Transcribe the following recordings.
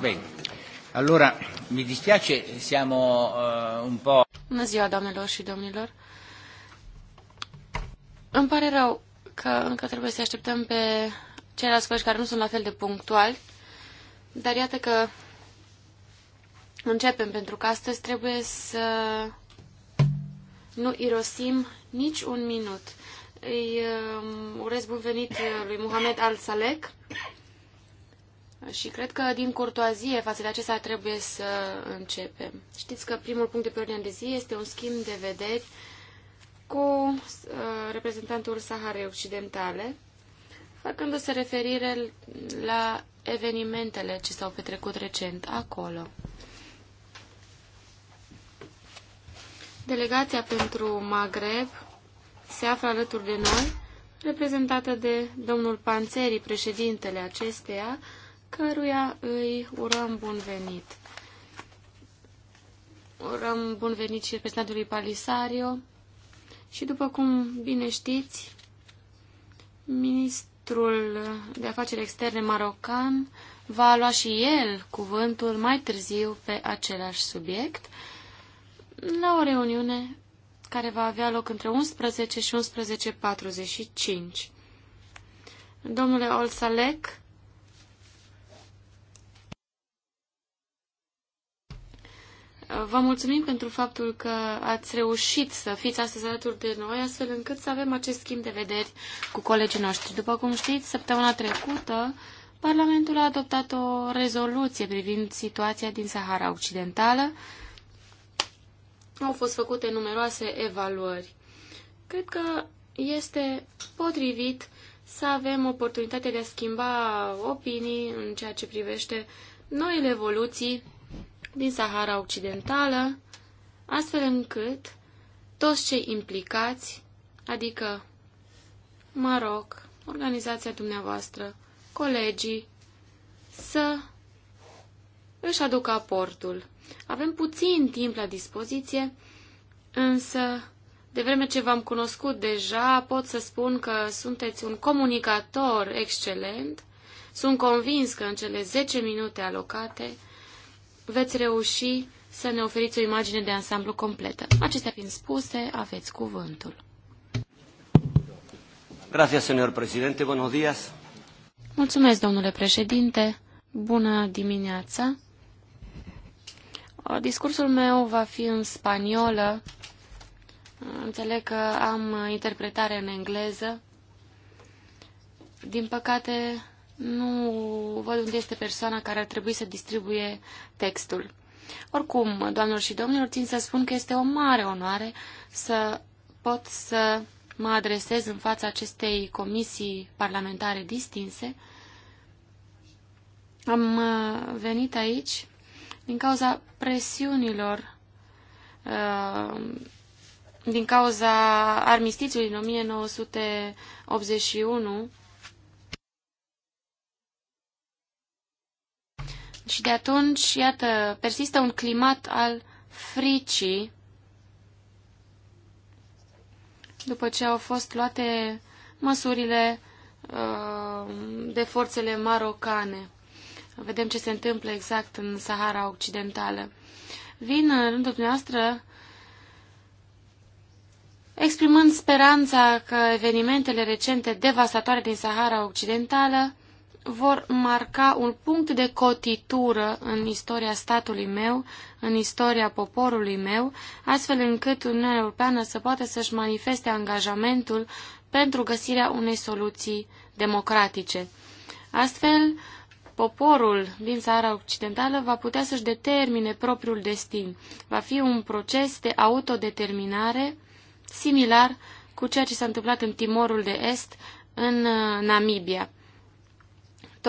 Bine. Allora, mi dispiace, siamo uh, un po'... Bună ziua, doamnelor și domnilor. Îmi pare rău că încă trebuie să așteptăm pe ceilalți colegi care nu sunt la fel de punctuali, dar iată că începem, pentru că astăzi trebuie să nu irosim nici un minut. Îi um, urez bun venit lui Mohamed Al-Salek, și cred că din curtoazie față de acesta trebuie să începem. Știți că primul punct de pe ordine de zi este un schimb de vederi cu uh, reprezentantul Saharei Occidentale, făcându-se referire la evenimentele ce s-au petrecut recent acolo. Delegația pentru Maghreb se află alături de noi, reprezentată de domnul Panțeri, președintele acesteia, căruia îi urăm bun venit. Urăm bun venit și reprezentantului Palisario și, după cum bine știți, ministrul de afaceri externe marocan va lua și el cuvântul mai târziu pe același subiect la o reuniune care va avea loc între 11 și 11.45. Domnule Olsalec, Vă mulțumim pentru faptul că ați reușit să fiți astăzi alături de noi, astfel încât să avem acest schimb de vederi cu colegii noștri. După cum știți, săptămâna trecută, Parlamentul a adoptat o rezoluție privind situația din Sahara Occidentală. Au fost făcute numeroase evaluări. Cred că este potrivit să avem oportunitatea de a schimba opinii în ceea ce privește noile evoluții din Sahara Occidentală, astfel încât toți cei implicați, adică Maroc, organizația dumneavoastră, colegii, să își aducă aportul. Avem puțin timp la dispoziție, însă, de vreme ce v-am cunoscut deja, pot să spun că sunteți un comunicator excelent. Sunt convins că în cele 10 minute alocate veți reuși să ne oferiți o imagine de ansamblu completă. Acestea fiind spuse, aveți cuvântul. Gracias, señor presidente. Buenos días. Mulțumesc, domnule președinte. Bună dimineața. Discursul meu va fi în spaniolă. Înțeleg că am interpretare în engleză. Din păcate, nu văd unde este persoana care ar trebui să distribuie textul. Oricum, doamnelor și domnilor, țin să spun că este o mare onoare să pot să mă adresez în fața acestei comisii parlamentare distinse. Am uh, venit aici din cauza presiunilor, uh, din cauza armistițiului din 1981, Și de atunci, iată, persistă un climat al fricii după ce au fost luate măsurile uh, de forțele marocane. Vedem ce se întâmplă exact în Sahara Occidentală. Vin în rândul dumneavoastră exprimând speranța că evenimentele recente devastatoare din Sahara Occidentală vor marca un punct de cotitură în istoria statului meu, în istoria poporului meu, astfel încât Uniunea Europeană să poată să-și manifeste angajamentul pentru găsirea unei soluții democratice. Astfel, poporul din țara occidentală va putea să-și determine propriul destin. Va fi un proces de autodeterminare similar cu ceea ce s-a întâmplat în Timorul de Est, în uh, Namibia.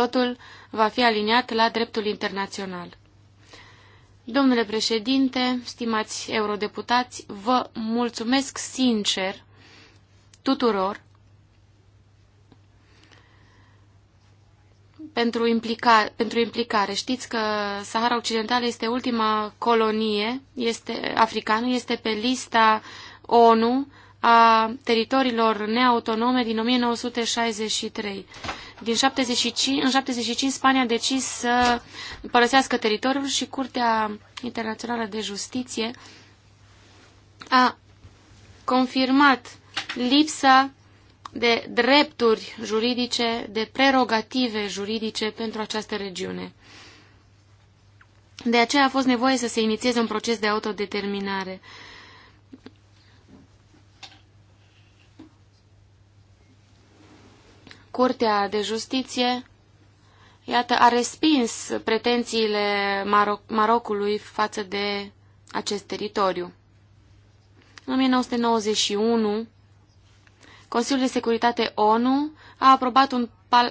Totul va fi aliniat la dreptul internațional. Domnule președinte, stimați eurodeputați, vă mulțumesc sincer tuturor pentru, implica, pentru implicare. Știți că Sahara Occidentală este ultima colonie este, africană, este pe lista ONU a teritoriilor neautonome din 1963. Din 75, în 75 Spania a decis să părăsească teritoriul și Curtea Internațională de Justiție a confirmat lipsa de drepturi juridice, de prerogative juridice pentru această regiune. De aceea a fost nevoie să se inițieze un proces de autodeterminare. Curtea de Justiție, iată, a respins pretențiile Maroc Marocului față de acest teritoriu. În 1991, Consiliul de Securitate ONU a aprobat un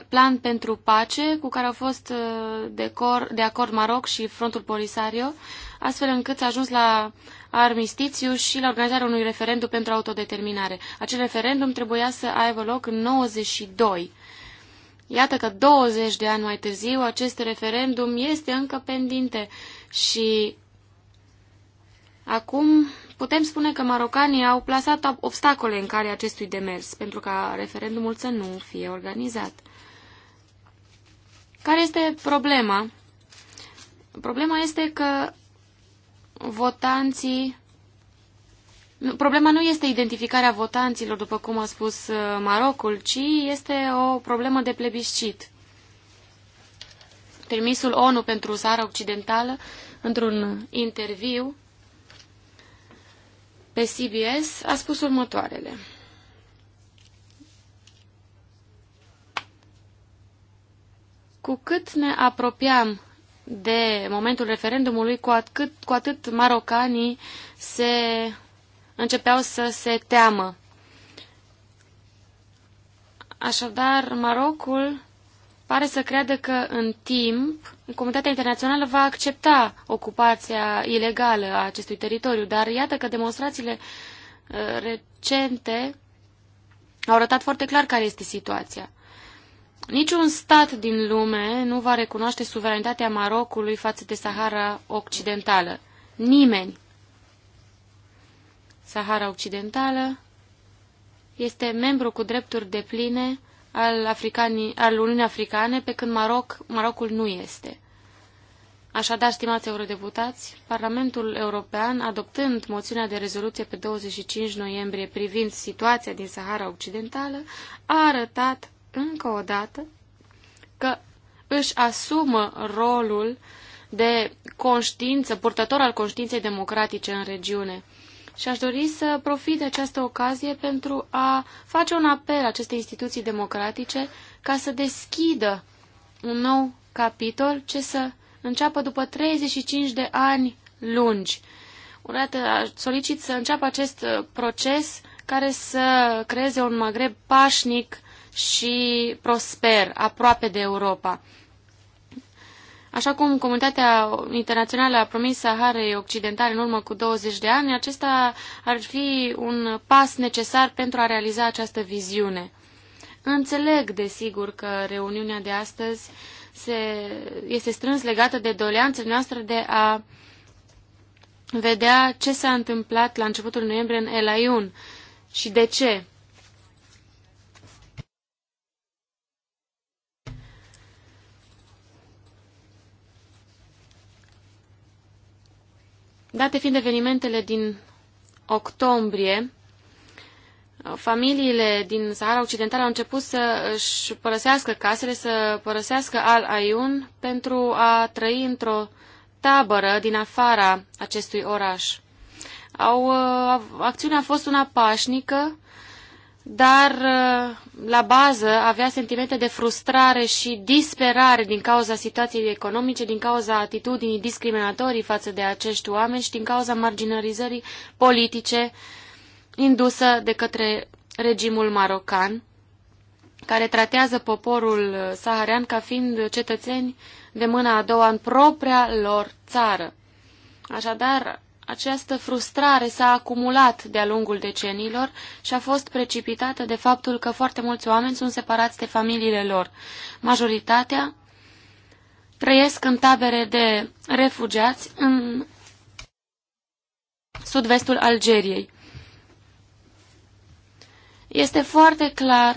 plan pentru pace cu care au fost uh, de, cor, de acord Maroc și Frontul Polisario, astfel încât s-a ajuns la armistițiu și la organizarea unui referendum pentru autodeterminare. Acel referendum trebuia să aibă loc în 92. Iată că 20 de ani mai târziu acest referendum este încă pendinte și acum putem spune că marocanii au plasat obstacole în calea acestui demers pentru ca referendumul să nu fie organizat. Care este problema? Problema este că votanții... Problema nu este identificarea votanților, după cum a spus uh, Marocul, ci este o problemă de plebiscit. Permisul ONU pentru Sara Occidentală, într-un interviu pe CBS, a spus următoarele. Cu cât ne apropiam de momentul referendumului, cu atât, cu atât marocanii se începeau să se teamă. Așadar, Marocul pare să creadă că în timp comunitatea internațională va accepta ocupația ilegală a acestui teritoriu, dar iată că demonstrațiile uh, recente au arătat foarte clar care este situația. Niciun stat din lume nu va recunoaște suveranitatea Marocului față de Sahara Occidentală. Nimeni. Sahara Occidentală este membru cu drepturi de pline al, al Uniunii Africane, pe când Maroc, Marocul nu este. Așadar, stimați eurodeputați, Parlamentul European, adoptând moțiunea de rezoluție pe 25 noiembrie privind situația din Sahara Occidentală, a arătat încă o dată că își asumă rolul de conștiință, purtător al conștiinței democratice în regiune. Și aș dori să profit de această ocazie pentru a face un apel acestei instituții democratice ca să deschidă un nou capitol ce să înceapă după 35 de ani lungi. Urată solicit să înceapă acest proces care să creeze un magreb pașnic și prosper, aproape de Europa. Așa cum comunitatea internațională a promis Saharei Occidentale în urmă cu 20 de ani, acesta ar fi un pas necesar pentru a realiza această viziune. Înțeleg, desigur, că reuniunea de astăzi se, este strâns legată de doleanțele noastre de a vedea ce s-a întâmplat la începutul noiembrie în Elaiun și de ce. Date fiind evenimentele din octombrie, familiile din Sahara Occidentală au început să își părăsească casele, să părăsească Al-Ayun pentru a trăi într-o tabără din afara acestui oraș. Au, uh, acțiunea a fost una pașnică, dar uh, la bază avea sentimente de frustrare și disperare din cauza situației economice, din cauza atitudinii discriminatorii față de acești oameni și din cauza marginalizării politice indusă de către regimul marocan, care tratează poporul saharean ca fiind cetățeni de mâna a doua în propria lor țară. Așadar, această frustrare s-a acumulat de-a lungul decenilor și a fost precipitată de faptul că foarte mulți oameni sunt separați de familiile lor. Majoritatea trăiesc în tabere de refugiați în sud-vestul Algeriei. Este foarte clar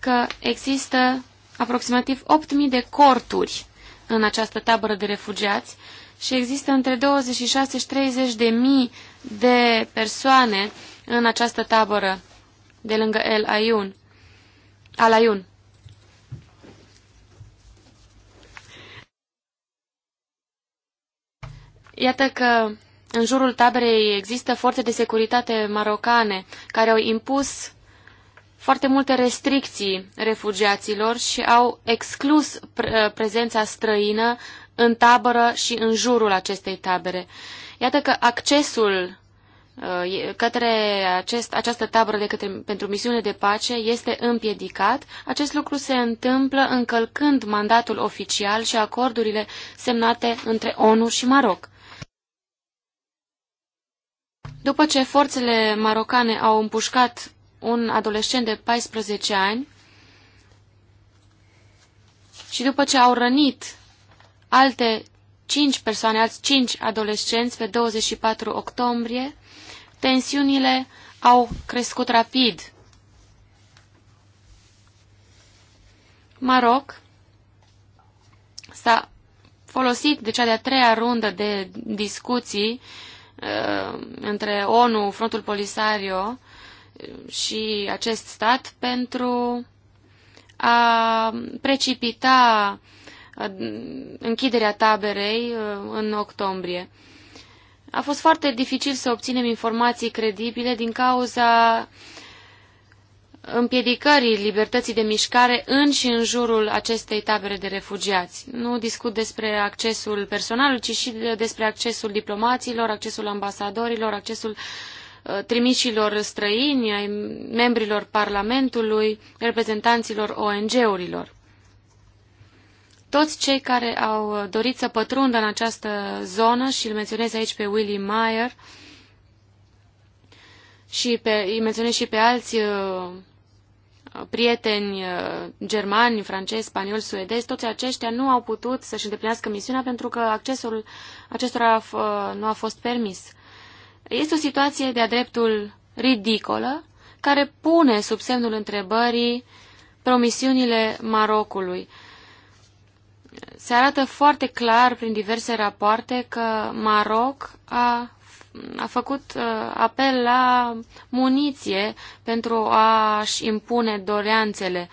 că există aproximativ 8.000 de corturi în această tabără de refugiați și există între 26 și 30 de mii de persoane în această tabără de lângă El Ayun. Al Ayun. Iată că în jurul taberei există forțe de securitate marocane care au impus foarte multe restricții refugiaților și au exclus prezența străină în tabără și în jurul acestei tabere. Iată că accesul uh, către acest, această tabără de către, pentru misiune de pace este împiedicat. Acest lucru se întâmplă încălcând mandatul oficial și acordurile semnate între ONU și Maroc. După ce forțele marocane au împușcat un adolescent de 14 ani și după ce au rănit alte cinci persoane, alți cinci adolescenți pe 24 octombrie, tensiunile au crescut rapid. Maroc s-a folosit de cea de-a treia rundă de discuții uh, între ONU, Frontul Polisario uh, și acest stat pentru a precipita uh, închiderea taberei uh, în octombrie. A fost foarte dificil să obținem informații credibile din cauza împiedicării libertății de mișcare în și în jurul acestei tabere de refugiați. Nu discut despre accesul personal, ci și despre accesul diplomaților, accesul ambasadorilor, accesul uh, trimișilor străini, ai membrilor Parlamentului, reprezentanților ONG-urilor toți cei care au dorit să pătrundă în această zonă și îl menționez aici pe Willy Meyer și pe, îi menționez și pe alți uh, prieteni uh, germani, francezi, spanioli, suedezi, toți aceștia nu au putut să-și îndeplinească misiunea pentru că accesul acestora nu a fost permis. Este o situație de-a dreptul ridicolă care pune sub semnul întrebării promisiunile Marocului se arată foarte clar prin diverse rapoarte că Maroc a, a făcut uh, apel la muniție pentru a-și impune doreanțele.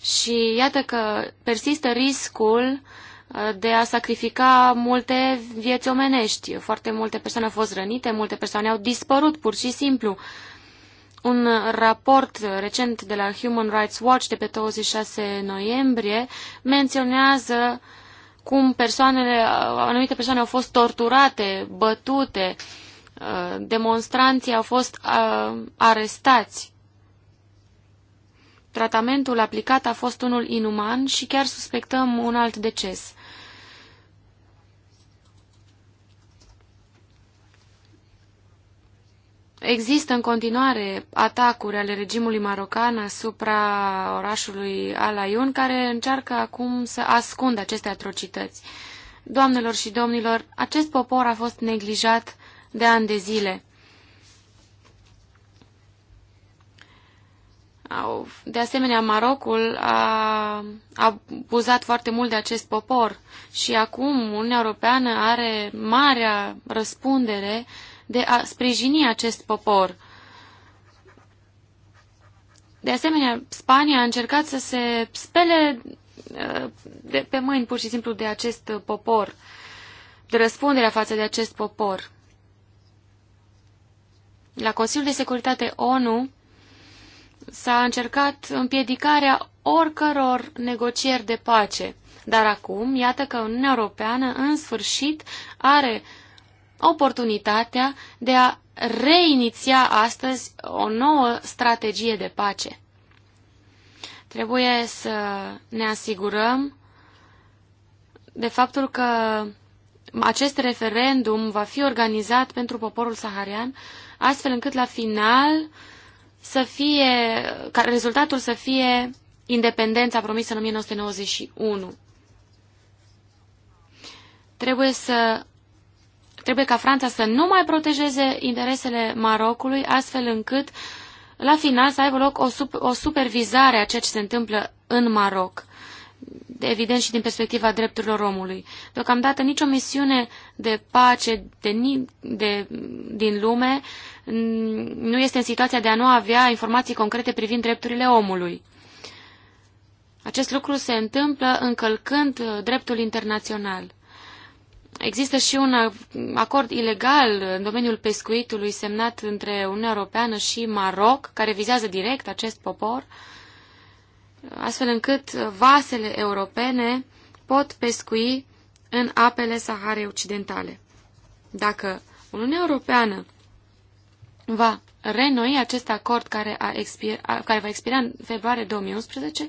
Și iată că persistă riscul uh, de a sacrifica multe vieți omenești. Foarte multe persoane au fost rănite, multe persoane au dispărut pur și simplu un raport recent de la Human Rights Watch de pe 26 noiembrie menționează cum persoanele, anumite persoane au fost torturate, bătute, uh, demonstranții au fost uh, arestați. Tratamentul aplicat a fost unul inuman și chiar suspectăm un alt deces. Există în continuare atacuri ale regimului marocan asupra orașului al care încearcă acum să ascundă aceste atrocități. Doamnelor și domnilor, acest popor a fost neglijat de ani de zile. De asemenea, Marocul a abuzat foarte mult de acest popor și acum Uniunea Europeană are marea răspundere uh, de a sprijini acest popor. De asemenea, Spania a încercat să se spele uh, de pe mâini pur și simplu de acest popor, de răspunderea față de acest popor. La Consiliul de Securitate ONU s-a încercat împiedicarea oricăror negocieri de pace. Dar acum, iată că Uniunea Europeană, în sfârșit, are oportunitatea de a reiniția astăzi o nouă strategie de pace. Trebuie să ne asigurăm de faptul că acest referendum va fi organizat pentru poporul saharian, astfel încât la final să fie, ca rezultatul să fie independența promisă în 1991. Trebuie să Trebuie ca Franța să nu mai protejeze interesele Marocului, astfel încât la final să aibă loc o, sup o supervizare a ceea ce se întâmplă în Maroc, evident și din perspectiva drepturilor omului. Deocamdată nicio misiune de pace de, de, din lume nu este în situația de a nu avea informații concrete privind drepturile omului. Acest lucru se întâmplă încălcând dreptul internațional. Există și un acord ilegal în domeniul pescuitului semnat între Uniunea Europeană și Maroc, care vizează direct acest popor, astfel încât vasele europene pot pescui în apele Saharei Occidentale. Dacă Uniunea Europeană va renoi acest acord care, a expir, care va expira în februarie 2011,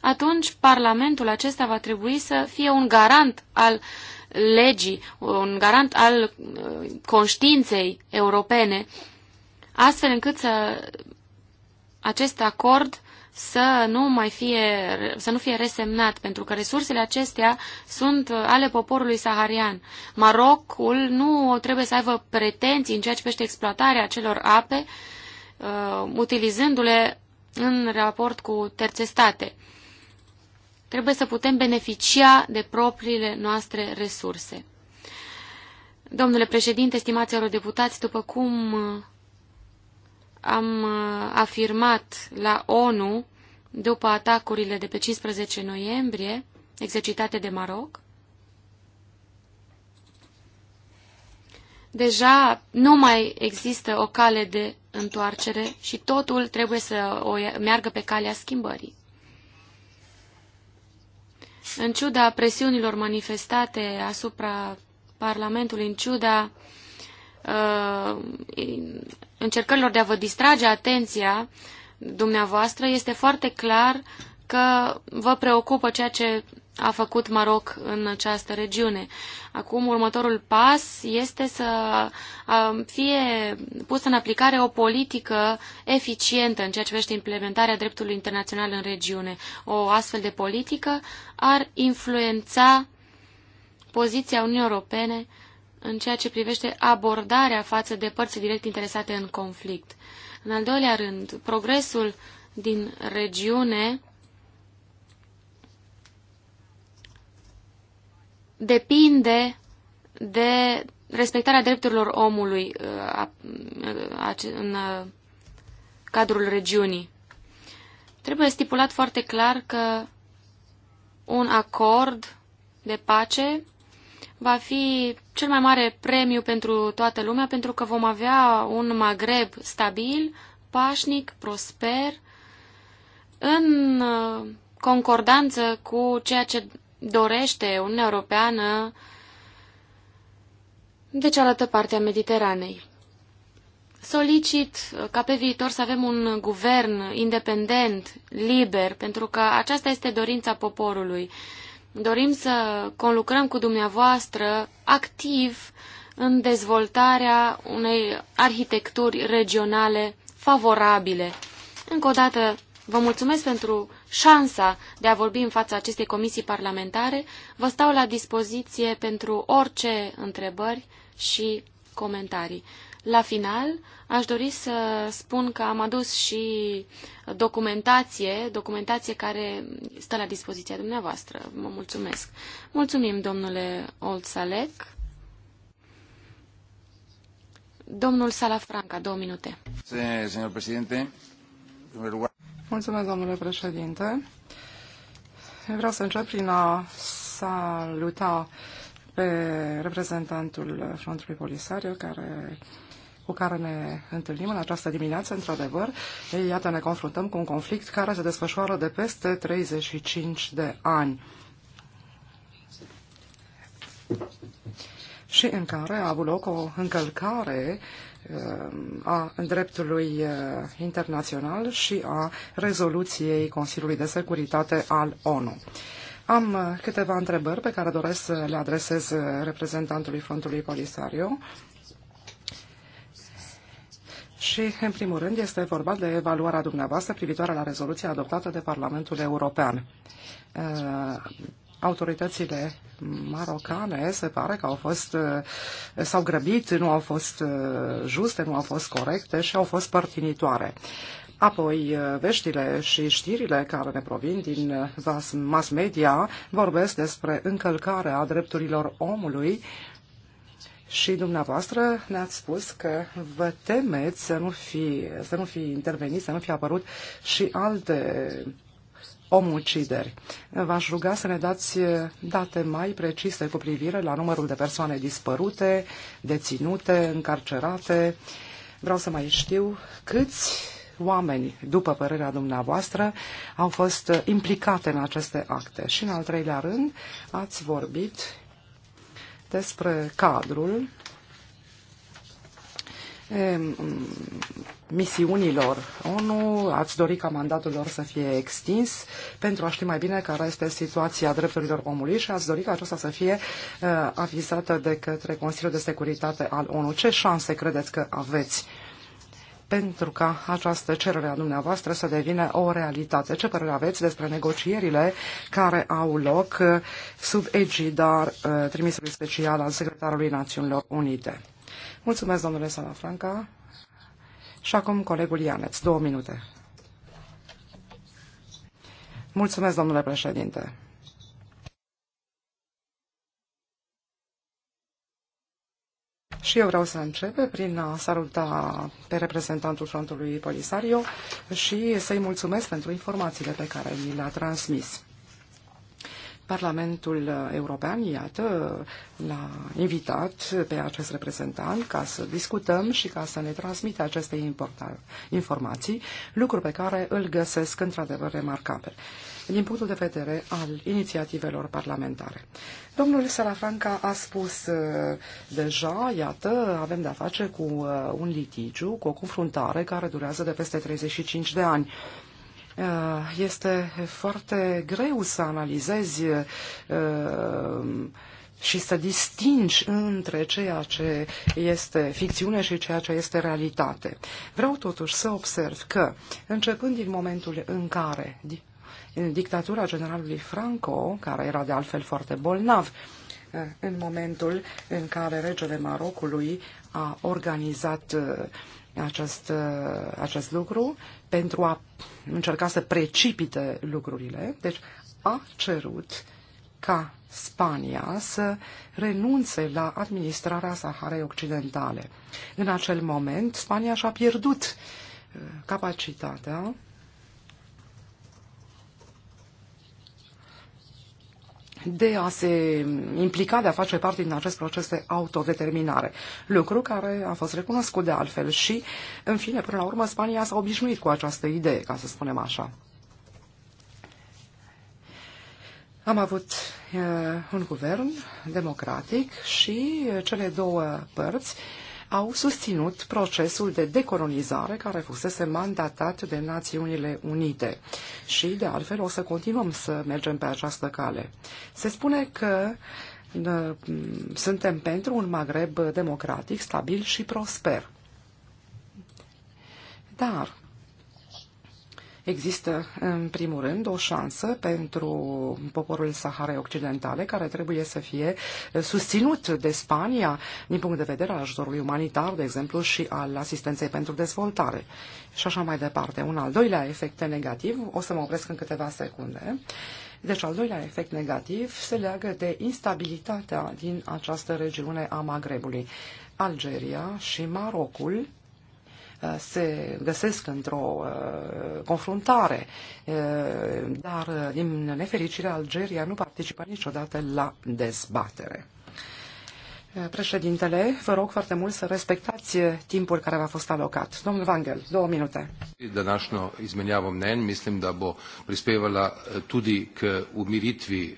atunci Parlamentul acesta va trebui să fie un garant al uh, legii, un garant al uh, conștiinței europene, astfel încât să acest acord să nu mai fie, să nu fie resemnat, pentru că resursele acestea sunt uh, ale poporului saharian. Marocul nu trebuie să aibă pretenții în ceea ce privește exploatarea acelor ape, uh, utilizându-le în raport cu terțe state. Trebuie să putem beneficia de propriile noastre resurse. Domnule președinte, stimați eurodeputați, după cum uh, am uh, afirmat la ONU după atacurile de pe 15 noiembrie exercitate de Maroc, deja nu mai există o cale de întoarcere și totul trebuie să o meargă pe calea schimbării. În ciuda presiunilor manifestate asupra Parlamentului, în ciuda uh, încercărilor de a vă distrage atenția dumneavoastră, este foarte clar că vă preocupă ceea ce a făcut Maroc în această regiune. Acum, următorul pas este să fie pusă în aplicare o politică eficientă în ceea ce privește implementarea dreptului internațional în regiune. O astfel de politică ar influența poziția Uniunii Europene în ceea ce privește abordarea față de părți direct interesate în conflict. În al doilea rând, progresul din regiune depinde de respectarea drepturilor omului uh, uh, în uh, cadrul regiunii. Trebuie stipulat foarte clar că un acord de pace va fi cel mai mare premiu pentru toată lumea, pentru că vom avea un Magreb stabil, pașnic, prosper, în concordanță cu ceea ce dorește Uniunea Europeană de cealaltă parte a Mediteranei. Solicit ca pe viitor să avem un guvern independent, liber, pentru că aceasta este dorința poporului. Dorim să conlucrăm cu dumneavoastră activ în dezvoltarea unei arhitecturi regionale favorabile. Încă o dată, vă mulțumesc pentru șansa de a vorbi în fața acestei comisii parlamentare. Vă stau la dispoziție pentru orice întrebări și comentarii. La final, aș dori să spun că am adus și documentație, documentație care stă la dispoziția dumneavoastră. Mă mulțumesc. Mulțumim, domnule Old Salek. Domnul Salafranca, două minute. Senor președinte, Mulțumesc, domnule președinte. Vreau să încep prin a saluta pe reprezentantul Frontului Polisario, care, cu care ne întâlnim în această dimineață, într-adevăr. Iată, ne confruntăm cu un conflict care se desfășoară de peste 35 de ani și în care a avut loc o încălcare uh, Uh, a dreptului uh, internațional și a rezoluției Consiliului de Securitate al ONU. Am uh, câteva întrebări pe care doresc să le adresez reprezentantului Frontului Polisario. Și, în primul rând, este vorba de evaluarea dumneavoastră privitoare la rezoluția adoptată de Parlamentul European autoritățile marocane se pare că au fost, eh, s-au grăbit, nu au fost eh, juste, nu au fost corecte și au fost părtinitoare. Apoi, eh, veștile și știrile care ne provin din mass media vorbesc despre încălcarea drepturilor omului și dumneavoastră ne-ați spus că vă temeți să nu fi, să nu fi intervenit, să nu fi apărut și alte omucideri. V-aș ruga să ne dați eh, date mai precise cu privire la numărul de persoane dispărute, deținute, încarcerate. Vreau să mai știu câți oameni, după părerea dumneavoastră, au fost eh, implicate în aceste acte. Și în al treilea rând, ați vorbit despre cadrul misiunilor ONU, ați dori ca mandatul lor să fie extins pentru a ști mai bine care este situația drepturilor omului și ați dori ca aceasta să fie uh, avizată de către Consiliul de Securitate al ONU. Ce șanse credeți că aveți pentru ca această cerere a dumneavoastră să devină o realitate? Ce părere aveți despre negocierile care au loc eh, sub egida uh, trimisului special al Secretarului Națiunilor Unite? Mulțumesc, domnule Salafranca. Și acum colegul Ianeț, două minute. Mulțumesc, domnule președinte. Și eu vreau să încep prin a saluta pe reprezentantul frontului Polisario și să-i mulțumesc pentru informațiile pe care mi le-a transmis. Parlamentul uh, European, iată, uh, l-a invitat pe acest reprezentant ca să discutăm și ca să ne transmită aceste informații, lucru pe care îl găsesc într-adevăr remarcabil din punctul de vedere al inițiativelor parlamentare. Domnul Salafranca a spus uh, deja, iată, avem de-a face cu un litigiu, cu o confruntare care durează de peste 35 de ani Eh, este foarte greu să analizezi eh, și să distingi între ceea ce este ficțiune și ceea ce este realitate. Vreau totuși să observ că, începând din momentul în care dictatura generalului Franco, care era de altfel foarte bolnav, eh, în momentul în care regele Marocului a organizat acest, acest lucru pentru a încerca să precipite lucrurile, deci a cerut ca Spania să renunțe la administrarea Saharei Occidentale. În acel moment, Spania și-a pierdut uh, capacitatea de a se implica, de a face parte din acest proces de autodeterminare. Lucru care a fost recunoscut de altfel și, în fine, până la urmă, Spania s-a obișnuit cu această idee, ca să spunem așa. Am avut uh, un guvern democratic și eh, cele două părți uh, au susținut procesul de decolonizare care fusese mandatat de Națiunile Unite. Și, de altfel, o să continuăm să mergem pe această cale. Se spune că suntem pentru un Maghreb democratic, stabil și prosper. Dar Există, în primul rând, o șansă pentru poporul Saharei Occidentale, care trebuie să fie eh, susținut de Spania din punct de vedere al ajutorului umanitar, de exemplu, și al asistenței pentru dezvoltare. Și așa mai departe. Un al doilea efect negativ, o să mă opresc în câteva secunde, deci al doilea efect negativ se leagă de instabilitatea din această regiune a Magrebului. Algeria și Marocul Uh, se găsesc într-o uh, confruntare, uh, dar din nefericire Algeria nu participă niciodată la dezbatere. Președintele, vă rog foarte mult să respectați timpul care v-a fost alocat. Domnul Vangel, două minute. Današnjo izmenjavo mnen mislim da bo prispevala eh, tudi k umiritvi.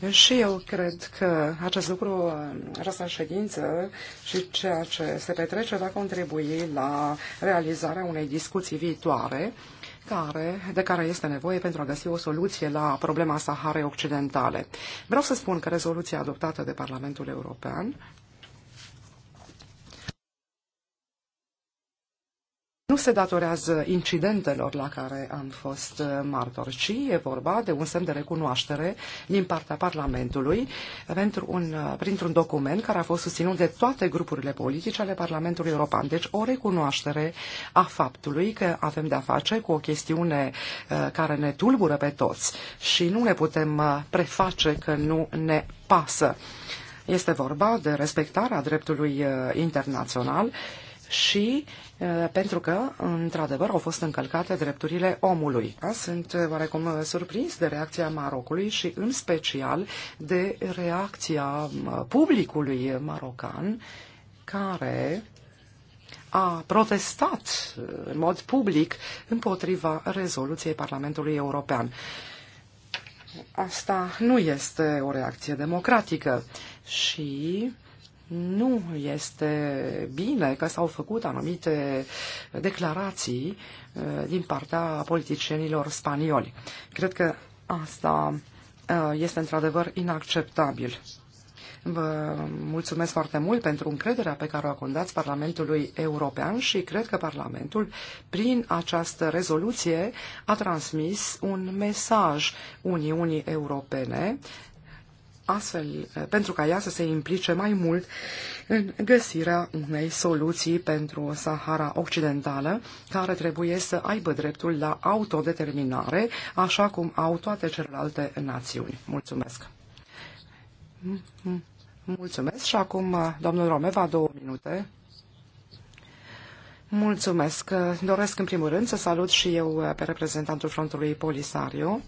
Eh. Și eu cred că acest lucru, această ședință și ceea ce se petrece va contribui la realizarea unei discuții viitoare care, de care este nevoie pentru a găsi o soluție la problema Saharei Occidentale. Vreau să spun că rezoluția adoptată de Parlamentul European nu se datorează incidentelor la care am fost uh, martor, ci e vorba de un semn de recunoaștere din partea Parlamentului pentru un, uh, printr-un document care a fost susținut de toate grupurile politice ale Parlamentului European. Deci o recunoaștere a faptului că avem de-a face cu o chestiune uh, care ne tulbură pe toți și nu ne putem preface că nu ne pasă. Este vorba de respectarea dreptului internațional și uh, pentru că, într-adevăr, au fost încălcate drepturile omului. Da, sunt oarecum surprins de reacția Marocului și, în special, de reacția publicului marocan, care a protestat în mod public împotriva rezoluției Parlamentului European. Asta nu este o reacție democratică și nu este bine că s-au făcut anumite declarații uh, din partea politicienilor spanioli. Cred că asta uh, este într-adevăr inacceptabil. Vă mulțumesc foarte mult pentru încrederea pe care o acordați Parlamentului European și cred că Parlamentul, prin această rezoluție, a transmis un mesaj Uniunii Europene astfel, eh, pentru ca ea să se implice mai mult în găsirea unei soluții pentru Sahara Occidentală, care trebuie să aibă dreptul la autodeterminare, așa cum au toate celelalte națiuni. Mulțumesc! Mulțumesc și acum eh, domnul Romeva două minute. Mulțumesc. Doresc în primul rând să salut și eu eh, pe reprezentantul frontului Polisario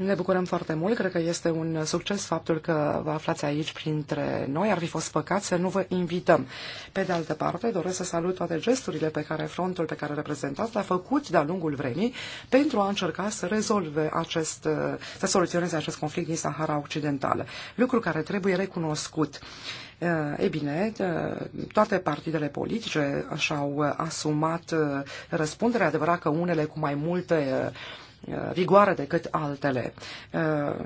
ne bucurăm foarte mult, cred că este un succes faptul că vă aflați aici printre noi, ar fi fost păcat să nu vă invităm. Pe de altă parte, doresc să salut toate gesturile pe care frontul pe care reprezentați l-a făcut de-a lungul vremii pentru a încerca să rezolve acest, să soluționeze acest conflict din Sahara Occidentală, lucru care trebuie recunoscut. Eh, e bine, eh, toate partidele politice și-au asumat eh, răspunderea, adevărat că unele cu mai multe vigoare uh, decât altele. Uh,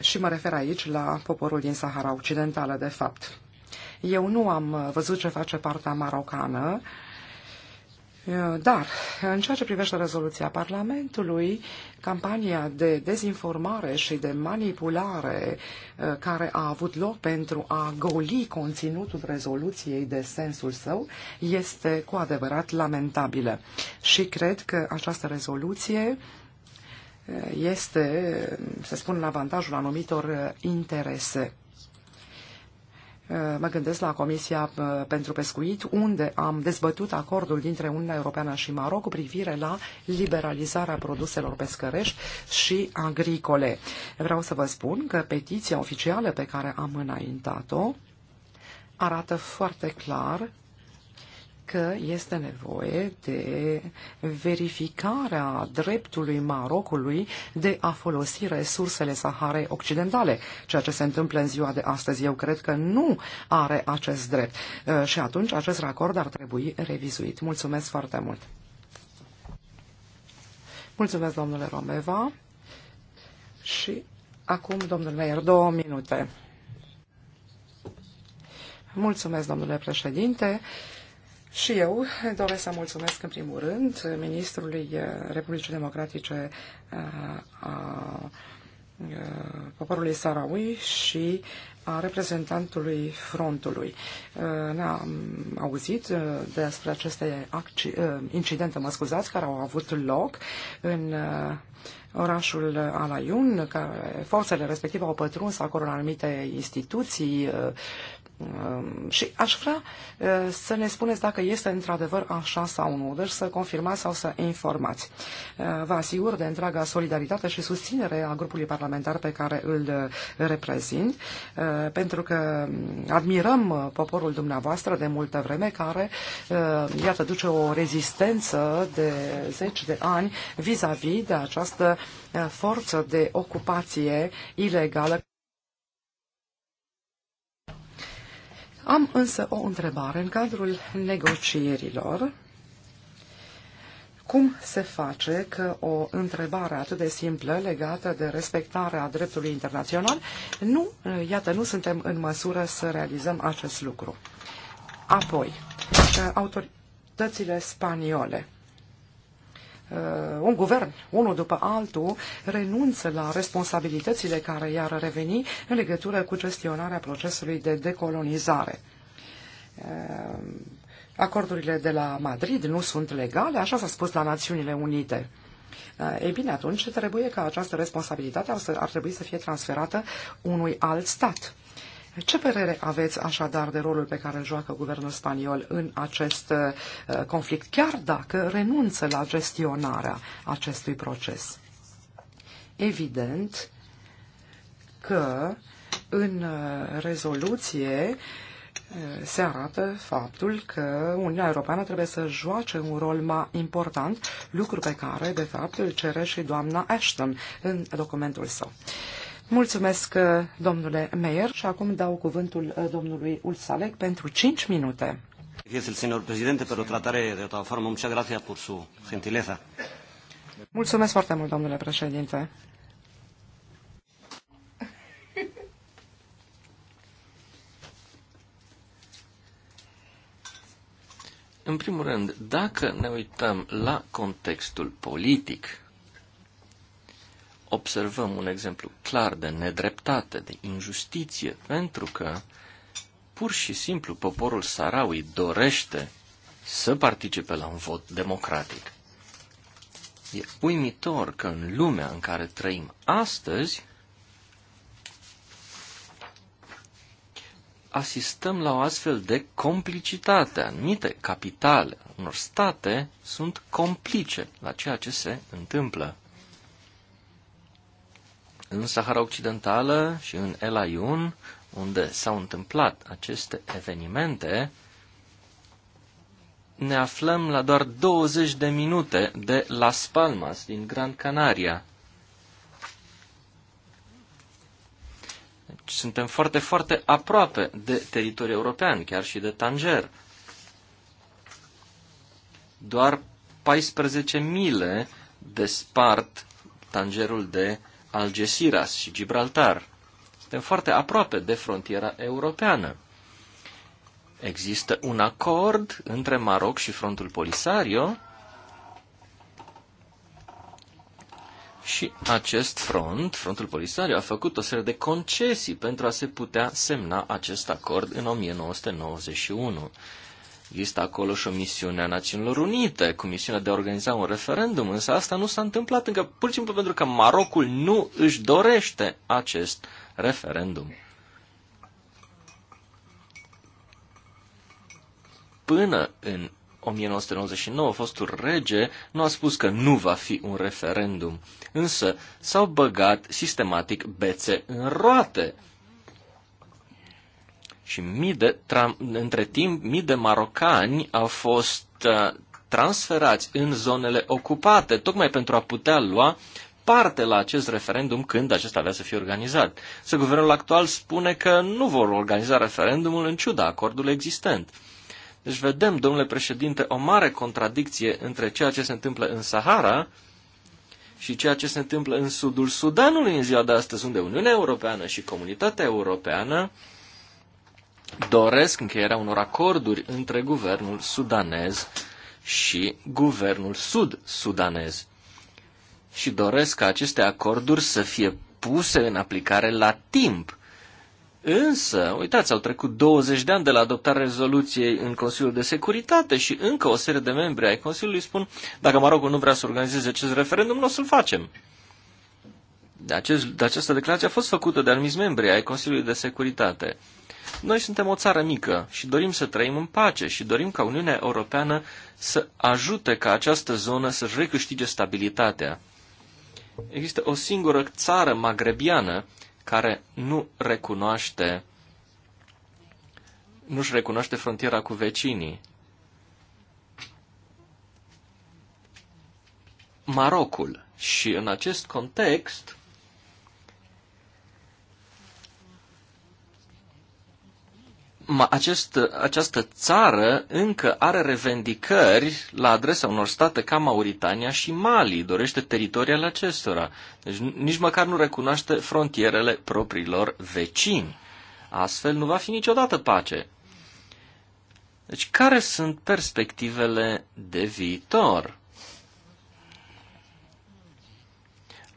și mă refer aici la poporul din Sahara Occidentală, de fapt. Eu nu am uh, văzut ce face partea marocană, dar, în ceea ce privește rezoluția Parlamentului, campania de dezinformare și de manipulare care a avut loc pentru a goli conținutul rezoluției de sensul său este cu adevărat lamentabilă. Și cred că această rezoluție este, să spun, în avantajul anumitor interese. Mă gândesc la Comisia uh, pentru Pescuit, unde am dezbătut acordul dintre Uniunea Europeană și Maroc cu privire la liberalizarea produselor pescărești și agricole. Vreau să vă spun că petiția oficială pe care am înaintat-o arată foarte clar că este nevoie de verificarea dreptului Marocului de a folosi resursele Saharei Occidentale. Ceea ce se întâmplă în ziua de astăzi, eu cred că nu are acest drept. Uh, și atunci acest racord ar trebui revizuit. Mulțumesc foarte mult! Mulțumesc, domnule Romeva. Și acum, domnule Meier, două minute. Mulțumesc, domnule președinte. Și eu doresc să mulțumesc în primul rând Ministrului eh, Republicii Democratice eh, a eh, poporului Sarawi și a reprezentantului frontului. Ne-am auzit despre aceste incidente, mă scuzați, care au avut loc în orașul Alaiun, care forțele respective au pătruns acolo în anumite instituții Um, și aș vrea uh, să ne spuneți dacă este într-adevăr așa sau nu, deci să confirmați sau să informați. Uh, vă asigur de întreaga solidaritate și susținere a grupului parlamentar pe care îl uh, reprezint, pentru că um, admirăm poporul dumneavoastră de multă vreme care, iată, duce o rezistență de zeci de ani vis-a-vis -vis de această forță de ocupație ilegală. Am însă o întrebare în cadrul negocierilor. Cum se face că o întrebare atât de simplă legată de respectarea dreptului internațional, nu, iată, nu suntem în măsură să realizăm acest lucru. Apoi, autoritățile spaniole Uh, un guvern, unul după altul, renunță la responsabilitățile care i-ar reveni în legătură cu gestionarea procesului de decolonizare. Uh, acordurile de la Madrid nu sunt legale, așa s-a spus la Națiunile Unite. Uh, ei bine, atunci trebuie ca această responsabilitate ar, să, ar trebui să fie transferată unui alt stat. Ce părere aveți așadar de rolul pe care îl joacă guvernul spaniol în acest uh, conflict, chiar dacă renunță la gestionarea acestui proces? Evident că în uh, rezoluție uh, se arată faptul că Uniunea Europeană trebuie să joace un rol mai important, lucru pe care, de fapt, îl cere și doamna Ashton în documentul său. Uh, Mulțumesc, uh, domnule Meier, și acum dau cuvântul uh, domnului Ulsalec pentru 5 minute. Mulțumesc foarte mult, domnule președinte. În primul rând, dacă ne uităm la contextul politic observăm un exemplu clar de nedreptate, de injustiție, pentru că pur și simplu poporul Sarawi dorește să participe la un vot democratic. E uimitor că în lumea în care trăim astăzi, asistăm la o astfel de complicitate. Anumite capitale unor state sunt complice la ceea ce se întâmplă. În Sahara Occidentală și în El Ayun, unde s-au întâmplat aceste evenimente, ne aflăm la doar 20 de minute de Las Palmas din Gran Canaria. Deci suntem foarte, foarte aproape de teritoriul european, chiar și de Tanger. Doar 14 mile despart Tangerul de Algeciras și Gibraltar. Suntem foarte aproape de frontiera europeană. Există un acord între Maroc și frontul Polisario și acest front, frontul Polisario, a făcut o serie de concesii pentru a se putea semna acest acord în 1991. Există acolo și o misiune a Națiunilor Unite, cu misiunea de a organiza un referendum, însă asta nu s-a întâmplat încă, pur și simplu pentru că Marocul nu își dorește acest referendum. Până în 1999, fostul rege nu a spus că nu va fi un referendum, însă s-au băgat sistematic bețe în roate și mii de, între timp, mii de marocani au fost uh, transferați în zonele ocupate, tocmai pentru a putea lua parte la acest referendum când acesta avea să fie organizat. Să guvernul actual spune că nu vor organiza referendumul în ciuda acordului existent. Deci vedem, domnule președinte, o mare contradicție între ceea ce se întâmplă în Sahara și ceea ce se întâmplă în sudul Sudanului în ziua de astăzi, unde Uniunea Europeană și comunitatea europeană uh, doresc încheierea unor acorduri între guvernul sudanez și guvernul sud-sudanez și doresc ca aceste acorduri să fie puse în aplicare la timp. Însă, uitați, au trecut 20 de ani de la adoptarea rezoluției în Consiliul de Securitate și încă o serie de membri ai Consiliului spun dacă Marocul nu vrea să organizeze acest referendum, nu o să-l facem. De acest, de această declarație a fost făcută de anumiți membri ai Consiliului de Securitate. Noi suntem o țară mică și dorim să trăim în pace și dorim ca Uniunea Europeană să ajute ca această zonă să-și recâștige stabilitatea. Există o singură țară magrebiană care nu recunoaște nu-și recunoaște frontiera cu vecinii. Marocul. Și în acest context, acest, această țară încă are revendicări la adresa unor state ca Mauritania și Mali, dorește teritoriile acestora. Deci nici măcar nu recunoaște frontierele propriilor vecini. Astfel nu va fi niciodată pace. Deci care sunt perspectivele de viitor?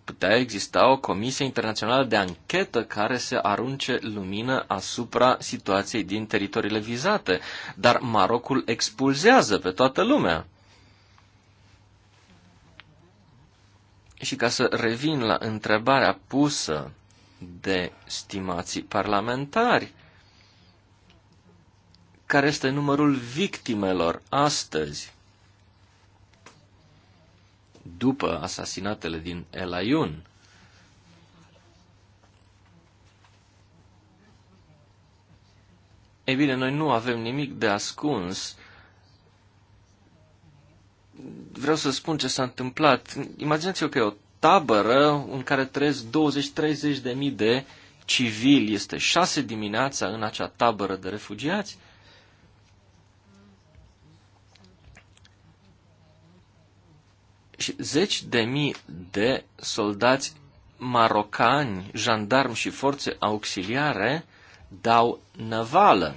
putea exista o comisie internațională de anchetă care să arunce lumină asupra situației din teritoriile vizate. Dar Marocul expulzează pe toată lumea. Și ca să revin la întrebarea pusă de stimații parlamentari, care este numărul victimelor astăzi după asasinatele din El Ayun. Ei bine, noi nu avem nimic de ascuns. Vreau să spun ce s-a întâmplat. Imaginați-vă că e o tabără în care trăiesc 20-30 de mii de civili. Este șase dimineața în acea tabără de refugiați. și zeci de mii de soldați marocani, jandarmi și forțe auxiliare dau navală.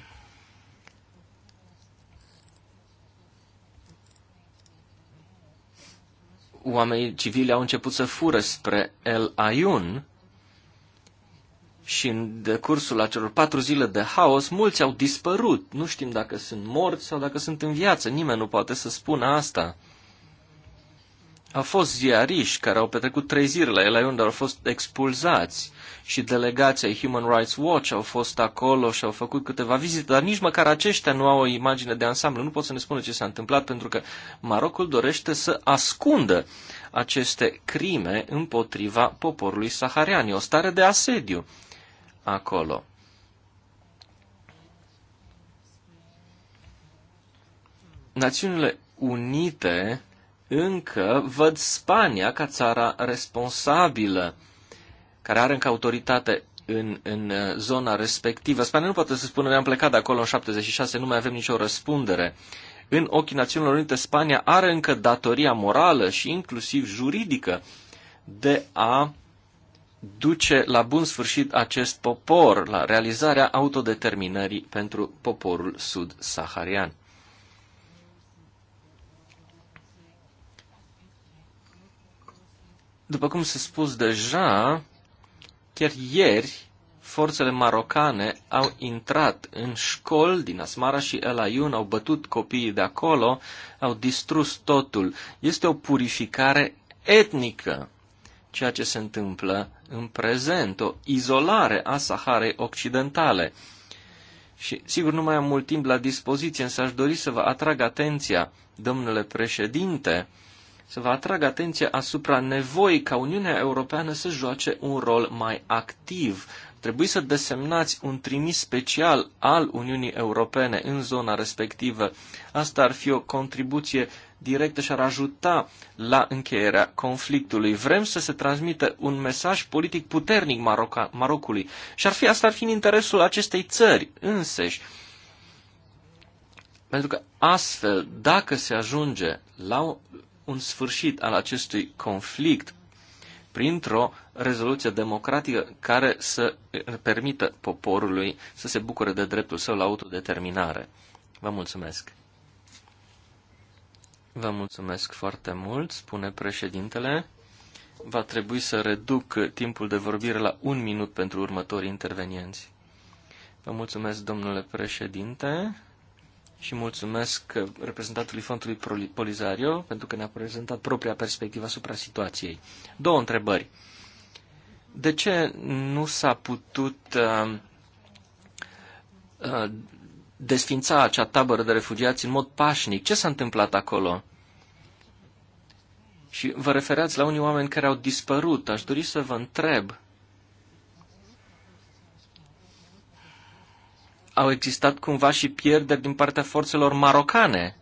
Oamenii civili au început să fură spre El Ayun și în decursul acelor patru zile de haos, mulți au dispărut. Nu știm dacă sunt morți sau dacă sunt în viață. Nimeni nu poate să spună asta. Au fost ziariști care au petrecut trei zile la ele unde au fost expulzați și delegația Human Rights Watch au fost acolo și au făcut câteva vizite, dar nici măcar aceștia nu au o imagine de ansamblu. Nu pot să ne spună ce s-a întâmplat pentru că Marocul dorește să ascundă aceste crime împotriva poporului saharian. E o stare de asediu acolo. Națiunile Unite încă văd Spania ca țara responsabilă, care are încă autoritate în, în uh, zona respectivă. Spania nu poate să spună, ne-am plecat de acolo în 76, nu mai avem nicio răspundere. În ochii Națiunilor Unite, Spania are încă datoria morală și inclusiv juridică de a duce la bun sfârșit acest popor, la realizarea autodeterminării pentru poporul sud-saharian. După cum s-a spus deja, chiar ieri, forțele marocane au intrat în școli din Asmara și El Ayun, au bătut copiii de acolo, au distrus totul. Este o purificare etnică ceea ce se întâmplă în prezent, o izolare a Saharei Occidentale. Și sigur nu mai am mult timp la dispoziție, însă aș dori să vă atrag atenția, domnule președinte, să vă atrag atenția asupra nevoii ca Uniunea Europeană să joace un rol mai activ. Trebuie să desemnați un trimis special al Uniunii Europene în zona respectivă. Asta ar fi o contribuție directă și ar ajuta la încheierea conflictului. Vrem să se transmită un mesaj politic puternic Maroca, Marocului și ar fi, asta ar fi în interesul acestei țări înseși. Pentru că astfel, dacă se ajunge la un sfârșit al acestui conflict printr-o rezoluție democratică care să eh, permită poporului să se bucure de dreptul său la autodeterminare. Vă mulțumesc! Vă mulțumesc foarte mult, spune președintele. Va trebui să reduc timpul de vorbire la un minut pentru următorii intervenienți. Vă mulțumesc, domnule președinte și mulțumesc reprezentantului fondului Polizario pentru că ne-a prezentat propria perspectivă asupra situației. Două întrebări. De ce nu s-a putut uh, uh, desfința acea tabără de refugiați în mod pașnic? Ce s-a întâmplat acolo? Și vă referați la unii oameni care au dispărut. Aș dori să vă întreb au existat cumva și pierderi din partea forțelor marocane.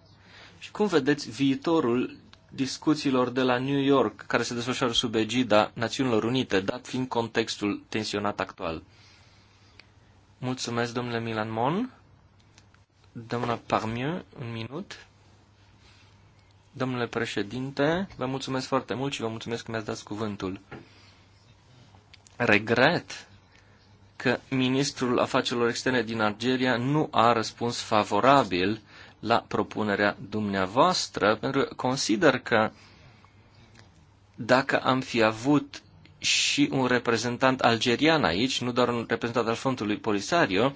Și cum vedeți viitorul discuțiilor de la New York, care se desfășoară sub egida Națiunilor Unite, dat fiind contextul tensionat actual? Mulțumesc, domnule Milan Mon. Doamna Parmieu, un minut. Domnule președinte, vă mulțumesc foarte mult și vă mulțumesc că mi-ați dat cuvântul. Regret că ministrul afacerilor externe din Algeria nu a răspuns favorabil la propunerea dumneavoastră, pentru că consider că dacă am fi avut și un reprezentant algerian aici, nu doar un reprezentant al fondului Polisario,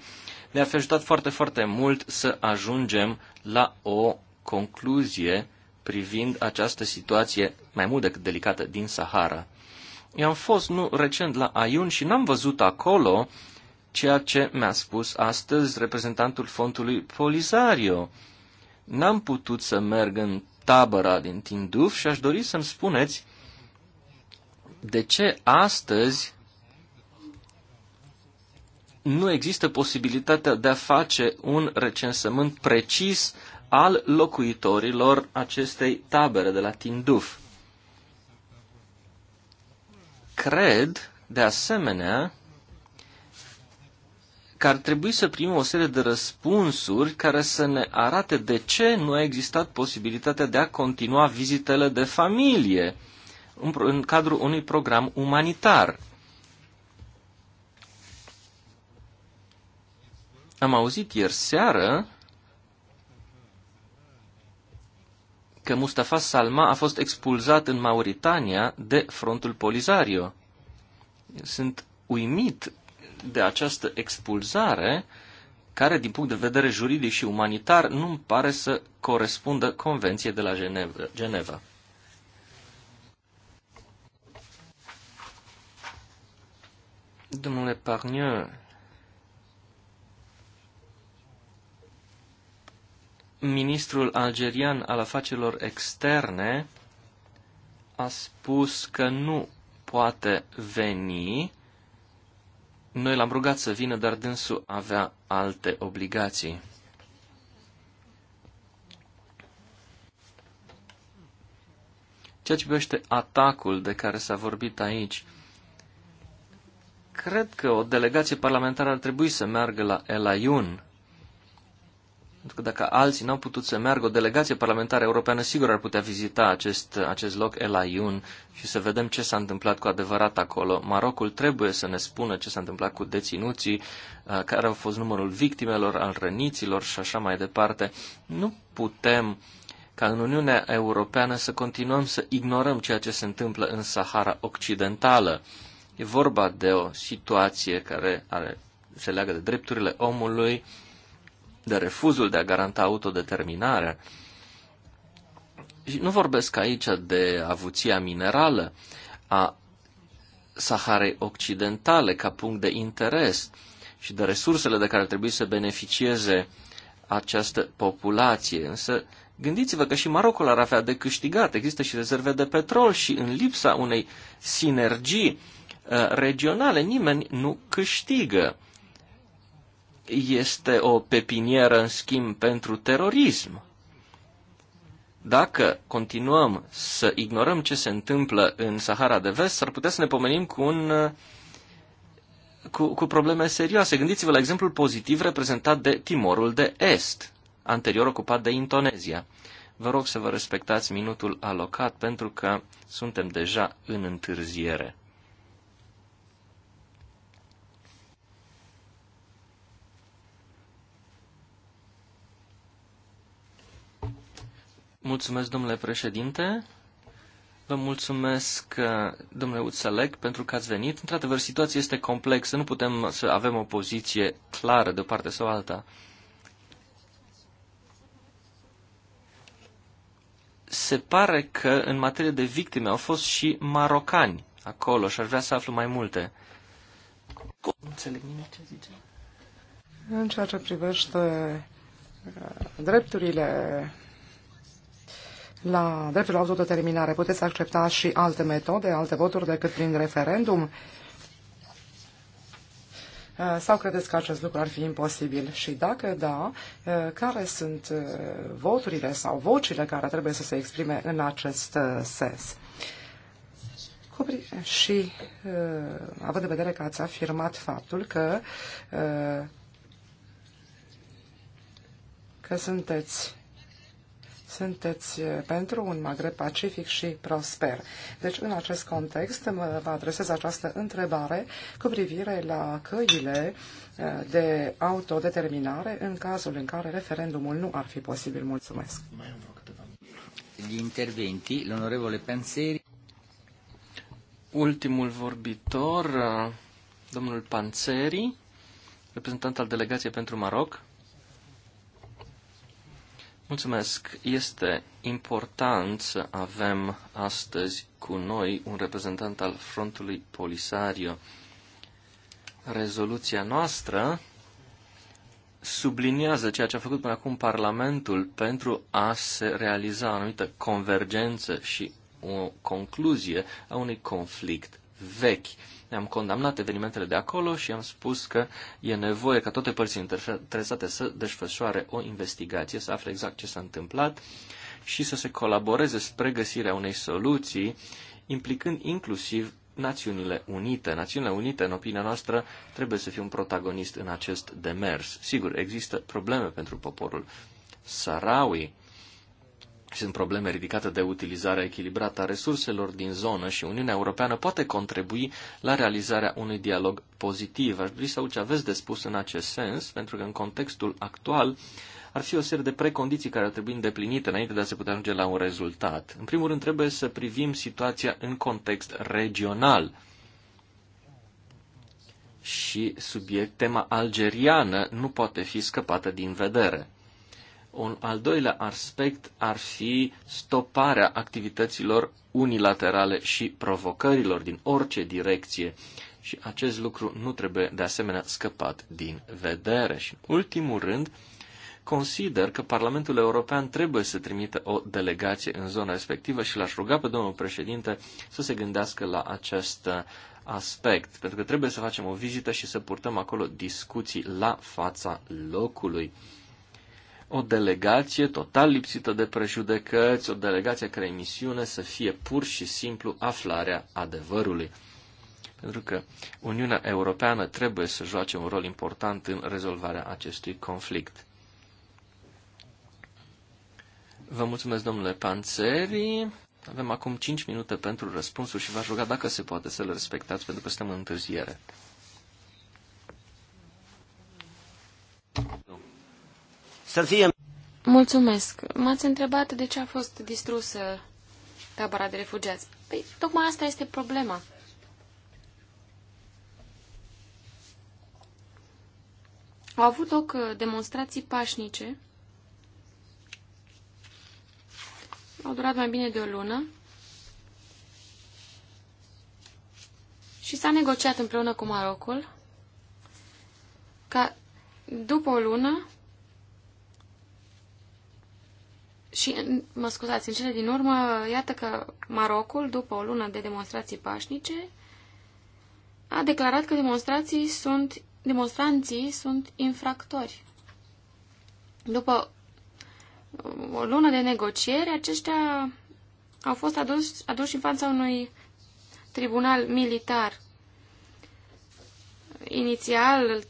ne a fi ajutat foarte, foarte mult să ajungem la o concluzie privind această situație mai mult decât delicată din Sahara. Eu am fost, nu, recent la Ayun și n-am văzut acolo ceea ce mi-a spus astăzi reprezentantul fontului Polisario. N-am putut să merg în tabăra din Tinduf și aș dori să-mi spuneți de ce astăzi nu există posibilitatea de a face un recensământ precis al locuitorilor acestei tabere de la Tinduf. Cred, de asemenea, că ar trebui să primim o serie de răspunsuri care să ne arate de ce nu a existat posibilitatea de a continua vizitele de familie în, în cadrul unui program umanitar. Am auzit ieri seară că Mustafa Salma a fost expulzat în Mauritania de frontul Polisario. Sunt uimit de această expulzare care, din punct de vedere juridic și umanitar, nu îmi pare să corespundă Convenției de la Geneva. Domnule Parnier, ministrul algerian al afacerilor externe a spus că nu poate veni. Noi l-am rugat să vină, dar dânsul avea alte obligații. Ceea ce privește atacul de care s-a vorbit aici, cred că o delegație parlamentară ar trebui să meargă la El Ayun pentru că dacă alții n-au putut să meargă, o delegație parlamentară europeană sigur ar putea vizita acest, acest loc, El Ayun, și să vedem ce s-a întâmplat cu adevărat acolo. Marocul trebuie să ne spună ce s-a întâmplat cu deținuții, uh, care au fost numărul victimelor, al răniților și așa mai departe. Nu putem ca în Uniunea Europeană să continuăm să ignorăm ceea ce se întâmplă în Sahara Occidentală. E vorba de o situație care are, se leagă de drepturile omului, de refuzul de a garanta autodeterminarea. Și nu vorbesc aici de avuția minerală a Saharei Occidentale ca punct de interes și de resursele de care trebuie să beneficieze această populație. Însă, gândiți-vă că și Marocul ar avea de câștigat. Există și rezerve de petrol și în lipsa unei sinergii uh, regionale nimeni nu câștigă este o pepinieră, în schimb, pentru terorism. Dacă continuăm să ignorăm ce se întâmplă în Sahara de Vest, ar putea să ne pomenim cu, un, cu, cu probleme serioase. Gândiți-vă la exemplul pozitiv reprezentat de Timorul de Est, anterior ocupat de Indonezia. Vă rog să vă respectați minutul alocat pentru că suntem deja în întârziere. Mulțumesc, domnule președinte. Vă mulțumesc, domnule Uțeleg, pentru că ați venit. Într-adevăr, situația este complexă. Nu putem să avem o poziție clară de o parte sau alta. Se pare că în materie de victime au fost și marocani acolo și aș vrea să aflu mai multe. Nu înțeleg nimic ce zice. În ceea ce privește uh, drepturile la dreptul la autodeterminare. Puteți accepta și alte metode, alte voturi decât prin referendum? Uh, sau credeți că acest lucru ar fi imposibil? Și dacă da, uh, care sunt uh, voturile sau vocile care trebuie să se exprime în acest sens? Și având în vedere că ați afirmat faptul că, că sunteți sunteți eh, pentru un Maghreb pacific și prosper. Deci, în acest context, vă adresez această întrebare cu privire la căile eh, de autodeterminare în cazul în care referendumul nu ar fi posibil. Mulțumesc. Gli interventi, l'onorevole Panzeri. Ultimul vorbitor, eh, domnul Panzeri, reprezentant al delegației pentru Maroc. Mulțumesc. Este important să avem astăzi cu noi un reprezentant al Frontului Polisario. Rezoluția noastră subliniază ceea ce a făcut până acum Parlamentul pentru a se realiza o anumită convergență și o concluzie a unui conflict vechi. Ne-am condamnat evenimentele de acolo și am spus că e nevoie ca toate părțile interesate să desfășoare o investigație, să afle exact ce s-a întâmplat și să se colaboreze spre găsirea unei soluții, implicând inclusiv Națiunile Unite. Națiunile Unite, în opinia noastră, trebuie să fie un protagonist în acest demers. Sigur, există probleme pentru poporul Sarawi, și sunt probleme ridicate de utilizarea echilibrată a resurselor din zonă și Uniunea Europeană poate contribui la realizarea unui dialog pozitiv. Aș dori să aud ce aveți de spus în acest sens, pentru că în contextul actual ar fi o serie de precondiții care ar trebui îndeplinite înainte de a se putea ajunge la un rezultat. În primul rând, trebuie să privim situația în context regional. Și subiect, tema algeriană nu poate fi scăpată din vedere. Un al doilea aspect ar fi stoparea activităților unilaterale și provocărilor din orice direcție. Și acest lucru nu trebuie de asemenea scăpat din vedere. Și ultimul rând, consider că Parlamentul European trebuie să trimită o delegație în zona respectivă și l-aș ruga pe domnul președinte să se gândească la acest aspect, pentru că trebuie să facem o vizită și să purtăm acolo discuții la fața locului o delegație total lipsită de prejudecăți, o delegație care misiune să fie pur și simplu aflarea adevărului. Pentru că Uniunea Europeană trebuie să joace un rol important în rezolvarea acestui conflict. Vă mulțumesc, domnule Panțeri. Avem acum 5 minute pentru răspunsuri și v-aș ruga dacă se poate să le respectați, pentru că suntem în întârziere să fie... Mulțumesc. M-ați întrebat de ce a fost distrusă tabăra de refugiați. Păi, tocmai asta este problema. Au avut loc uh, demonstrații pașnice. Au durat mai bine de o lună. Și s-a negociat împreună cu Marocul ca după o lună Și, mă scuzați, în cele din urmă, iată că Marocul, după o lună de demonstrații pașnice, a declarat că demonstrații sunt, demonstranții sunt infractori. După um, o lună de negocieri, aceștia au fost aduși, aduși în fața unui tribunal militar. Inițial,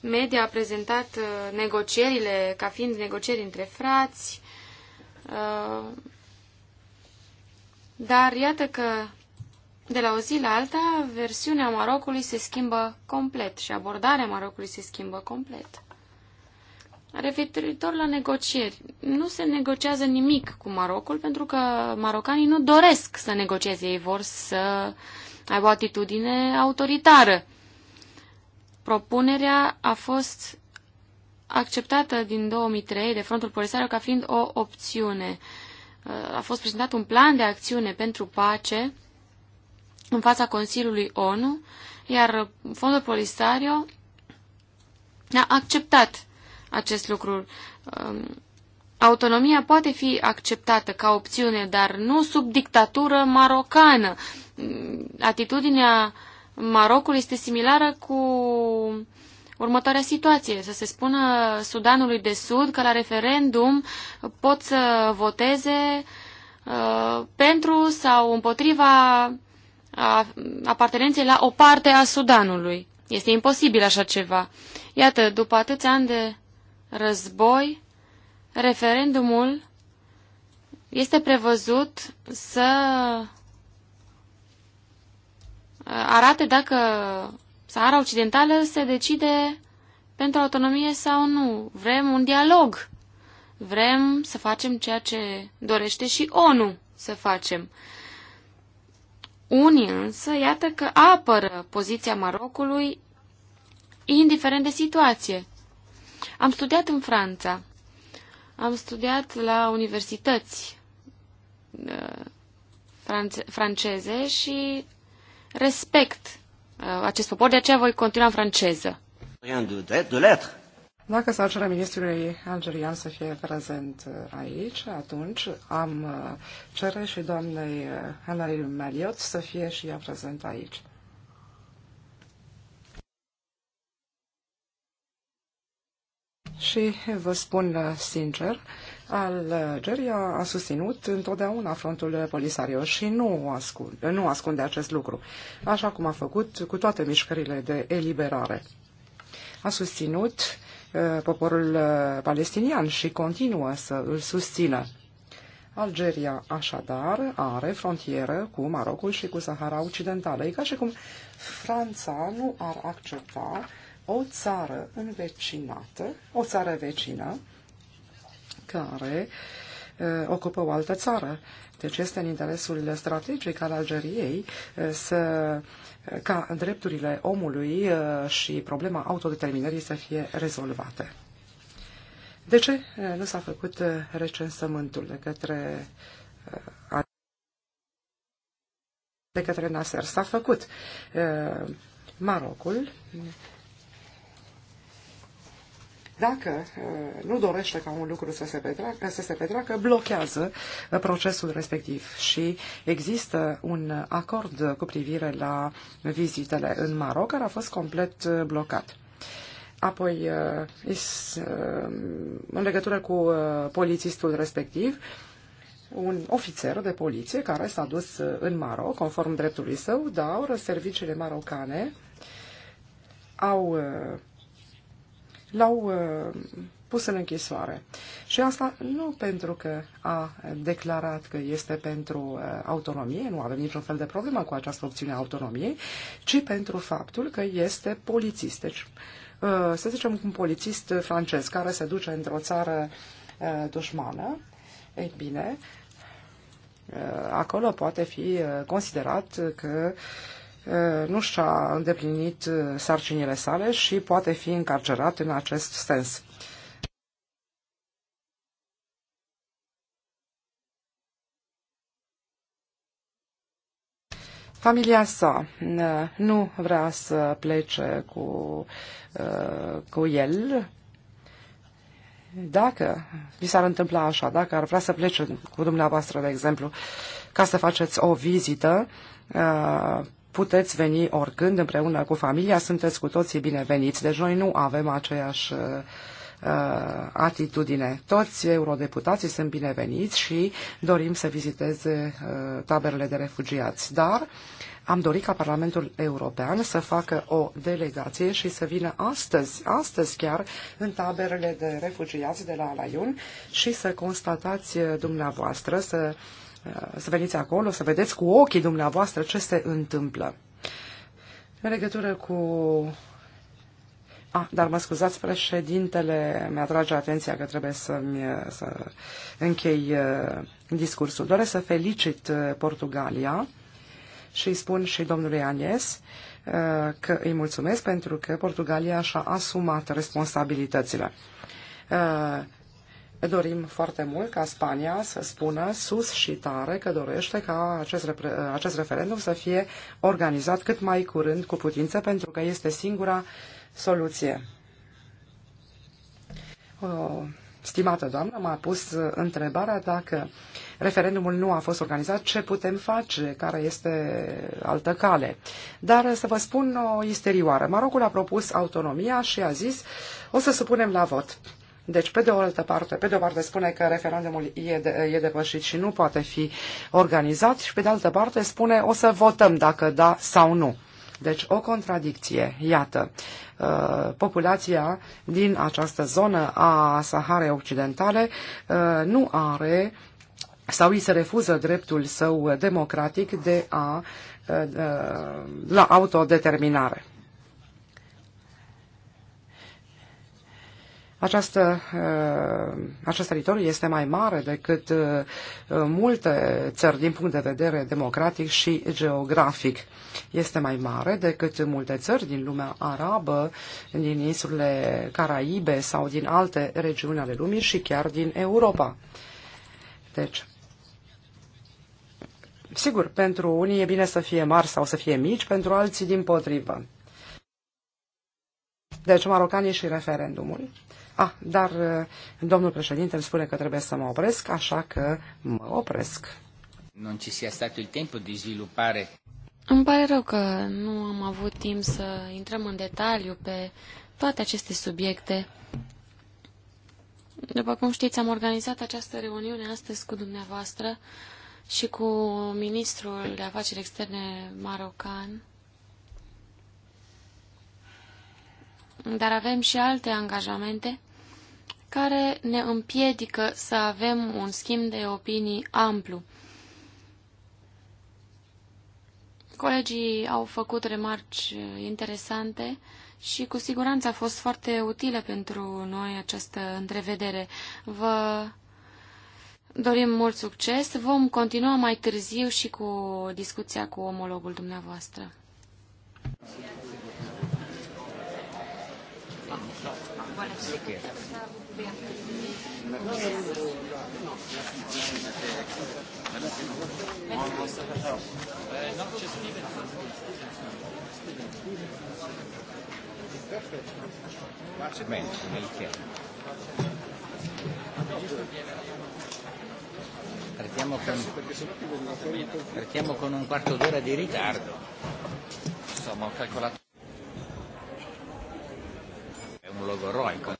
media a prezentat uh, negocierile ca fiind negocieri între frați, Uh, dar iată că de la o zi la alta, versiunea Marocului se schimbă complet și abordarea Marocului se schimbă complet. Referitor la negocieri, nu se negociază nimic cu Marocul pentru că marocanii nu doresc să negocieze, ei vor să aibă o atitudine autoritară. Propunerea a fost acceptată din 2003 de Frontul Polisario ca fiind o opțiune. Uh, a fost prezentat un plan de acțiune pentru pace în fața Consiliului ONU, iar Fondul Polisario a acceptat acest lucru. Um, autonomia poate fi acceptată ca opțiune, dar nu sub dictatură marocană. Mm, atitudinea Marocului este similară cu următoarea situație. Să se spună Sudanului de Sud că la referendum pot să voteze uh, pentru sau împotriva apartenenței la o parte a Sudanului. Este imposibil așa ceva. Iată, după atâția ani de război, referendumul este prevăzut să uh, arate dacă Sahara Occidentală se decide pentru autonomie sau nu. Vrem un dialog. Vrem să facem ceea ce dorește și ONU să facem. Unii însă, iată că apără poziția Marocului indiferent de situație. Am studiat în Franța. Am studiat la universități uh, franceze și respect Uh, acest popor, de aceea voi continua în franceză. Dacă s-ar cere ministrului algerian să fie prezent uh, aici, atunci am uh, cere și doamnei Henry Meliot să fie și ea prezent aici. Și vă spun sincer, Algeria a susținut întotdeauna frontul polisario și nu ascunde, nu ascunde acest lucru, așa cum a făcut cu toate mișcările de eliberare. A susținut poporul palestinian și continuă să îl susțină. Algeria, așadar, are frontieră cu Marocul și cu Sahara Occidentală. E ca și cum Franța nu ar accepta o țară învecinată, o țară vecină, care eh, ocupă o altă țară. Deci este în interesul strategic al Algeriei eh, să, eh, ca drepturile omului și problema autodeterminării să fie rezolvate. De ce nu s-a făcut recensământul de către de către Nasser? S-a făcut. Marocul dacă uh, nu dorește ca un lucru să se petreacă, să se petreacă blochează uh, procesul respectiv și există un acord cu privire la vizitele în Maroc care a fost complet uh, blocat. Apoi, în legătură cu polițistul respectiv, un ofițer de poliție care s-a dus în Maroc, conform dreptului său, dar serviciile marocane au l-au uh, pus în închisoare. Și asta nu pentru că a declarat că este pentru uh, autonomie, nu avem niciun fel de problemă cu această opțiune a autonomiei, ci pentru faptul că este polițist. Deci, uh, să zicem, un polițist francez care se duce într-o țară dușmană, ei bine, acolo poate fi considerat că uh, Uh, nu și-a îndeplinit uh, sarcinile sale și poate fi încarcerat în acest sens. Familia sa uh, nu vrea să plece cu, cu el. Dacă vi s-ar întâmpla așa, dacă ar vrea să plece cu dumneavoastră, de exemplu, ca să faceți o vizită, puteți veni oricând împreună cu familia, sunteți cu toții bineveniți. Deci noi nu avem aceeași uh, uh, atitudine. Toți eurodeputații sunt bineveniți și dorim să viziteze uh, taberele de refugiați, dar am dorit ca Parlamentul European să facă o delegație și să vină astăzi, astăzi chiar, în taberele de refugiați de la Alaiun și să constatați uh, dumneavoastră, să uh, Uh, să veniți acolo, să vedeți cu ochii dumneavoastră ce se întâmplă. În legătură cu Ah, dar mă scuzați, președintele mi-atrage atenția că trebuie să-mi uh, să închei uh, discursul. Doresc să felicit Portugalia și îi spun și domnului Anies că îi mulțumesc pentru că Portugalia și-a asumat responsabilitățile. Dorim foarte mult ca Spania să spună sus și tare că dorește ca acest, acest referendum să fie organizat cât mai curând cu putință, pentru că este singura soluție. O, stimată doamnă, m-a pus întrebarea dacă referendumul nu a fost organizat, ce putem face, care este altă cale. Dar să vă spun o isterioară. Marocul a propus autonomia și a zis o să supunem la vot. Deci, pe de o altă parte, pe de o parte spune că referendumul e, de, e depășit și nu poate fi organizat și pe de altă parte spune o să votăm dacă da sau nu. Deci o contradicție, iată, uh, populația din această zonă a Saharei Occidentale uh, nu are sau îi se refuză dreptul său democratic de a uh, la autodeterminare. Această, uh, acest teritoriu este mai mare decât uh, multe țări din punct de vedere democratic și geografic. Este mai mare decât multe țări din lumea arabă, din insulele Caraibe sau din alte regiuni ale lumii și chiar din Europa. Deci, sigur, pentru unii e bine să fie mari sau să fie mici, pentru alții din potrivă. Deci, marocanii și referendumul Ah, dar uh, domnul președinte îmi spune că trebuie să mă opresc, așa că mă opresc. Nu ci sia stato il tempo di sviluppare. Îmi pare rău că nu am avut timp să intrăm în detaliu pe toate aceste subiecte. După cum știți, am organizat această reuniune astăzi cu dumneavoastră și cu ministrul de afaceri externe marocan. Dar avem și alte angajamente care ne împiedică să avem un schimb de opinii amplu. Colegii au făcut remarci interesante și cu siguranță a fost foarte utilă pentru noi această întrevedere. Vă dorim mult succes. Vom continua mai târziu și cu discuția cu omologul dumneavoastră. Gracias. Bene, Partiamo con, partiamo con un quarto d'ora di ritardo. Insomma, ho calcolato. È un logo roico.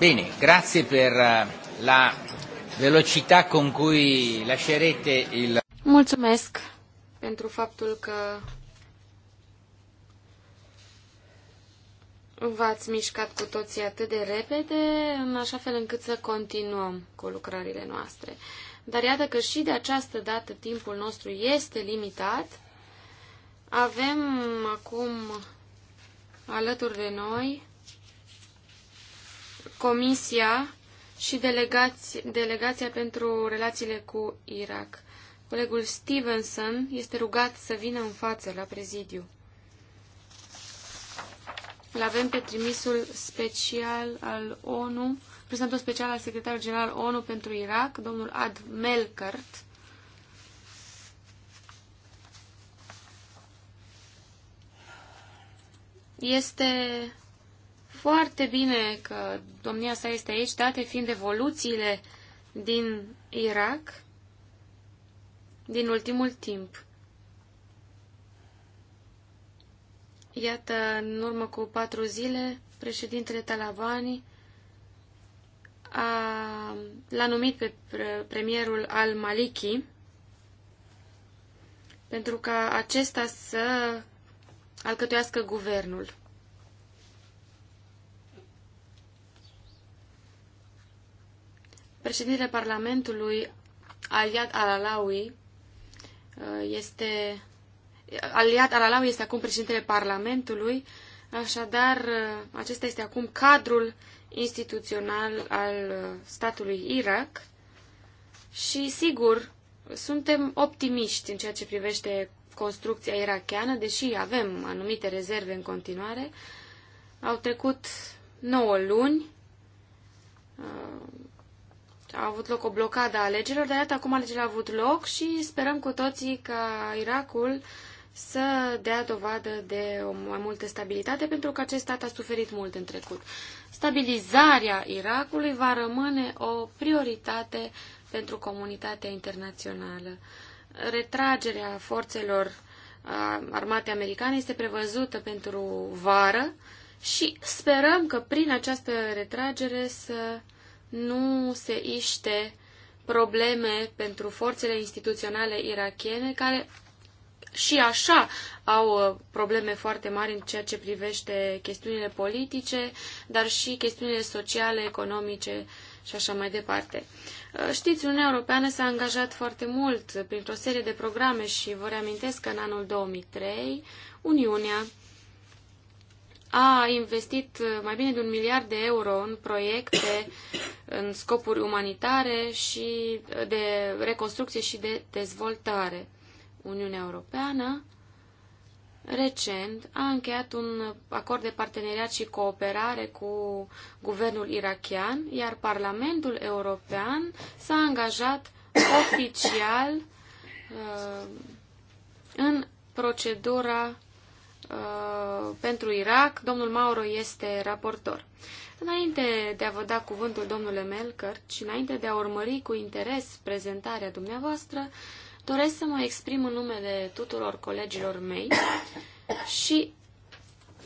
Bene, grazie per uh, la velocità con cui lascerete il... Mulțumesc pentru faptul că v-ați mișcat cu toții atât de repede, în așa fel încât să continuăm cu lucrările noastre. Dar iată că și de această dată timpul nostru este limitat. Avem acum alături de noi Comisia și delegați, Delegația pentru Relațiile cu Irak. Colegul Stevenson este rugat să vină în față la prezidiu. l avem pe trimisul special al ONU, prezentul special al secretarului general ONU pentru Irak, domnul Ad Melkert. Este foarte bine că domnia sa este aici, date fiind evoluțiile din Irak din ultimul timp. Iată, în urmă cu patru zile, președintele Talabani l-a numit pe premierul al-Maliki pentru ca acesta să alcătuiască guvernul. Președintele Parlamentului, Aliat Alalawi, uh, este... Aliat Alalawi este acum președintele Parlamentului, așadar uh, acesta este acum cadrul instituțional al uh, statului Irak și, sigur, suntem optimiști în ceea ce privește construcția irakiană, deși avem anumite rezerve în continuare. Au trecut 9 luni a avut loc o blocadă a alegerilor, dar iată acum alegerile au avut loc și sperăm cu toții ca Irakul să dea dovadă de o mai multă stabilitate, pentru că acest stat a suferit mult în trecut. Stabilizarea Irakului va rămâne o prioritate pentru comunitatea internațională. Retragerea forțelor armate americane este prevăzută pentru vară și sperăm că prin această retragere să nu se iște probleme pentru forțele instituționale irachiene care și așa au uh, probleme foarte mari în ceea ce privește chestiunile politice, dar și chestiunile sociale, economice și așa mai departe. Uh, știți, Uniunea Europeană s-a angajat foarte mult printr-o serie de programe și vă reamintesc că în anul 2003 Uniunea a investit uh, mai bine de un miliard de euro în proiecte, în scopuri umanitare și uh, de reconstrucție și de dezvoltare. Uniunea Europeană recent a încheiat un acord de parteneriat și cooperare cu guvernul irachian, iar Parlamentul European s-a angajat oficial uh, în procedura uh, pentru Irak. Domnul Mauro este raportor. Înainte de a vă da cuvântul domnule Melker și înainte de a urmări cu interes prezentarea dumneavoastră, doresc să mă exprim în numele tuturor colegilor mei și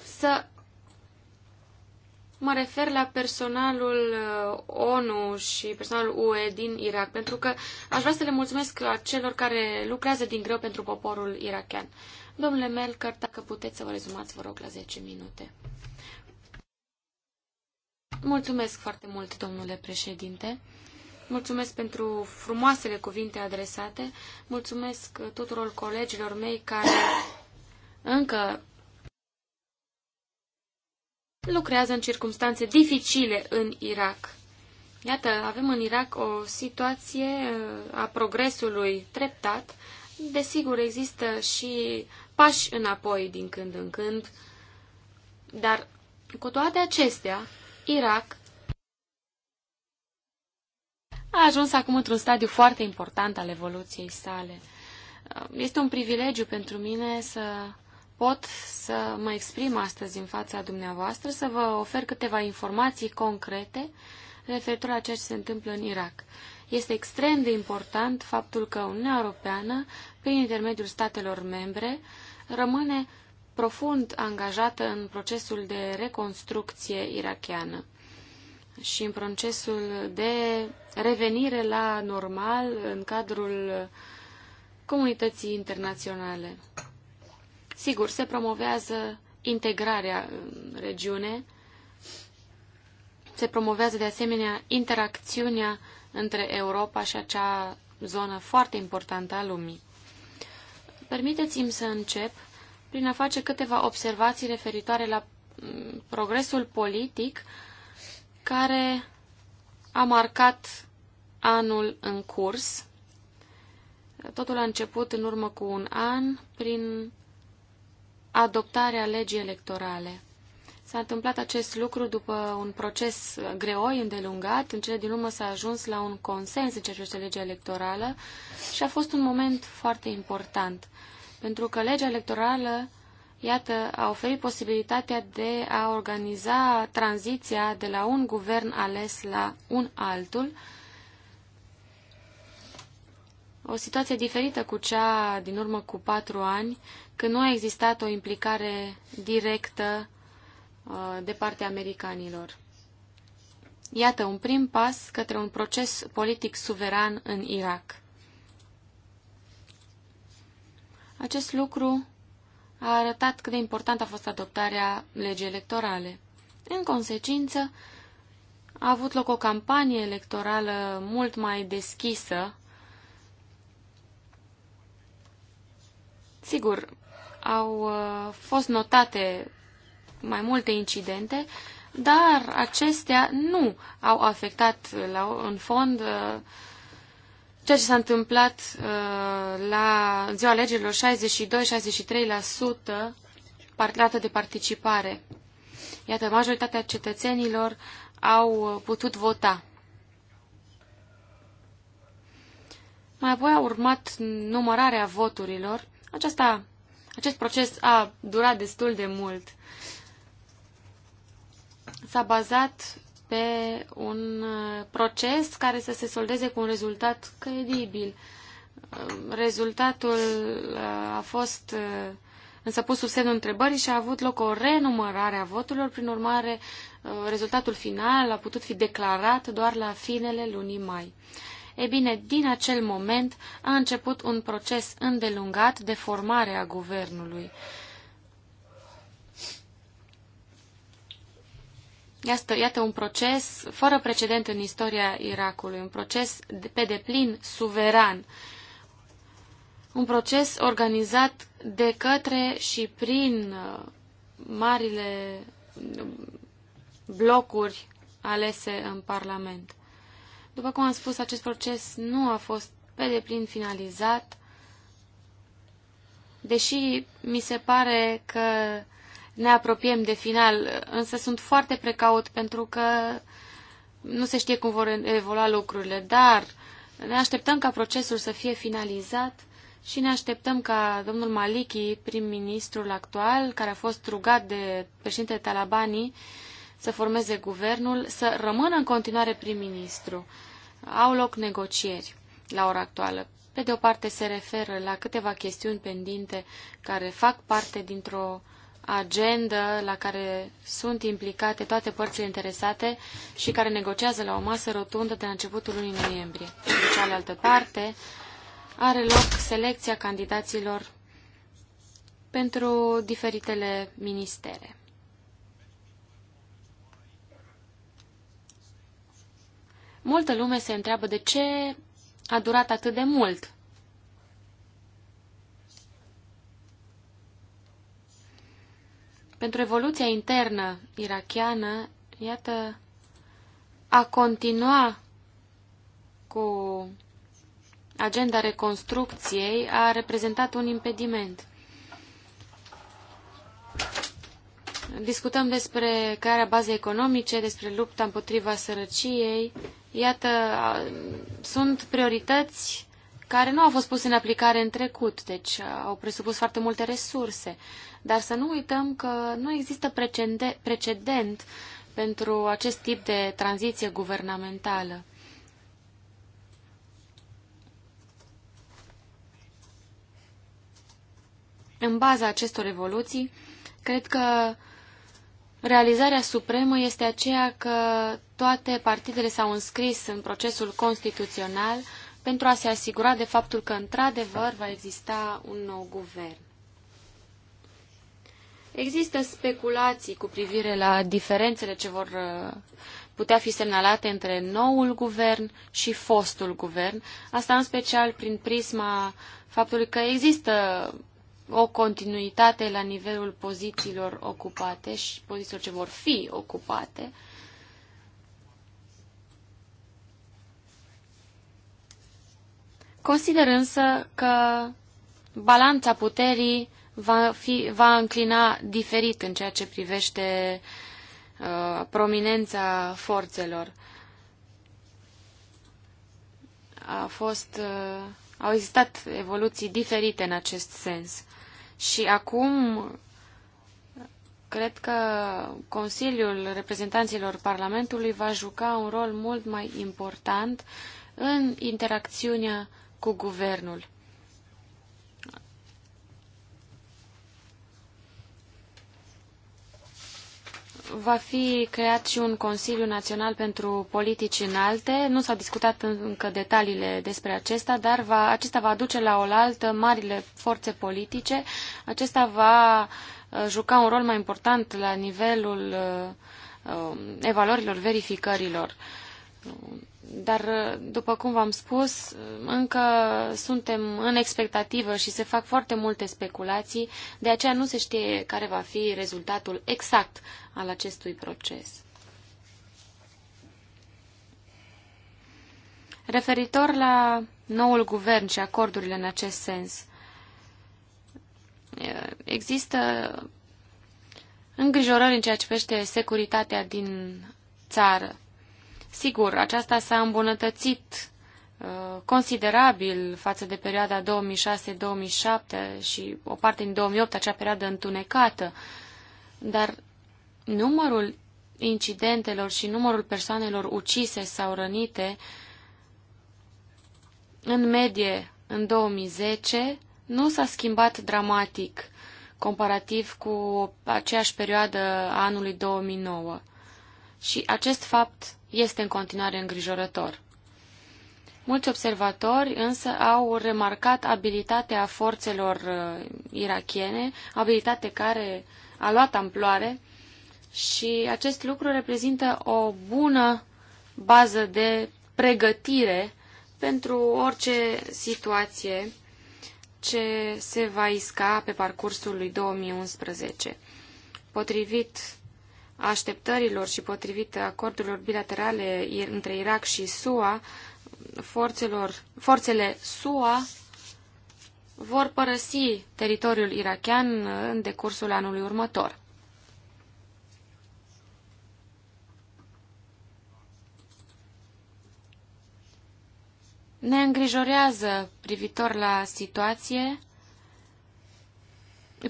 să mă refer la personalul uh, ONU și personalul UE din Irak, pentru că aș vrea să le mulțumesc celor care lucrează din greu pentru poporul irachian. Domnule Melker, dacă puteți să vă rezumați, vă rog, la 10 minute. Mulțumesc foarte mult, domnule președinte. Mulțumesc pentru frumoasele cuvinte adresate. Mulțumesc tuturor colegilor mei care încă lucrează în circunstanțe dificile în Irak. Iată, avem în Irak o situație uh, a progresului treptat. Desigur, există și pași înapoi din când în când, dar cu toate acestea, Irak a ajuns acum într-un stadiu foarte important al evoluției sale. Este un privilegiu pentru mine să pot să mă exprim astăzi în fața dumneavoastră, să vă ofer câteva informații concrete referitor la ceea ce se întâmplă în Irak. Este extrem de important faptul că Uniunea Europeană prin intermediul statelor membre, rămâne profund angajată în procesul de reconstrucție iracheană și în procesul de revenire la normal în cadrul comunității internaționale. Sigur, se promovează integrarea în regiune, se promovează de asemenea interacțiunea între Europa și acea zonă foarte importantă a lumii. Permiteți-mi să încep prin a face câteva observații referitoare la mm, progresul politic care a marcat anul în curs. Totul a început în urmă cu un an prin adoptarea legii electorale. S-a întâmplat acest lucru după un proces greoi, îndelungat. În cele din urmă s-a ajuns la un consens în ceea ce privește legea electorală și a fost un moment foarte important, pentru că legea electorală, iată, a oferit posibilitatea de a organiza tranziția de la un guvern ales la un altul, o situație diferită cu cea din urmă cu patru ani, când nu a existat o implicare directă Uh, de partea americanilor. Iată un prim pas către un proces politic suveran în Irak. Acest lucru a arătat cât de important a fost adoptarea legii electorale. În consecință, a avut loc o campanie electorală mult mai deschisă. Sigur, au uh, fost notate mai multe incidente, dar acestea nu au afectat la, în fond uh, ceea ce s-a întâmplat uh, la ziua alegerilor 62-63% partidată de participare. Iată, majoritatea cetățenilor au putut vota. Mai apoi a urmat numărarea voturilor. Aceasta, acest proces a durat destul de mult s-a bazat pe un uh, proces care să se soldeze cu un rezultat credibil. Uh, rezultatul uh, a fost însă pus sub semnul întrebării și a avut loc o renumărare a voturilor, prin urmare rezultatul final a putut fi declarat doar la finele lunii mai. E bine, din acel moment a început un proces îndelungat de formare a guvernului. Iată, iată un proces fără precedent în istoria Irakului, un proces pe deplin suveran, un proces organizat de către și prin uh, marile mm, blocuri alese în Parlament. După cum am spus, acest proces nu a fost pe deplin finalizat, deși mi se pare că ne apropiem de final, însă sunt foarte precaut pentru că nu se știe cum vor evolua lucrurile, dar ne așteptăm ca procesul să fie finalizat și ne așteptăm ca domnul Maliki, prim-ministrul actual, care a fost rugat de președintele Talabani să formeze guvernul, să rămână în continuare prim-ministru. Au loc negocieri la ora actuală. Pe de o parte se referă la câteva chestiuni pendinte care fac parte dintr-o agendă la care sunt implicate toate părțile interesate și care negociază la o masă rotundă de la începutul lunii noiembrie. De cealaltă parte, are loc selecția candidaților pentru diferitele ministere. Multă lume se întreabă de ce a durat atât de mult pentru evoluția internă irachiană, iată, a continua cu agenda reconstrucției a reprezentat un impediment. Discutăm despre crearea bazei economice, despre lupta împotriva sărăciei. Iată, sunt priorități care nu au fost puse în aplicare în trecut, deci uh, au presupus foarte multe resurse. Dar să nu uităm că nu există precedent, precedent pentru acest tip de tranziție guvernamentală. În baza acestor evoluții, cred că realizarea supremă este aceea că toate partidele s-au înscris în procesul constituțional, pentru a se asigura de faptul că într-adevăr va exista un nou guvern. Există speculații cu privire la diferențele ce vor uh, putea fi semnalate între noul guvern și fostul guvern, asta în special prin prisma faptului că există o continuitate la nivelul pozițiilor ocupate și pozițiilor ce vor fi ocupate, Consider însă că balanța puterii va, fi, va înclina diferit în ceea ce privește uh, prominența forțelor. A fost, uh, au existat evoluții diferite în acest sens. Și acum cred că Consiliul Reprezentanților Parlamentului va juca un rol mult mai important în interacțiunea cu guvernul. Va fi creat și un Consiliu Național pentru Politici Înalte. Nu s-au discutat încă detaliile despre acesta, dar va, acesta va aduce la oaltă marile forțe politice. Acesta va uh, juca un rol mai important la nivelul uh, uh, evaluărilor, verificărilor dar, după cum v-am spus, încă suntem în expectativă și se fac foarte multe speculații, de aceea nu se știe care va fi rezultatul exact al acestui proces. Referitor la noul guvern și acordurile în acest sens, există îngrijorări în ceea ce privește securitatea din țară. Sigur, aceasta s-a îmbunătățit uh, considerabil față de perioada 2006-2007 și o parte din 2008, acea perioadă întunecată, dar numărul incidentelor și numărul persoanelor ucise sau rănite în medie în 2010 nu s-a schimbat dramatic comparativ cu aceeași perioadă a anului 2009. Și acest fapt este în continuare îngrijorător. Mulți observatori însă au remarcat abilitatea forțelor uh, irachiene, abilitate care a luat amploare și acest lucru reprezintă o bună bază de pregătire pentru orice situație ce se va isca pe parcursul lui 2011. Potrivit așteptărilor și potrivit acordurilor bilaterale între Irak și SUA, forțelor, forțele SUA vor părăsi teritoriul irachian în decursul anului următor. Ne îngrijorează privitor la situație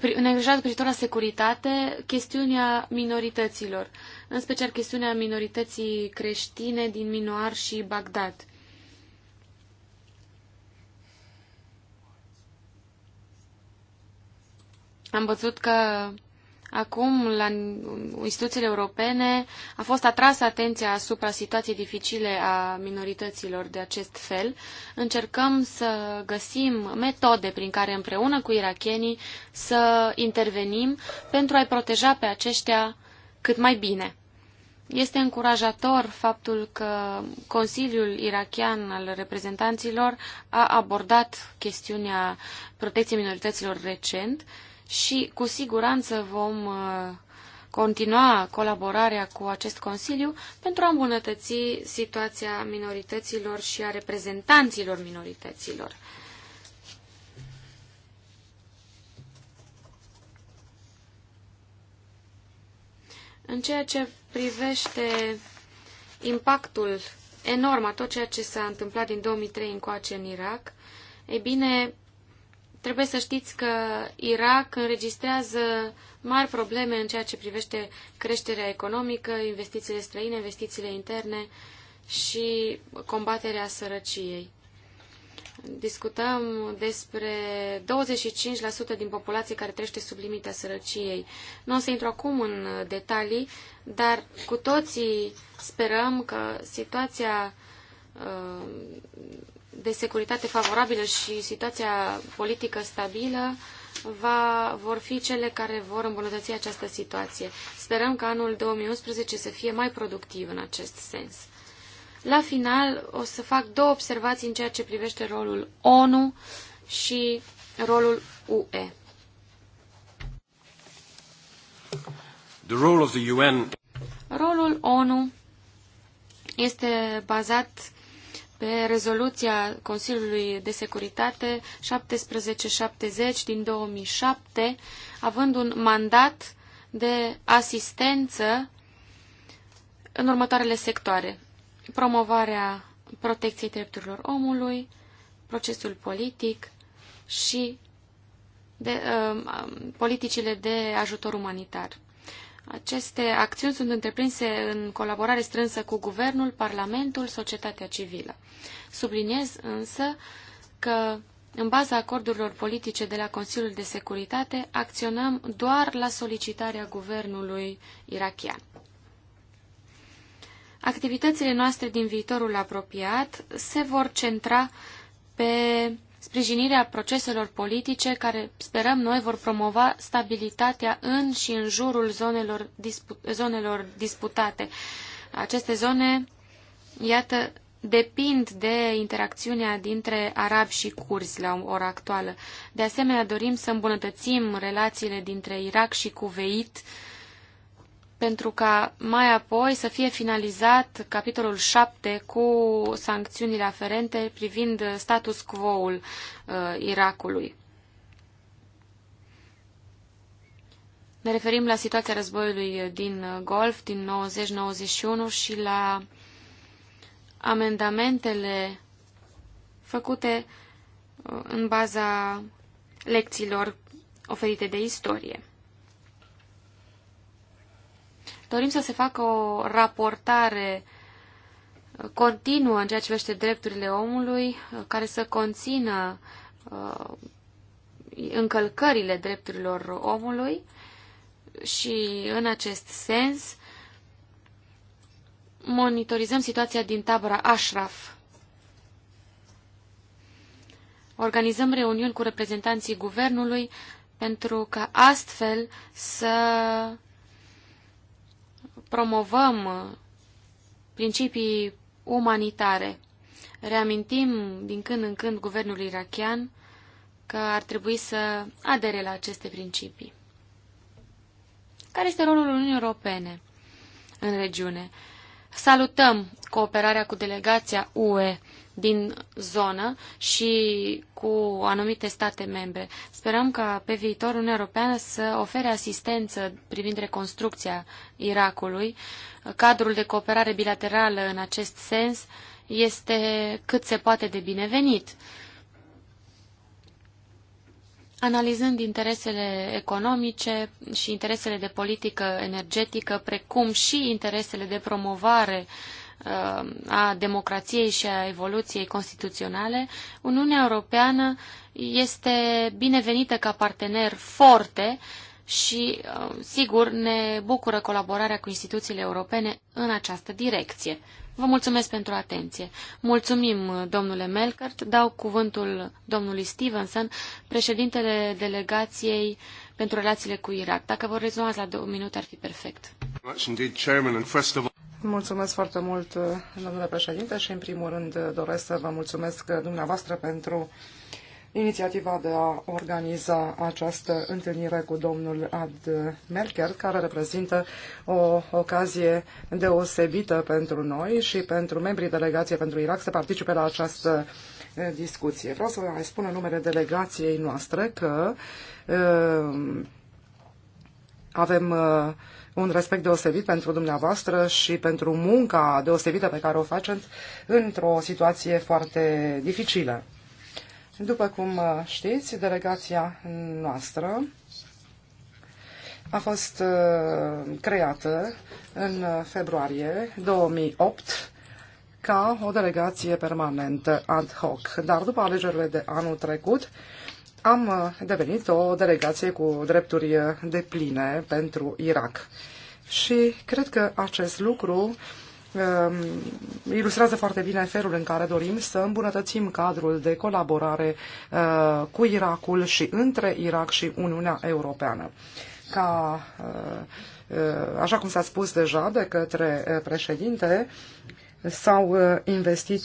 îngrijorat privitor la securitate, chestiunea minorităților, în special chestiunea minorității creștine din Minoar și Bagdad. Am văzut că Acum, la instituțiile europene, a fost atrasă atenția asupra situației dificile a minorităților de acest fel. Încercăm să găsim metode prin care, împreună cu irachenii să intervenim pentru a-i proteja pe aceștia cât mai bine. Este încurajator faptul că Consiliul Irachian al reprezentanților a abordat chestiunea protecției minorităților recent și cu siguranță vom uh, continua colaborarea cu acest Consiliu pentru a îmbunătăți situația minorităților și a reprezentanților minorităților. În ceea ce privește impactul enorm a tot ceea ce s-a întâmplat din 2003 încoace în Irak, e bine, Trebuie să știți că Irak înregistrează mari probleme în ceea ce privește creșterea economică, investițiile străine, investițiile interne și combaterea sărăciei. Discutăm despre 25% din populație care trește sub limita sărăciei. Nu o să intru acum în detalii, dar cu toții sperăm că situația uh, de securitate favorabilă și situația politică stabilă va, vor fi cele care vor îmbunătăți această situație. Sperăm că anul 2011 să fie mai productiv în acest sens. La final o să fac două observații în ceea ce privește rolul ONU și rolul UE. The role of the UN... Rolul ONU este bazat pe rezoluția Consiliului de Securitate 1770 din 2007, având un mandat de asistență în următoarele sectoare. Promovarea protecției drepturilor omului, procesul politic și de, uh, um, politicile de ajutor umanitar. Aceste acțiuni sunt întreprinse în colaborare strânsă cu Guvernul, Parlamentul, societatea civilă. Subliniez însă că, în baza acordurilor politice de la Consiliul de Securitate, acționăm doar la solicitarea Guvernului irachian. Activitățile noastre din viitorul apropiat se vor centra pe sprijinirea proceselor politice care, sperăm noi, vor promova stabilitatea în și în jurul zonelor, dispu zonelor disputate. Aceste zone, iată, depind de interacțiunea dintre arabi și curzi la ora actuală. De asemenea, dorim să îmbunătățim relațiile dintre Irak și Cuveit, pentru ca mai apoi să fie finalizat capitolul 7 cu sancțiunile aferente privind status quo-ul uh, Irakului. Ne referim la situația războiului din Golf din 90-91 și la amendamentele făcute uh, în baza lecțiilor oferite de istorie. Dorim să se facă o raportare continuă în ceea ce vește drepturile omului, care să conțină uh, încălcările drepturilor omului și în acest sens monitorizăm situația din tabăra Ashraf. Organizăm reuniuni cu reprezentanții guvernului pentru ca astfel să promovăm uh, principii umanitare. Reamintim din când în când guvernul irachian că ar trebui să adere la aceste principii. Care este rolul Uniunii Europene în regiune? Salutăm cooperarea cu delegația UE din zonă și cu anumite state membre. Sperăm ca pe viitor Uniunea Europeană să ofere asistență privind reconstrucția Irakului. Cadrul de cooperare bilaterală în acest sens este cât se poate de binevenit. Analizând interesele economice și interesele de politică energetică, precum și interesele de promovare uh, a democrației și a evoluției constituționale, Uniunea Europeană este binevenită ca partener forte și, uh, sigur, ne bucură colaborarea cu instituțiile europene în această direcție. Vă mulțumesc pentru atenție. Mulțumim, domnule Melkert. Dau cuvântul domnului Stevenson, președintele delegației pentru relațiile cu Irak. Dacă vă rezumați la două minute, ar fi perfect. Mulțumesc foarte mult, uh, domnule președinte, și în primul rând uh, doresc să vă mulțumesc uh, dumneavoastră pentru inițiativa de a organiza această întâlnire cu domnul Ad Merker, care reprezintă o ocazie deosebită pentru noi și pentru membrii delegației pentru Irak să participe la această discuție. Vreau să vă mai spun în numele delegației noastre că uh, avem uh, un respect deosebit pentru dumneavoastră și pentru munca deosebită pe care o faceți într-o situație foarte dificilă. După cum uh, știți, delegația noastră a fost uh, creată în februarie 2008 ca o delegație permanentă ad hoc. Dar după alegerile de anul trecut, am uh, devenit o delegație cu drepturi uh, de pline pentru Irak. Și cred că acest lucru um, ilustrează foarte bine felul în care dorim să îmbunătățim cadrul de colaborare uh, cu Irakul și între Irak și Uniunea Europeană. Ca, așa cum s-a spus deja de către președinte, s-au uh, investit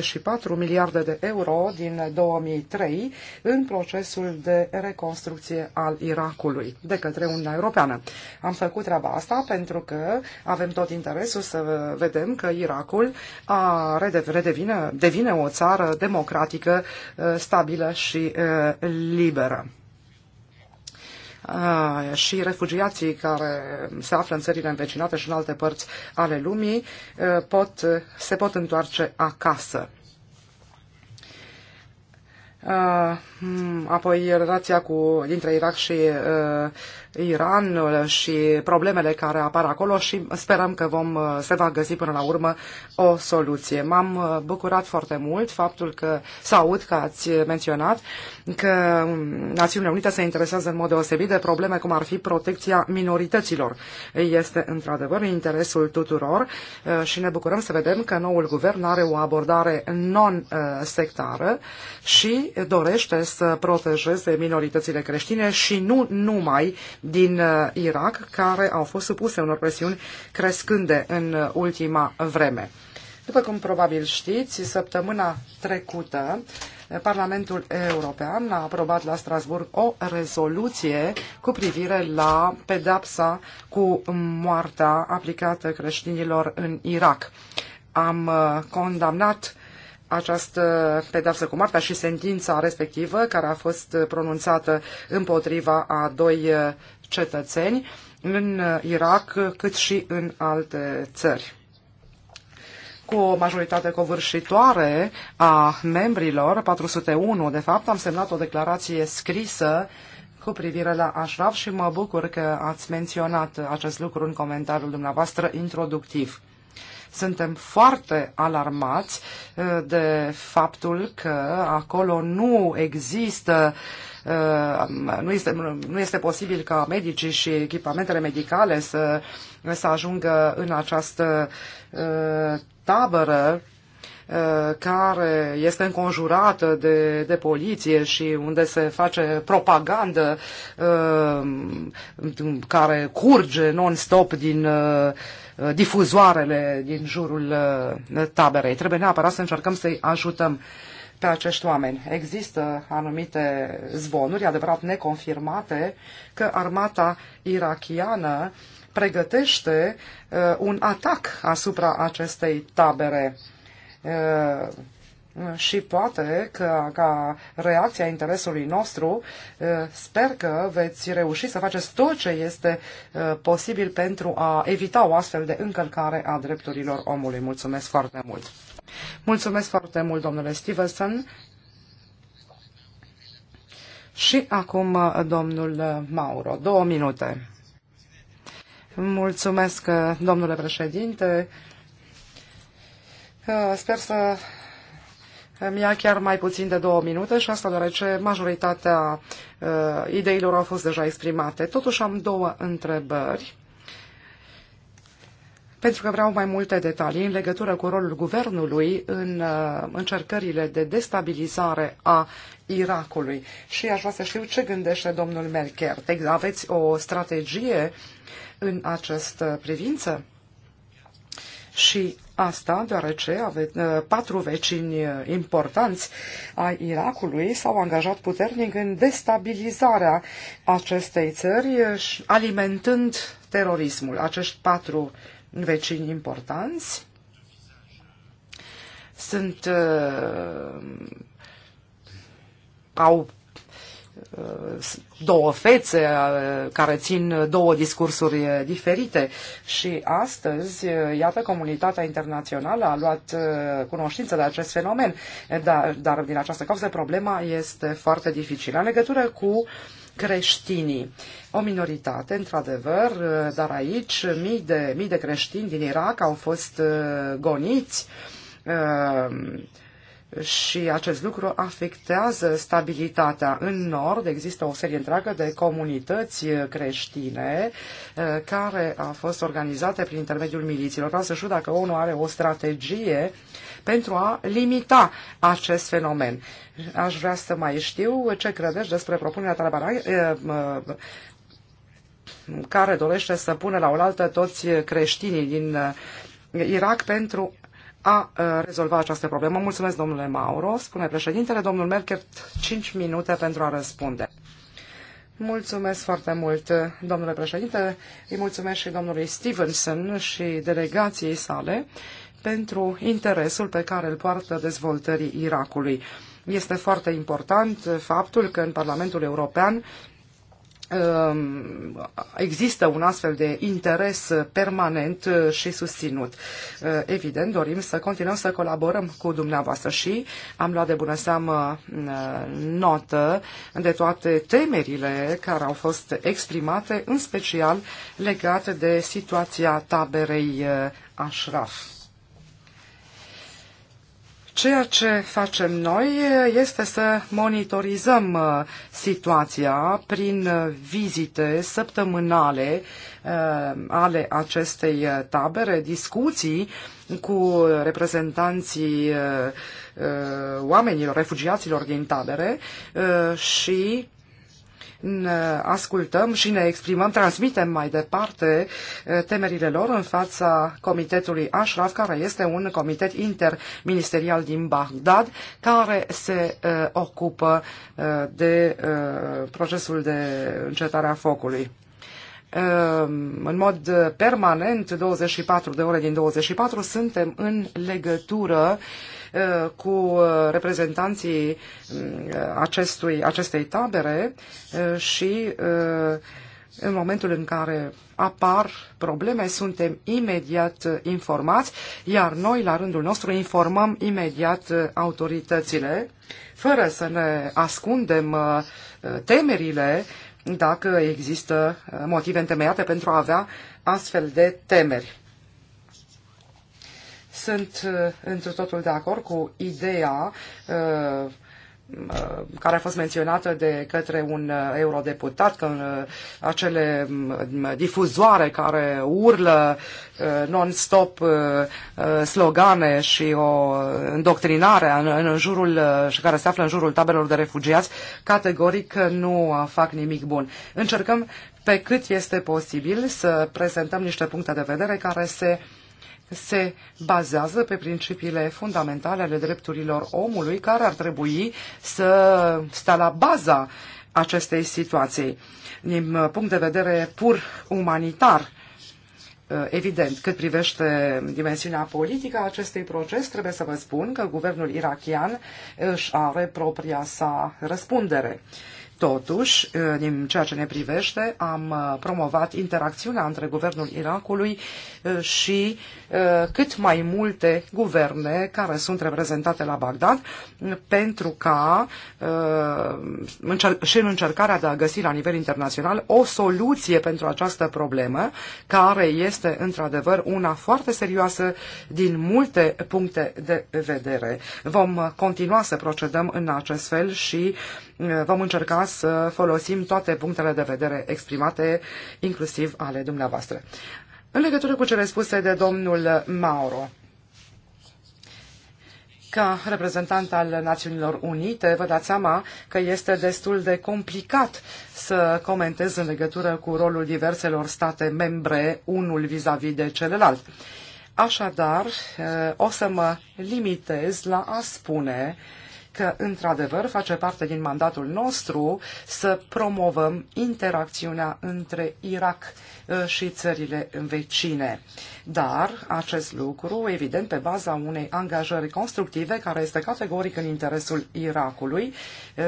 1,94 miliarde de euro din 2003 în procesul de reconstrucție al Irakului de către Uniunea Europeană. Am făcut treaba asta pentru că avem tot interesul să vedem că Irakul a redevine, devine o țară democratică, uh, stabilă și uh, liberă. Ah, și refugiații care se află în țările învecinate și în alte părți ale lumii eh, pot, se pot întoarce acasă. Ah, hmm, apoi relația cu, dintre Irak și eh, Iran și problemele care apar acolo și sperăm că vom, uh, se va găsi până la urmă o soluție. M-am uh, bucurat foarte mult faptul că, s aud că ați menționat că um, Națiunile Unite se interesează în mod deosebit de probleme cum ar fi protecția minorităților. Este într-adevăr interesul tuturor uh, și ne bucurăm să vedem că noul guvern are o abordare non-sectară și dorește să protejeze minoritățile creștine și nu numai din uh, Irak, care au fost supuse unor presiuni crescânde în uh, ultima vreme. După cum probabil știți, săptămâna trecută, uh, Parlamentul European a aprobat la Strasburg o rezoluție cu privire la pedapsa cu moartea aplicată creștinilor în Irak. Am condamnat această pedeapsă cu moartea și sentința respectivă care a fost pronunțată împotriva a doi uh, cetățeni în uh, Irak cât și în alte țări. Cu o majoritate covârșitoare a membrilor, 401 de fapt, am semnat o declarație scrisă cu privire la Ashraf și mă bucur că ați menționat acest lucru în comentariul dumneavoastră introductiv. Suntem foarte alarmați uh, de faptul că acolo nu există uh, nu este, nu este posibil ca medicii și echipamentele medicale să, să ajungă în această uh, tabără Uh, care este înconjurată de, de poliție și unde se face propagandă uh, care curge non-stop din uh, difuzoarele din jurul taberei. Trebuie neapărat să încercăm să-i ajutăm pe acești oameni. Există anumite zvonuri, adevărat neconfirmate, că armata irachiană pregătește uh, un atac asupra acestei tabere. Uh, Uh, și poate că ca reacția interesului nostru uh, sper că veți reuși să faceți tot ce este uh, posibil pentru a evita o astfel de încălcare a drepturilor omului. Mulțumesc foarte mult! Mulțumesc foarte mult, domnule Stevenson! Și acum domnul Mauro, două minute. Mulțumesc, domnule președinte. Sper să îmi ia chiar mai puțin de două minute și asta deoarece majoritatea uh, ideilor au fost deja exprimate. Totuși am două întrebări pentru că vreau mai multe detalii în legătură cu rolul guvernului în uh, încercările de destabilizare a Irakului. Și aș vrea să știu ce gândește domnul Melker. Aveți o strategie în această privință? Și Asta deoarece ave, ă, patru vecini importanți ai Irakului s-au angajat puternic în destabilizarea acestei țări, alimentând terorismul. Acești patru vecini importanți sunt uh, au Uh, două fețe uh, care țin două discursuri uh, diferite și astăzi, iată, comunitatea internațională a luat cunoștință de acest fenomen, dar, dar din această cauză problema este foarte dificilă. În legătură cu creștinii, o minoritate, într-adevăr, dar aici mii de, mii de creștini din Irak au fost goniți și acest lucru afectează stabilitatea. În nord există o serie întreagă de comunități creștine eh, care a fost organizate prin intermediul miliților. Vreau să știu dacă ONU are o strategie pentru a limita acest fenomen. Aș vrea să mai știu ce credeți despre propunerea Taliban eh, care dorește să pună la oaltă toți creștinii din eh, Irak pentru a uh, rezolva această problemă. Mulțumesc, domnule Mauro, spune președintele. Domnul Merkel, 5 minute pentru a răspunde. Mulțumesc foarte mult, domnule președinte. Îi mulțumesc și domnului Stevenson și delegației sale pentru interesul pe care îl poartă dezvoltării Irakului. Este foarte important faptul că în Parlamentul European Um, există un astfel de interes permanent și susținut. Uh, evident, dorim să continuăm să colaborăm cu dumneavoastră și am luat de bună seamă uh, notă de toate temerile care au fost exprimate, în special legate de situația taberei uh, Ashraf. Ceea ce facem noi este să monitorizăm uh, situația prin uh, vizite săptămânale uh, ale acestei tabere, discuții cu reprezentanții oamenilor, refugiaților din tabere și ascultăm și ne exprimăm, transmitem mai departe eh, temerile lor în fața Comitetului Ashraf, care este un comitet interministerial din Bagdad, care se eh, ocupă eh, de procesul de încetare a focului. Ehm, în mod permanent, 24 de ore din 24, suntem în legătură eh, cu eh, reprezentanții mm, acestui, acestei tabere eh, și în momentul în care apar probleme, suntem imediat informați, iar noi, la rândul nostru, informăm imediat autoritățile, fără să ne ascundem temerile dacă există uh, motive întemeiate pentru a avea astfel de temeri. Sunt uh, într totul de acord cu ideea uh, Uh, care a fost menționată de către un uh, eurodeputat, că uh, acele mm, difuzoare care urlă non-stop slogane și o îndoctrinare în, în jurul și care se află în jurul taberelor de refugiați, categoric nu fac nimic bun. Încercăm pe cât este posibil să prezentăm niște puncte de vedere care se uh, se bazează pe principiile fundamentale ale drepturilor omului care ar trebui să stea la baza acestei situații. Din uh, punct de vedere pur umanitar, uh, Evident, cât privește dimensiunea politică a acestui proces, trebuie să vă spun că guvernul irachian își are propria sa răspundere. Totuși, din ceea ce ne privește, am uh, promovat interacțiunea între guvernul Irakului uh, și uh, cât mai multe guverne care sunt reprezentate la Bagdad pentru ca și în încercarea de a găsi la nivel internațional o soluție pentru această problemă, care este într-adevăr una foarte serioasă din multe puncte de vedere. Vom continua să procedăm în acest fel și vom încerca să folosim toate punctele de vedere exprimate, inclusiv ale dumneavoastră. În legătură cu cele spuse de domnul Mauro, ca reprezentant al Națiunilor Unite, vă dați seama că este destul de complicat să comentez în legătură cu rolul diverselor state membre, unul vis-a-vis -vis de celălalt. Așadar, eh, o să mă limitez la a spune uh, că, într-adevăr, face parte din mandatul nostru să promovăm interacțiunea între Irak uh, și țările vecine. Dar acest lucru, evident, pe baza unei angajări constructive care este categoric în interesul Irakului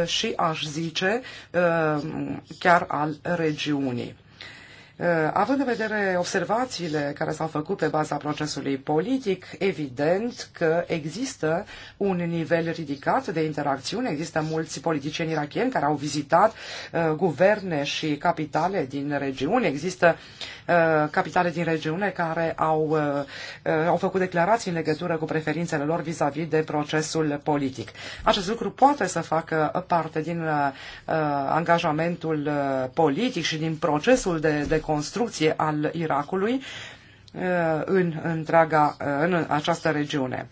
uh, și, aș zice, uh, chiar al regiunii. Uh, având în vedere observațiile care s-au făcut pe baza procesului politic, evident că există un nivel ridicat de interacțiune, există mulți politicieni irakieni care au vizitat uh, guverne și capitale din regiune, există Uh, capitale din regiune care au, uh, uh, au făcut declarații în legătură cu preferințele lor vis-a-vis -vis de procesul politic. Acest lucru poate să facă parte din angajamentul politic și din procesul de, de construcție al Irakului în, întreaga, în această regiune.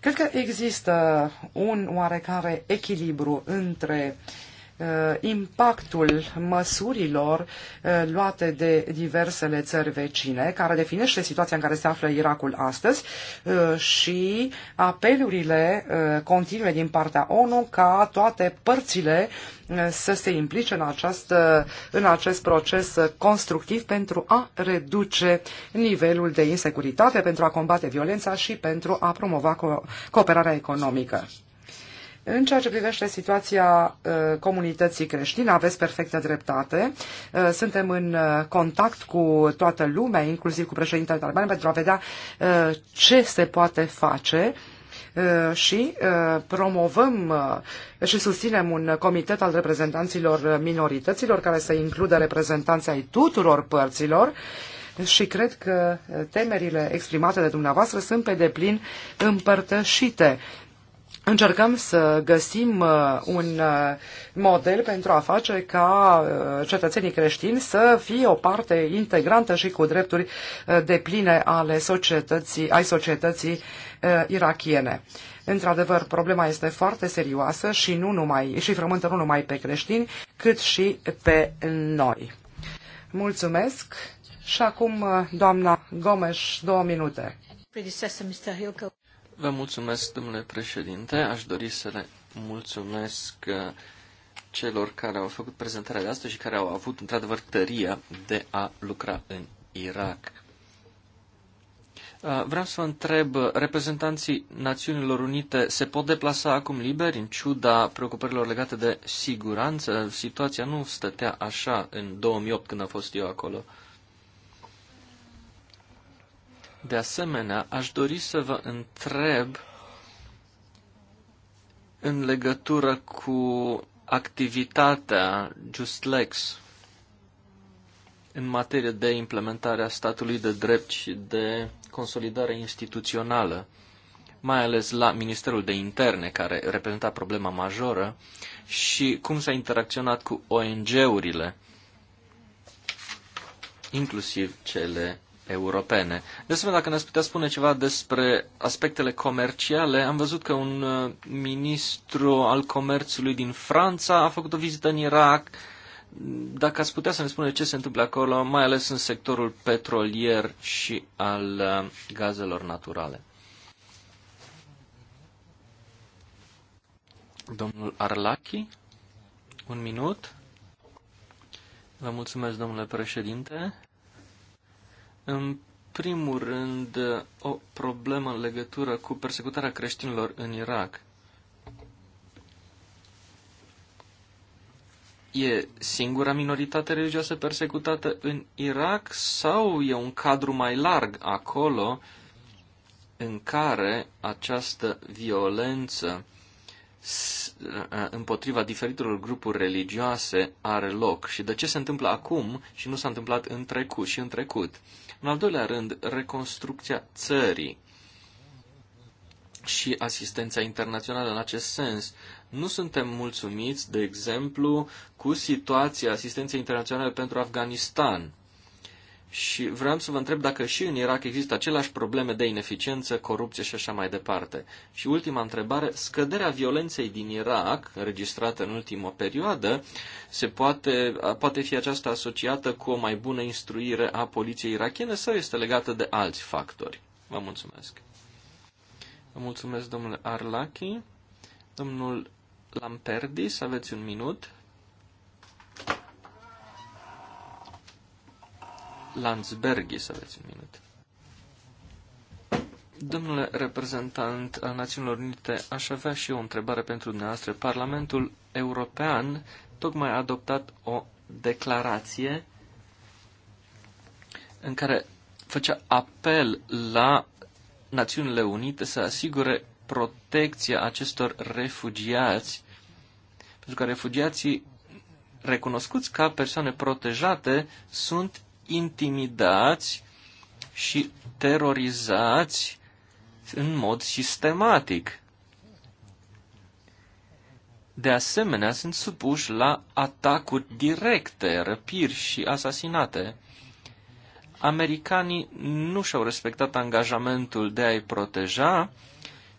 Cred că există un oarecare echilibru între uh, Uh, impactul măsurilor uh, luate de diversele țări vecine, care definește situația în care se află Irakul astăzi uh, și apelurile continue din partea ONU ca toate părțile să se implice în, această, în acest proces constructiv pentru a reduce nivelul de insecuritate, pentru a combate violența și pentru a promova co- cooperarea economică. În ceea ce privește situația uh, comunității creștine, aveți perfectă dreptate. Uh, suntem în uh, contact cu toată lumea, inclusiv cu președintele Talban, pentru a vedea ce se poate face și promovăm și susținem un comitet al reprezentanților minorităților care să includă reprezentanții ai tuturor părților și cred că temerile exprimate de dumneavoastră sunt pe deplin împărtășite încercăm să găsim uh, un uh, model pentru a face ca uh, cetățenii creștini să fie o parte integrantă și cu drepturi de pline ale societății, ai societății irachiene. Într-adevăr, problema este foarte serioasă și, nu numai, și frământă nu numai pe creștini, cât și pe noi. Mulțumesc și acum doamna Gomes, două minute Vă mulțumesc, domnule președinte. Aș dori să le mulțumesc uh, celor care au făcut prezentarea de astăzi și care au avut, într-adevăr, tăria de a lucra în Irak. Uh, vreau să vă întreb, uh, reprezentanții Națiunilor Unite se pot deplasa acum liberi în ciuda preocupărilor legate de siguranță? Situația nu stătea așa în 2008 când am fost eu acolo. De asemenea, aș dori să vă întreb în legătură cu activitatea JustLex în materie de implementare a statului de drept și de consolidare instituțională, mai ales la Ministerul de Interne, care reprezenta problema majoră, și cum s-a interacționat cu ONG-urile, inclusiv cele europene. De asemenea, dacă ne-ați putea spune ceva despre aspectele comerciale, am văzut că un uh, ministru al comerțului din Franța a făcut o vizită în Irak. Dacă ați putea să ne spune ce se întâmplă acolo, mai ales în sectorul petrolier și al uh, gazelor naturale. Domnul Arlachi, un minut. Vă mulțumesc, domnule președinte. În primul rând, o problemă în legătură cu persecutarea creștinilor în Irak. E singura minoritate religioasă persecutată în Irak sau e un cadru mai larg acolo în care această violență împotriva diferitelor grupuri religioase are loc și de ce se întâmplă acum și nu s-a întâmplat în trecut și în trecut. În al doilea rând, reconstrucția țării și asistența internațională în acest sens. Nu suntem mulțumiți, de exemplu, cu situația asistenței internaționale pentru Afganistan. Și vreau să vă întreb dacă și în Irak există aceleași probleme de ineficiență, corupție și așa mai departe. Și ultima întrebare, scăderea violenței din Irak, înregistrată în ultima perioadă, se poate, poate fi aceasta asociată cu o mai bună instruire a poliției irachiene sau este legată de alți factori? Vă mulțumesc. Vă mulțumesc, domnule Arlachi. Domnul Lamperdis, aveți un minut. Landsbergi, să aveți în minut. Domnule reprezentant al Națiunilor Unite, aș avea și eu o întrebare pentru dumneavoastră. Parlamentul European tocmai a adoptat o declarație în care făcea apel la Națiunile Unite să asigure protecția acestor refugiați, pentru că refugiații recunoscuți ca persoane protejate sunt intimidați și terorizați în mod sistematic. De asemenea, sunt supuși la atacuri directe, răpiri și asasinate. Americanii nu și-au respectat angajamentul de a-i proteja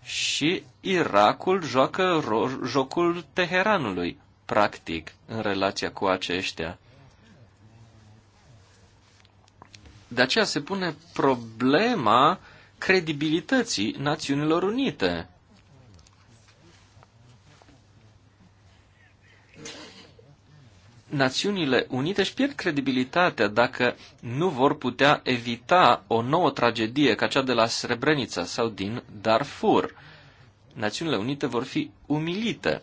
și Irakul joacă jocul Teheranului, practic, în relația cu aceștia. De aceea se pune problema credibilității Națiunilor Unite. Națiunile Unite își pierd credibilitatea dacă nu vor putea evita o nouă tragedie ca cea de la Srebrenica sau din Darfur. Națiunile Unite vor fi umilite.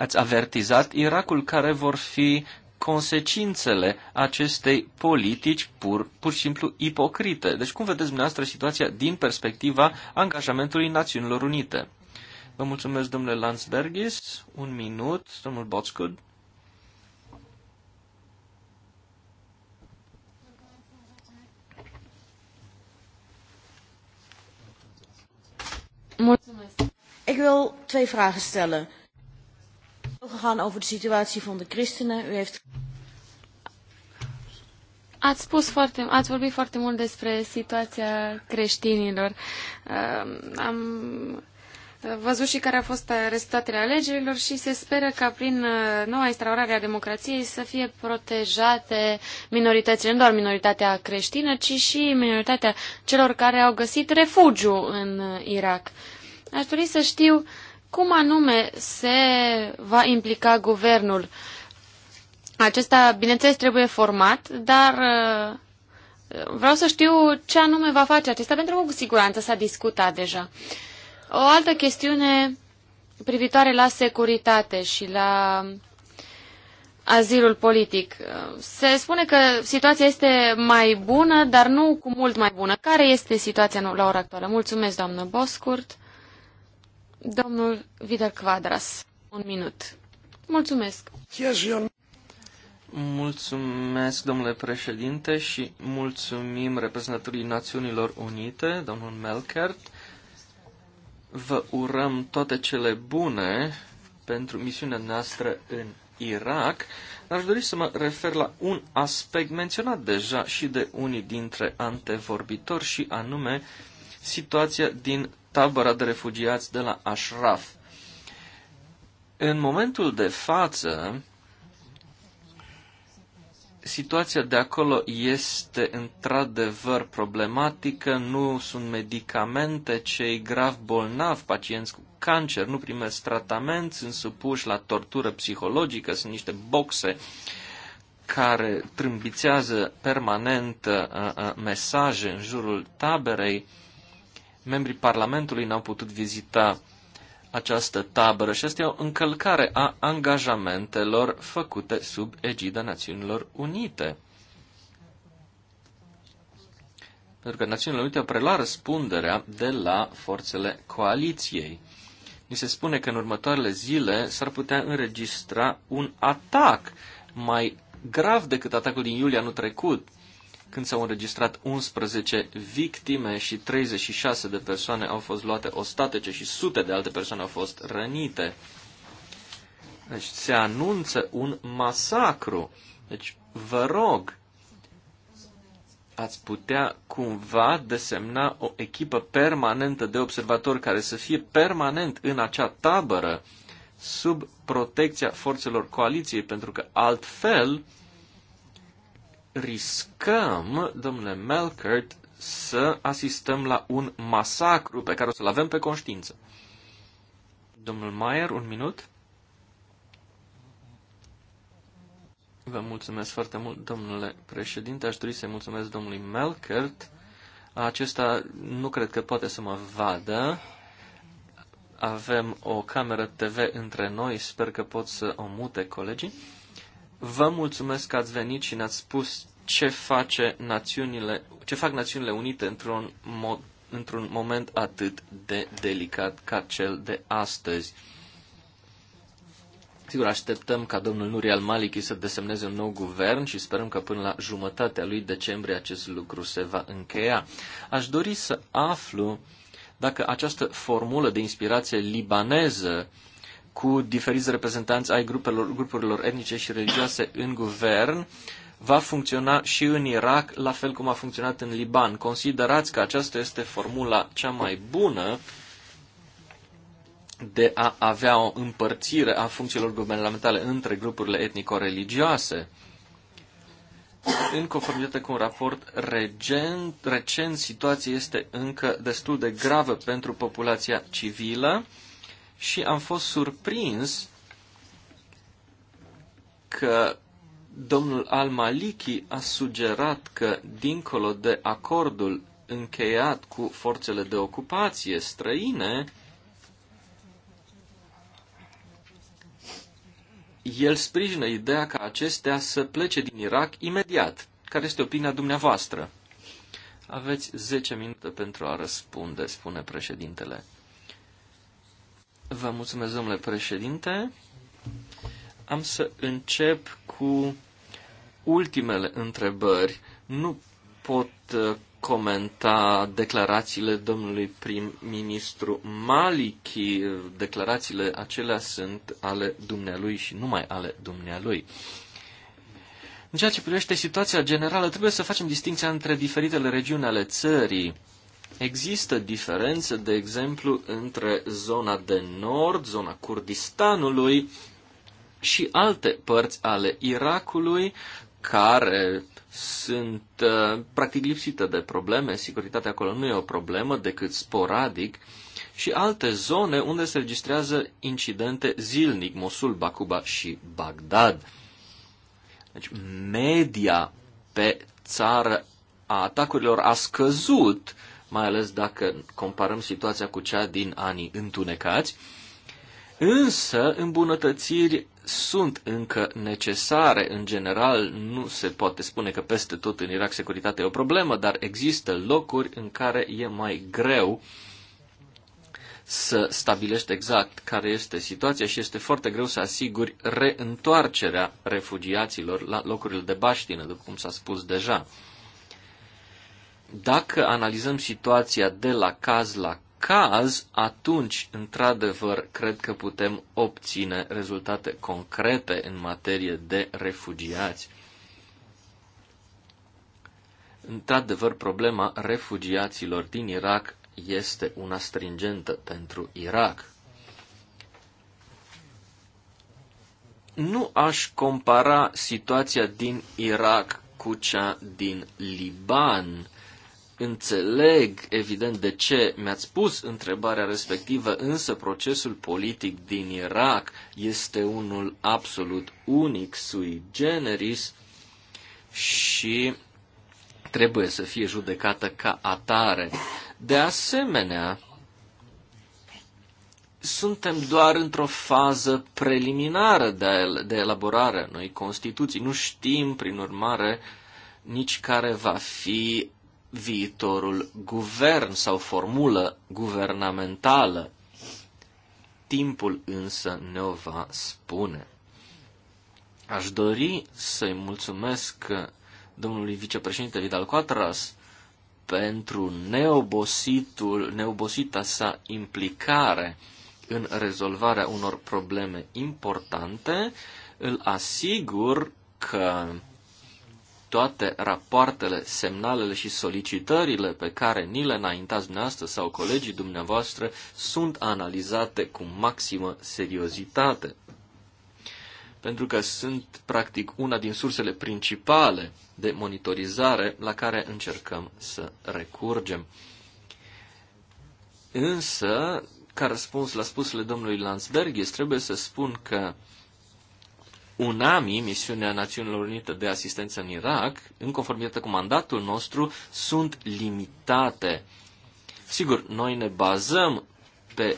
ați avertizat Irakul care vor fi consecințele acestei politici pur, pur și simplu ipocrite. Deci cum vedeți dumneavoastră situația din perspectiva angajamentului Națiunilor Unite? Vă mulțumesc, domnule Landsbergis. Un minut, domnul Botscud. Mulțumesc. Ik wil twee vragen stellen. Gegaan over de situatie van de christenen. U heeft... Ați, spus foarte, ați vorbit foarte mult despre situația creștinilor. am văzut și care a fost rezultatele alegerilor și se speră ca prin uh, noua instaurare a democrației să fie protejate minoritățile, nu doar minoritatea creștină, ci și minoritatea celor care au găsit refugiu în uh, Irak. Aș dori să știu cum anume se va implica guvernul? Acesta, bineînțeles, trebuie format, dar uh, vreau să știu ce anume va face acesta, pentru că cu siguranță s-a discutat deja. O altă chestiune privitoare la securitate și la azilul politic. Se spune că situația este mai bună, dar nu cu mult mai bună. Care este situația la ora actuală? Mulțumesc, doamnă Boscurt. Domnul Vidal Quadras, un minut. Mulțumesc. Mulțumesc, domnule președinte, și mulțumim reprezentatorii Națiunilor Unite, domnul Melkert. Vă urăm toate cele bune pentru misiunea noastră în Irak. Aș dori să mă refer la un aspect menționat deja și de unii dintre antevorbitori, și anume situația din tabăra de refugiați de la Ashraf. În momentul de față, situația de acolo este într-adevăr problematică, nu sunt medicamente, cei grav bolnavi, pacienți cu cancer, nu primesc tratament, sunt supuși la tortură psihologică, sunt niște boxe care trâmbițează permanent uh, uh, mesaje în jurul taberei. Uh, membrii Parlamentului n-au putut vizita această tabără și asta e o încălcare a angajamentelor făcute sub egida Națiunilor Unite. Pentru că Națiunile Unite au preluat răspunderea de la forțele coaliției. Ni se spune că în următoarele zile s-ar putea înregistra un atac mai grav decât atacul din iulie anul trecut când s-au înregistrat 11 victime și 36 de persoane au fost luate ostatece și sute de alte persoane au fost rănite. Deci se anunță un masacru. Deci vă rog, ați putea cumva desemna o echipă permanentă de observatori care să fie permanent în acea tabără sub protecția forțelor coaliției, pentru că altfel riscăm, domnule Melkert, să asistăm la un masacru pe care o să-l avem pe conștiință. Domnul Mayer, un minut. Vă mulțumesc foarte mult, domnule președinte. Aș dori să mulțumesc domnului Melkert. Acesta nu cred că poate să mă vadă. Avem o cameră TV între noi. Sper că pot să o mute colegii. Vă mulțumesc că ați venit și ne-ați spus ce, face Națiunile, ce fac Națiunile Unite într-un, mod, într-un moment atât de delicat ca cel de astăzi. Sigur, așteptăm ca domnul Nuri al Maliki să desemneze un nou guvern și sperăm că până la jumătatea lui decembrie acest lucru se va încheia. Aș dori să aflu dacă această formulă de inspirație libaneză uh, cu diferiți reprezentanți ai grupelor, grupurilor etnice și religioase în guvern va funcționa și în Irak, la fel cum a funcționat în Liban. Considerați că aceasta este formula cea mai bună de a avea o împărțire a funcțiilor guvernamentale între grupurile etnico-religioase. În conformitate cu un raport recent, recent, situația este încă destul de gravă pentru populația civilă și am fost surprins că domnul Al-Maliki a sugerat că, dincolo de acordul încheiat cu forțele de ocupație străine, el sprijină ideea ca acestea să plece din Irak imediat. Care este opinia dumneavoastră? Aveți 10 minute pentru a răspunde, spune președintele. Vă mulțumesc, domnule președinte. Am să încep cu ultimele întrebări. Nu pot uh, comenta declarațiile domnului prim-ministru Maliki. Declarațiile acelea sunt ale dumnealui și numai ale dumnealui. În ceea ce privește situația generală, trebuie să facem distinția între diferitele regiuni ale țării. Există diferențe, de exemplu, între zona de nord, zona Kurdistanului și alte părți ale Irakului, care sunt uh, practic lipsite de probleme. Securitatea acolo nu e o problemă decât sporadic și alte zone unde se registrează incidente zilnic, Mosul, Bakuba și Bagdad. Deci media pe țară a atacurilor a scăzut mai ales dacă comparăm situația cu cea din anii întunecați. Însă, îmbunătățiri sunt încă necesare. În general, nu se poate spune că peste tot în Irak securitatea e o problemă, dar există locuri în care e mai greu să stabilești exact care este situația și este foarte greu să asiguri reîntoarcerea refugiaților la locurile de baștină, după cum s-a spus deja. Dacă analizăm situația de la caz la caz, atunci, într-adevăr, cred că putem obține rezultate concrete în materie de refugiați. Într-adevăr, problema refugiaților din Irak este una stringentă pentru Irak. Nu aș compara situația din Irak cu cea din Liban Înțeleg, evident, de ce mi-ați pus întrebarea respectivă, însă procesul politic din Irak este unul absolut unic, sui generis, și trebuie să fie judecată ca atare. De asemenea, suntem doar într-o fază preliminară de, de elaborare a noi Constituții. Nu știm, prin urmare, nici care va fi viitorul guvern sau formulă guvernamentală. Timpul însă ne o va spune. Aș dori să-i mulțumesc domnului vicepreședinte Vidal Quatras pentru neobositul, neobosita sa implicare în rezolvarea unor probleme importante. Îl asigur că toate rapoartele, semnalele și solicitările pe care ni le înaintați dumneavoastră sau colegii dumneavoastră sunt analizate cu maximă seriozitate. Pentru că sunt, practic, una din sursele principale de monitorizare la care încercăm să recurgem. Însă, ca răspuns la spusele domnului Landsbergis, trebuie să spun că uh, UNAMI, misiunea Națiunilor Unite de asistență în Irak, în conformitate cu mandatul nostru, sunt limitate. Sigur, noi ne bazăm pe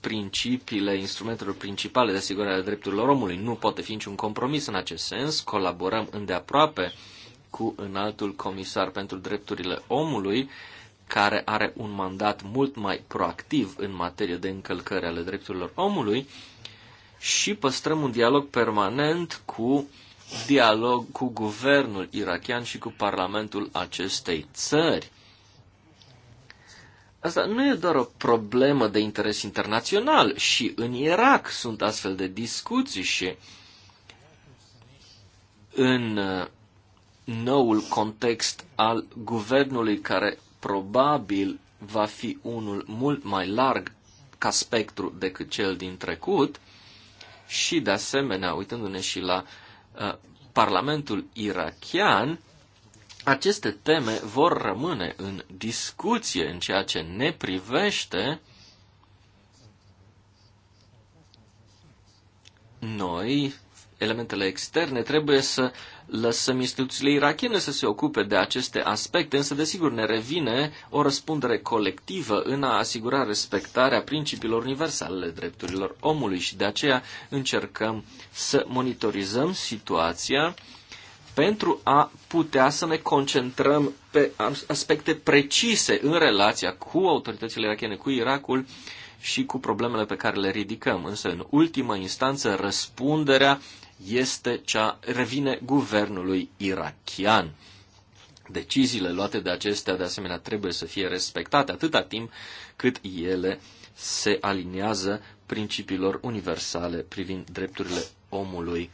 principiile, instrumentelor principale de asigurare a drepturilor omului. Nu poate fi niciun compromis în acest sens. Colaborăm îndeaproape cu înaltul comisar pentru drepturile omului, care are un mandat mult mai proactiv în materie de încălcări ale drepturilor omului și păstrăm un dialog permanent cu dialog cu guvernul irachian și cu parlamentul acestei țări. Asta nu e doar o problemă de interes internațional. Și în Irak sunt astfel de discuții și în uh, noul context al guvernului care probabil va fi unul mult mai larg ca spectru decât cel din trecut, și, de asemenea, uitându-ne și la uh, Parlamentul irachian, aceste teme vor rămâne în discuție în ceea ce ne privește. Noi, elementele externe, trebuie să uh, lăsăm instituțiile irachiene să se ocupe de aceste aspecte, însă desigur ne revine o răspundere colectivă în a asigura respectarea principiilor universale ale drepturilor omului și de aceea încercăm să monitorizăm situația pentru a putea să ne concentrăm pe aspecte precise în relația cu autoritățile irachiene, cu Irakul și cu problemele pe care le ridicăm. Însă, în ultimă instanță, răspunderea este cea revine guvernului irachian. Deciziile luate de acestea, de asemenea, trebuie să fie respectate atâta timp cât ele se aliniază principiilor universale privind drepturile omului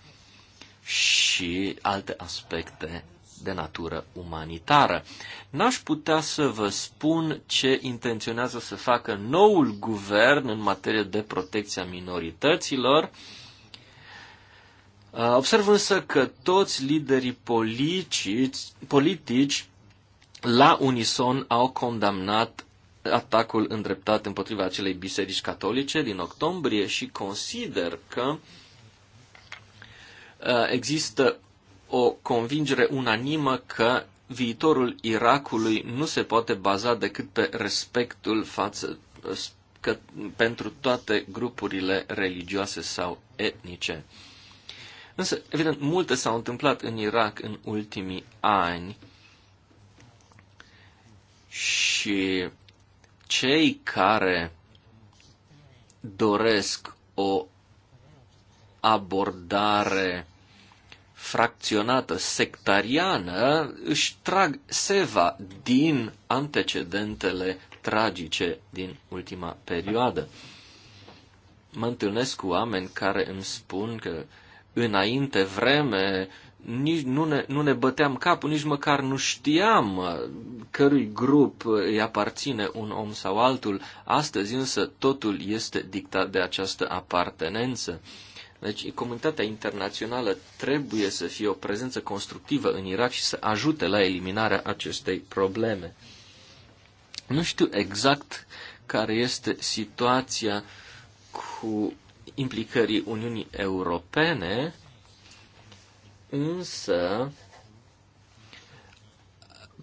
și alte aspecte de natură umanitară. N-aș putea să vă spun ce intenționează să facă noul guvern în materie de protecția minorităților, Uh, observ însă că toți liderii politici, politici la unison au condamnat atacul îndreptat împotriva acelei biserici catolice din octombrie și consider că uh, există o convingere unanimă că viitorul Irakului nu se poate baza decât pe respectul față uh, că, pentru toate grupurile religioase sau etnice. Însă, evident, multe s-au întâmplat în Irak în ultimii ani și cei care doresc o abordare fracționată, sectariană, își trag seva din antecedentele tragice din ultima perioadă. Mă întâlnesc cu oameni care îmi spun că înainte vreme nici nu ne, nu ne băteam capul, nici măcar nu știam uh, cărui grup îi aparține un om sau altul. Astăzi însă totul este dictat de această apartenență. Deci comunitatea internațională trebuie să fie o prezență constructivă în Irak și să ajute la eliminarea acestei probleme. Nu știu exact care este situația cu implicării Uniunii Europene, însă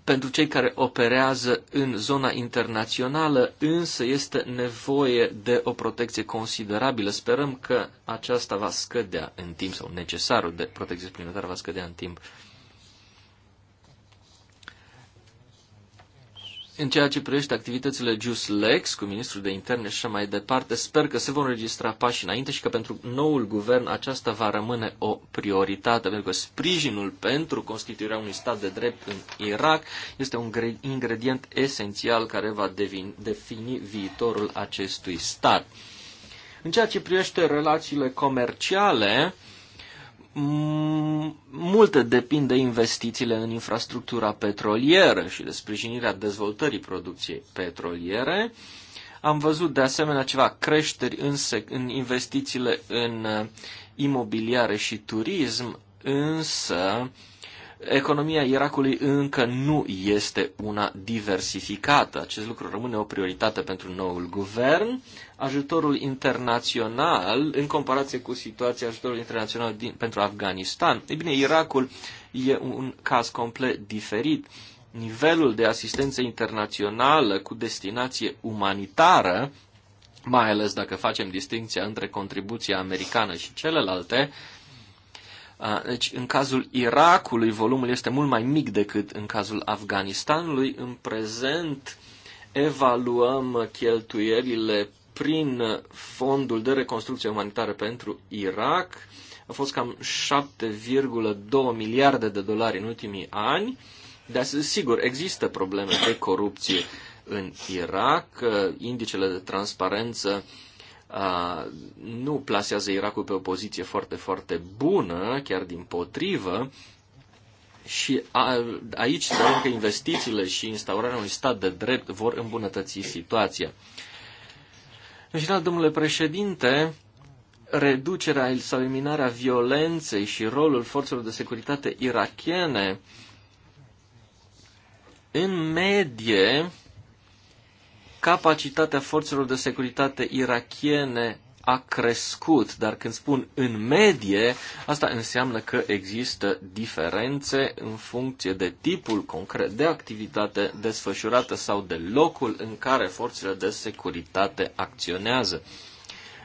pentru cei care operează în zona internațională, însă este nevoie de o protecție considerabilă. Sperăm că aceasta va scădea în timp, sau necesarul de protecție suplimentară va scădea în timp. În ceea ce privește activitățile JusLex cu ministrul de interne și așa mai departe, sper că se vor înregistra pași înainte și că pentru noul guvern aceasta va rămâne o prioritate, pentru că sprijinul pentru constituirea unui stat de drept în Irak este un ingredient esențial care va defini viitorul acestui stat. În ceea ce privește relațiile comerciale, multe depind de investițiile în infrastructura petrolieră și de sprijinirea dezvoltării producției petroliere. Am văzut de asemenea ceva creșteri în, în investițiile în uh, imobiliare și turism, însă economia Irakului încă nu este una diversificată. Acest lucru rămâne o prioritate pentru noul guvern ajutorul internațional în comparație cu situația ajutorului internațional din, pentru Afganistan. Ei bine, Irakul e un caz complet diferit. Nivelul de asistență internațională cu destinație umanitară, mai ales dacă facem distinția între contribuția americană și celelalte, deci, în cazul Irakului, volumul este mult mai mic decât în cazul Afganistanului. În prezent, evaluăm cheltuierile prin fondul de reconstrucție umanitară pentru Irak. A fost cam 7,2 miliarde de dolari în ultimii ani. Dar, sigur, există probleme de corupție în Irak. Indicele de transparență nu plasează Irakul pe o poziție foarte, foarte bună, chiar din potrivă. Și a, aici sperăm că investițiile și instaurarea unui stat de drept vor îmbunătăți situația. Deci, da, domnule președinte, reducerea sau eliminarea violenței și rolul forțelor de securitate irachiene în medie, capacitatea forțelor de securitate irachiene a crescut, dar când spun în medie, asta înseamnă că există diferențe în funcție de tipul concret de activitate desfășurată sau de locul în care forțele de securitate acționează.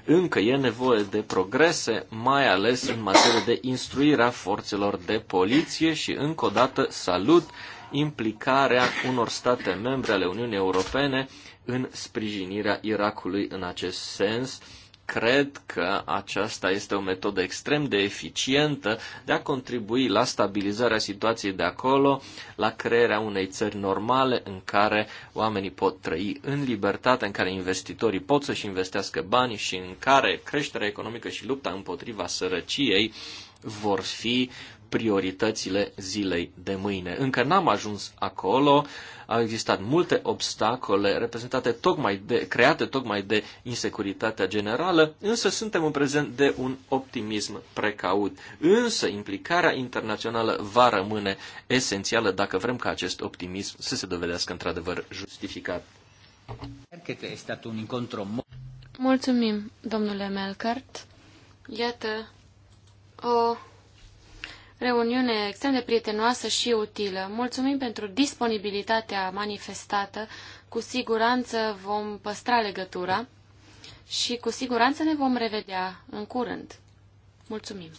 Încă e nevoie de progrese, mai ales în materie de instruirea forțelor de poliție și încă o dată salut implicarea unor state membre ale Uniunii Europene în sprijinirea Irakului în acest sens cred că aceasta este o metodă extrem de eficientă de a contribui la stabilizarea situației de acolo, la crearea unei țări normale în care oamenii pot trăi în libertate, în care investitorii pot să-și investească bani și în care creșterea economică și lupta împotriva sărăciei vor fi prioritățile zilei de mâine. Încă n-am ajuns acolo, au existat multe obstacole reprezentate tocmai de, create tocmai de insecuritatea generală, însă suntem în prezent de un optimism precaut. Însă implicarea internațională va rămâne esențială dacă vrem ca acest optimism să se dovedească într-adevăr justificat. Mulțumim, domnule Melkert. Iată o reuniune extrem de prietenoasă și utilă. Mulțumim pentru disponibilitatea manifestată. Cu siguranță vom păstra legătura și cu siguranță ne vom revedea în curând. Mulțumim!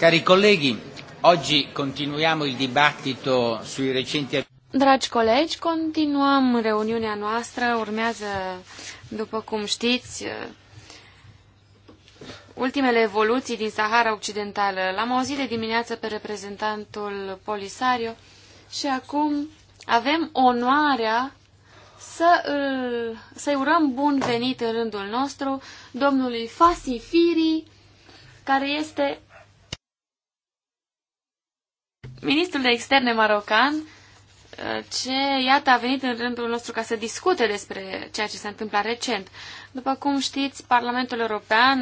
Cari colleghi, oggi continuiamo il dibattito sui recenti... Dragi colegi, continuăm reuniunea noastră. Urmează, după cum știți, ultimele evoluții din Sahara Occidentală. L-am auzit de dimineață pe reprezentantul Polisario și acum avem onoarea să să-i urăm bun venit în rândul nostru domnului Fasifiri, care este ministrul de externe marocan, uh, ce, iată, a venit în rândul nostru ca să discute despre ceea ce s-a întâmplat recent. După cum știți, Parlamentul European,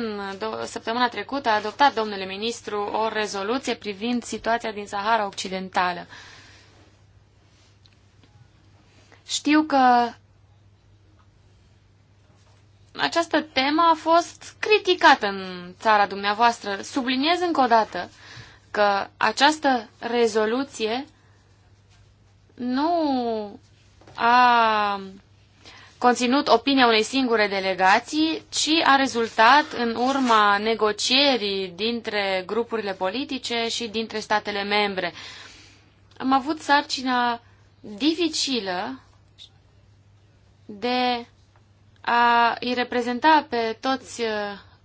săptămâna trecută, a adoptat, domnule ministru, o rezoluție privind situația din Sahara Occidentală. Știu că această temă a fost criticată în țara dumneavoastră. Subliniez încă o dată că această rezoluție nu a conținut opinia unei singure delegații, ci a rezultat în urma negocierii dintre grupurile politice și dintre statele membre. Am avut sarcina dificilă de a îi reprezenta pe toți uh,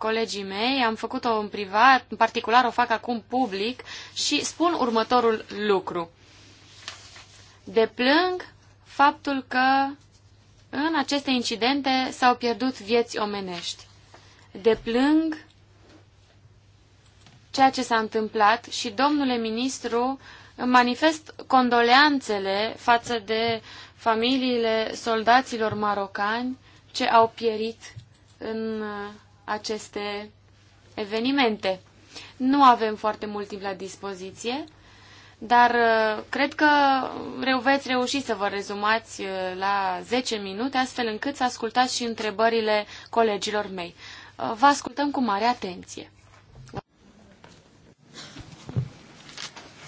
colegii mei, am făcut-o în privat, în particular o fac acum public și spun următorul lucru. Deplâng faptul că în aceste incidente s-au pierdut vieți omenești. Deplâng ceea ce s-a întâmplat și, domnule ministru, manifest condoleanțele față de familiile soldaților marocani ce au pierit în aceste evenimente. Nu avem foarte mult timp la dispoziție, dar uh, cred că veți reuși să vă rezumați uh, la 10 minute, astfel încât să ascultați și întrebările colegilor mei. Uh, vă ascultăm cu mare atenție.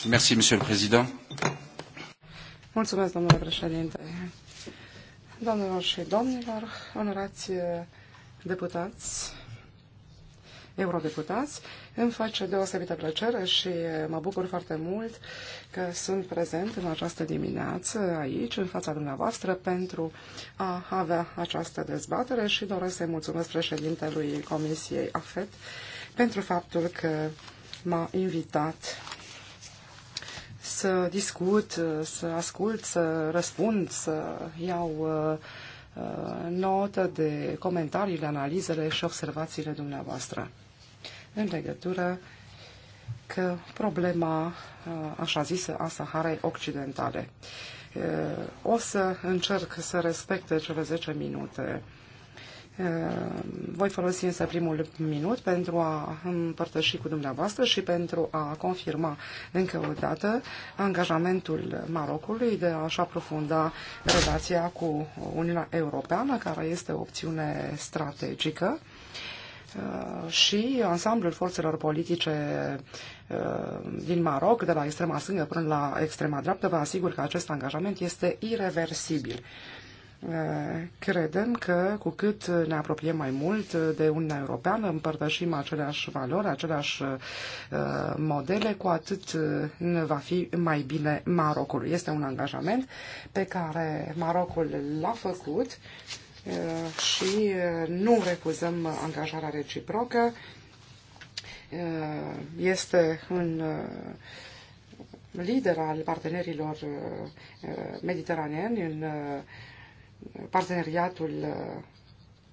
Merci, Monsieur le Président. Mulțumesc, domnule președinte. Doamnelor și domnilor, onorați deputați, eurodeputați. Îmi face deosebită plăcere și mă bucur foarte mult că sunt prezent în această dimineață aici, în fața dumneavoastră, pentru a avea această dezbatere și doresc să-i mulțumesc președintelui Comisiei AFET pentru faptul că m-a invitat să discut, să ascult, să răspund, să iau uh, uh, notă de comentariile, analizele și observațiile dumneavoastră în legătură că problema uh, așa zisă a Saharei Occidentale. Uh, o să încerc să respecte cele 10 minute. Uh, voi folosi însă primul minut pentru a împărtăși cu dumneavoastră și pentru a confirma încă o dată angajamentul Marocului de a-și aprofunda relația cu Uniunea Europeană, care este o opțiune strategică Uh, și ansamblul forțelor politice uh, din Maroc, de la extrema stângă până la extrema dreaptă, vă asigur că acest angajament este irreversibil. Uh, credem că cu cât ne apropiem mai mult de Uniunea Europeană, împărtășim aceleași valori, aceleași modele, cu atât ne va fi mai bine Marocul. Este un angajament pe care Marocul l-a făcut Uh, și uh, nu refuzăm angajarea reciprocă. Uh, este un lider al partenerilor mediteraneeni în parteneriatul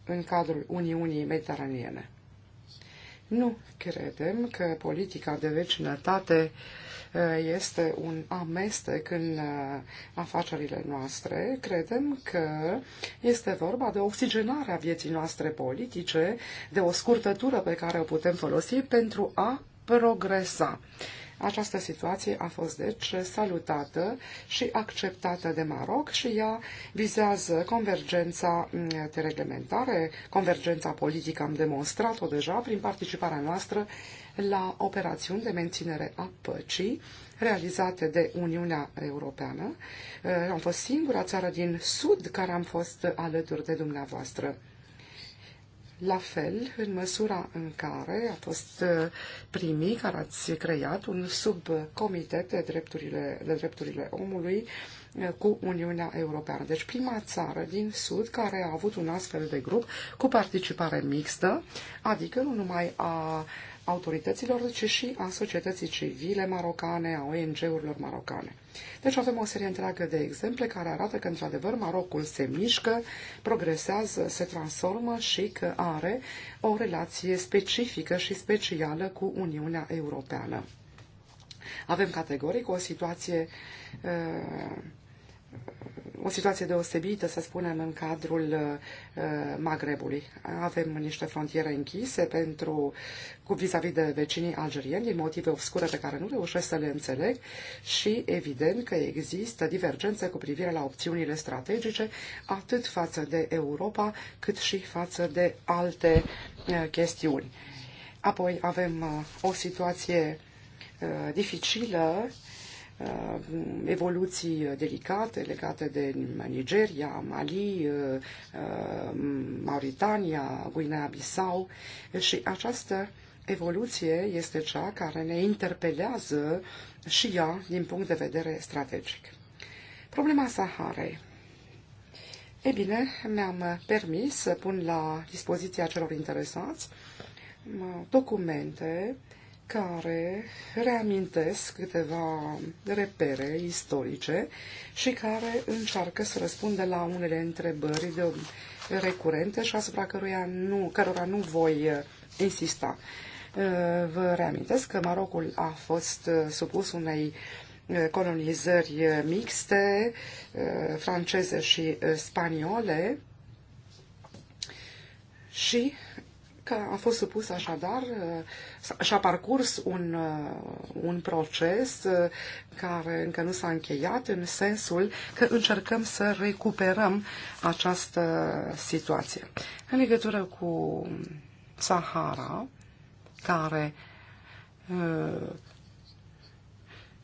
în cadrul Uniunii Mediteraneene. Nu credem că politica de vecinătate uh, Eh, este un amestec în eh, afacerile noastre. Credem că este vorba de oxigenarea vieții noastre politice, de o scurtătură pe care o putem folosi pentru a progresa. Această situație a fost, deci, salutată și acceptată de Maroc și ea vizează convergența mm, de reglementare, convergența politică. Am demonstrat-o deja prin participarea noastră la operațiuni de menținere a păcii realizate de Uniunea Europeană. Uh, am fost singura țară din Sud care am fost alături de dumneavoastră. La fel, în măsura în care a fost uh, primii care ați creat un subcomitet de drepturile, de drepturile omului uh, cu Uniunea Europeană. Deci prima țară din Sud care a avut un astfel de grup cu participare mixtă, adică nu numai a, a autorităților, ci și a societății civile marocane, a ONG-urilor marocane. Deci avem o serie întreagă de exemple care arată că, într-adevăr, Marocul se mișcă, progresează, se transformă și că are o relație specifică și specială cu Uniunea Europeană. Avem categoric o situație uh, o situație deosebită, să spunem, în cadrul uh, Magrebului. Avem niște frontiere închise pentru, cu vis-a-vis de vecinii algerieni, din motive obscure pe care nu reușesc să le înțeleg și evident că există divergențe cu privire la opțiunile strategice, atât față de Europa, cât și față de alte uh, chestiuni. Apoi avem uh, o situație dificilă Uh, evoluții delicate legate de Nigeria, Mali, uh, Mauritania, Guinea-Bissau și această evoluție este cea care ne interpelează și ea din punct de vedere strategic. Problema Saharei. E bine, mi-am permis să pun la dispoziția celor interesați uh, documente uh, care reamintesc câteva repere istorice și care încearcă să răspundă la unele întrebări de recurente și asupra căruia nu, cărora nu voi uh, insista. Uh, vă reamintesc că Marocul a fost uh, supus unei colonizări mixte, franceze și spaniole, și că a fost supus așadar uh, și-a parcurs un, uh, un proces uh, care încă nu s-a încheiat în sensul că încercăm să recuperăm această situație. În legătură cu Sahara, care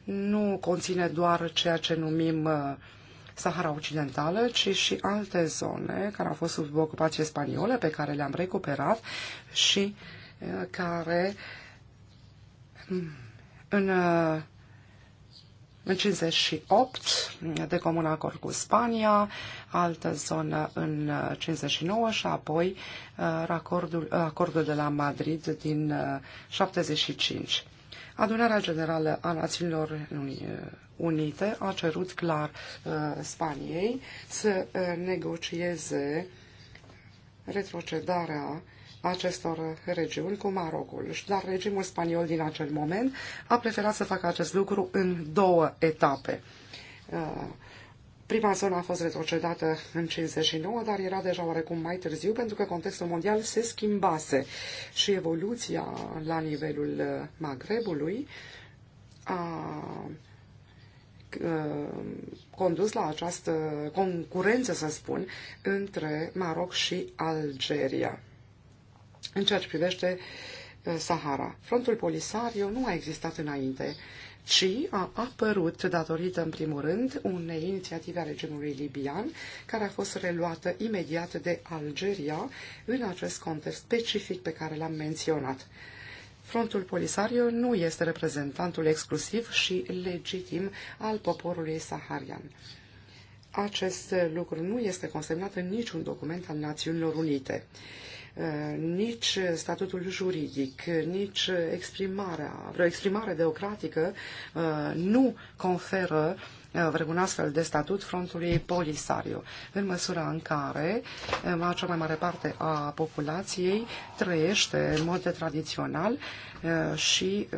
nu conține doar ceea ce numim Sahara Occidentală, ci și alte zone care au fost sub ocupație spaniolă, pe care le-am recuperat și uh, care mm, în, uh, în 58 de comun acord cu Spania, altă zonă în 59 uh, și apoi acordul, acordul de la Madrid din 75. Adunarea Generală a Națiunilor Unite a cerut clar uh, Spaniei să uh, negocieze retrocedarea acestor regiuni cu Marocul. Dar regimul spaniol din acel moment a preferat să facă acest lucru în două etape uh, Prima zonă a fost retrocedată în 59, dar era deja oarecum mai târziu pentru că contextul mondial se schimbase și evoluția la nivelul uh, Magrebului a uh, condus la această concurență, să spun, între Maroc și Algeria. În ceea ce privește uh, Sahara. Frontul Polisario nu a existat înainte ci a apărut datorită, în primul rând, unei inițiative a regimului libian, care a fost reluată imediat de Algeria în acest context specific pe care l-am menționat. Frontul Polisario nu este reprezentantul exclusiv și legitim al poporului saharian. Acest lucru nu este consemnat în niciun document al Națiunilor Unite nici statutul juridic, nici exprimarea, vreo exprimare democratică uh, nu conferă uh, vreun astfel de statut frontului Polisario, în măsura în care uh, cea mai mare parte a populației trăiește în mod tradițional și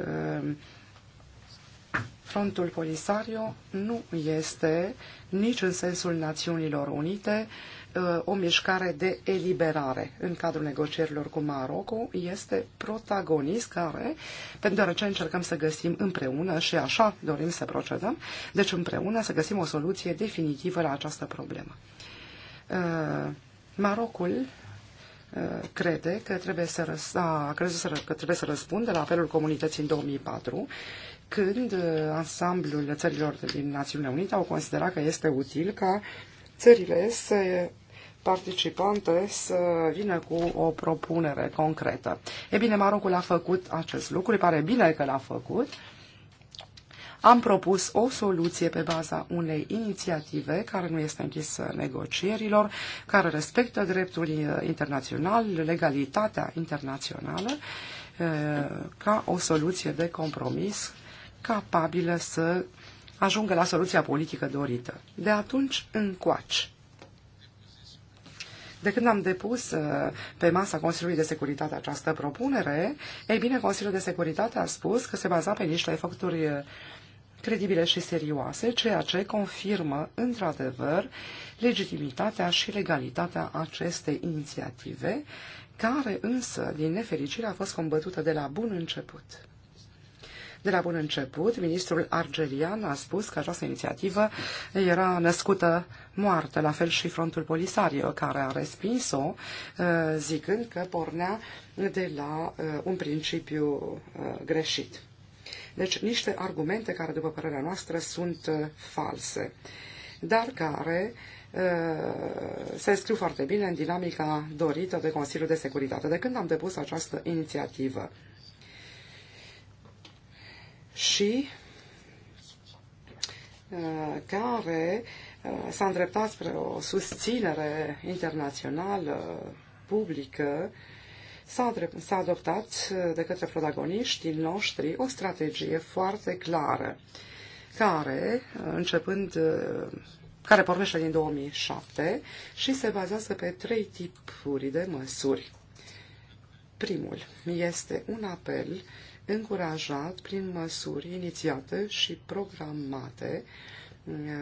frontul Polisario nu este nici în sensul Națiunilor Unite, Uh, o mișcare de eliberare în cadrul negocierilor cu Maroco este protagonist care, pentru ce încercăm să găsim împreună și așa dorim să procedăm, deci împreună să găsim o soluție definitivă la această problemă. Uh, Marocul uh, crede că trebuie să, a, crede să, că trebuie să răspundă la apelul comunității în 2004, când ansamblul țărilor din Națiunile Unite au considerat că este util ca țările să participante să vină cu o propunere concretă. E bine, Marocul a făcut acest lucru, îi pare bine că l-a făcut. Am propus o soluție pe baza unei inițiative care nu este închisă negocierilor, care respectă dreptul uh, internațional, legalitatea internațională, uh, ca o soluție de compromis capabilă să ajungă la soluția politică dorită. De atunci încoaci. De când am depus uh, pe masa Consiliului de Securitate această propunere, ei bine, Consiliul de Securitate a spus că se baza pe niște efecturi uh, credibile și serioase, ceea ce confirmă, într-adevăr, legitimitatea și legalitatea acestei inițiative, care însă, din nefericire, a fost combătută de la bun început. De la bun început, ministrul argelian a spus că această inițiativă era născută moarte, la fel și frontul Polisario, care a respins-o, uh, zicând că pornea de la uh, un principiu uh, greșit. Deci niște argumente care, după părerea noastră, sunt false, dar care se scriu foarte bine în dinamica dorită de Consiliul de Securitate. De când am depus această inițiativă? și uh, care uh, s-a îndreptat spre o susținere internațională publică, s-a adoptat uh, de către protagoniștii noștri o strategie foarte clară, care, începând, care pornește din 2007 și se bazează pe trei tipuri de măsuri. Primul este un apel uh, încurajat prin măsuri inițiate și programate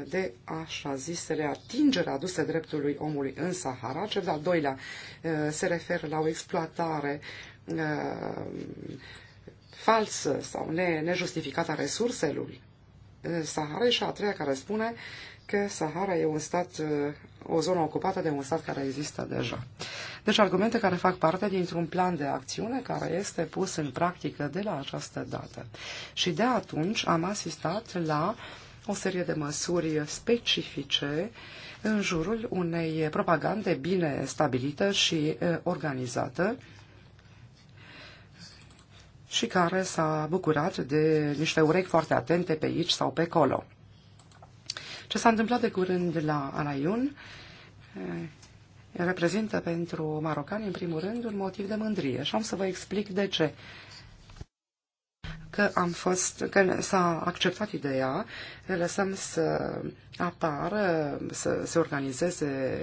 de așa zisele atingere aduse dreptului omului în Sahara. Cel de-al doilea uh, se referă la o exploatare uh, falsă sau nejustificată a resurselor uh, Sahara. și a treia care spune că Sahara e un stat, uh, o zonă ocupată de un stat care există deja. Deci argumente care fac parte dintr-un plan de acțiune care este pus în practică de la această dată. Și de atunci am asistat la o serie de măsuri specifice în jurul unei propagande bine stabilită și uh, organizată și care s-a bucurat de niște urechi foarte atente pe aici sau pe acolo. Ce s-a întâmplat de curând la Alaiun eh, reprezintă pentru marocani, în primul rând, un motiv de mândrie. Și am să vă explic de ce. Că am fost, că s-a acceptat ideea, lăsăm să apară, să se organizeze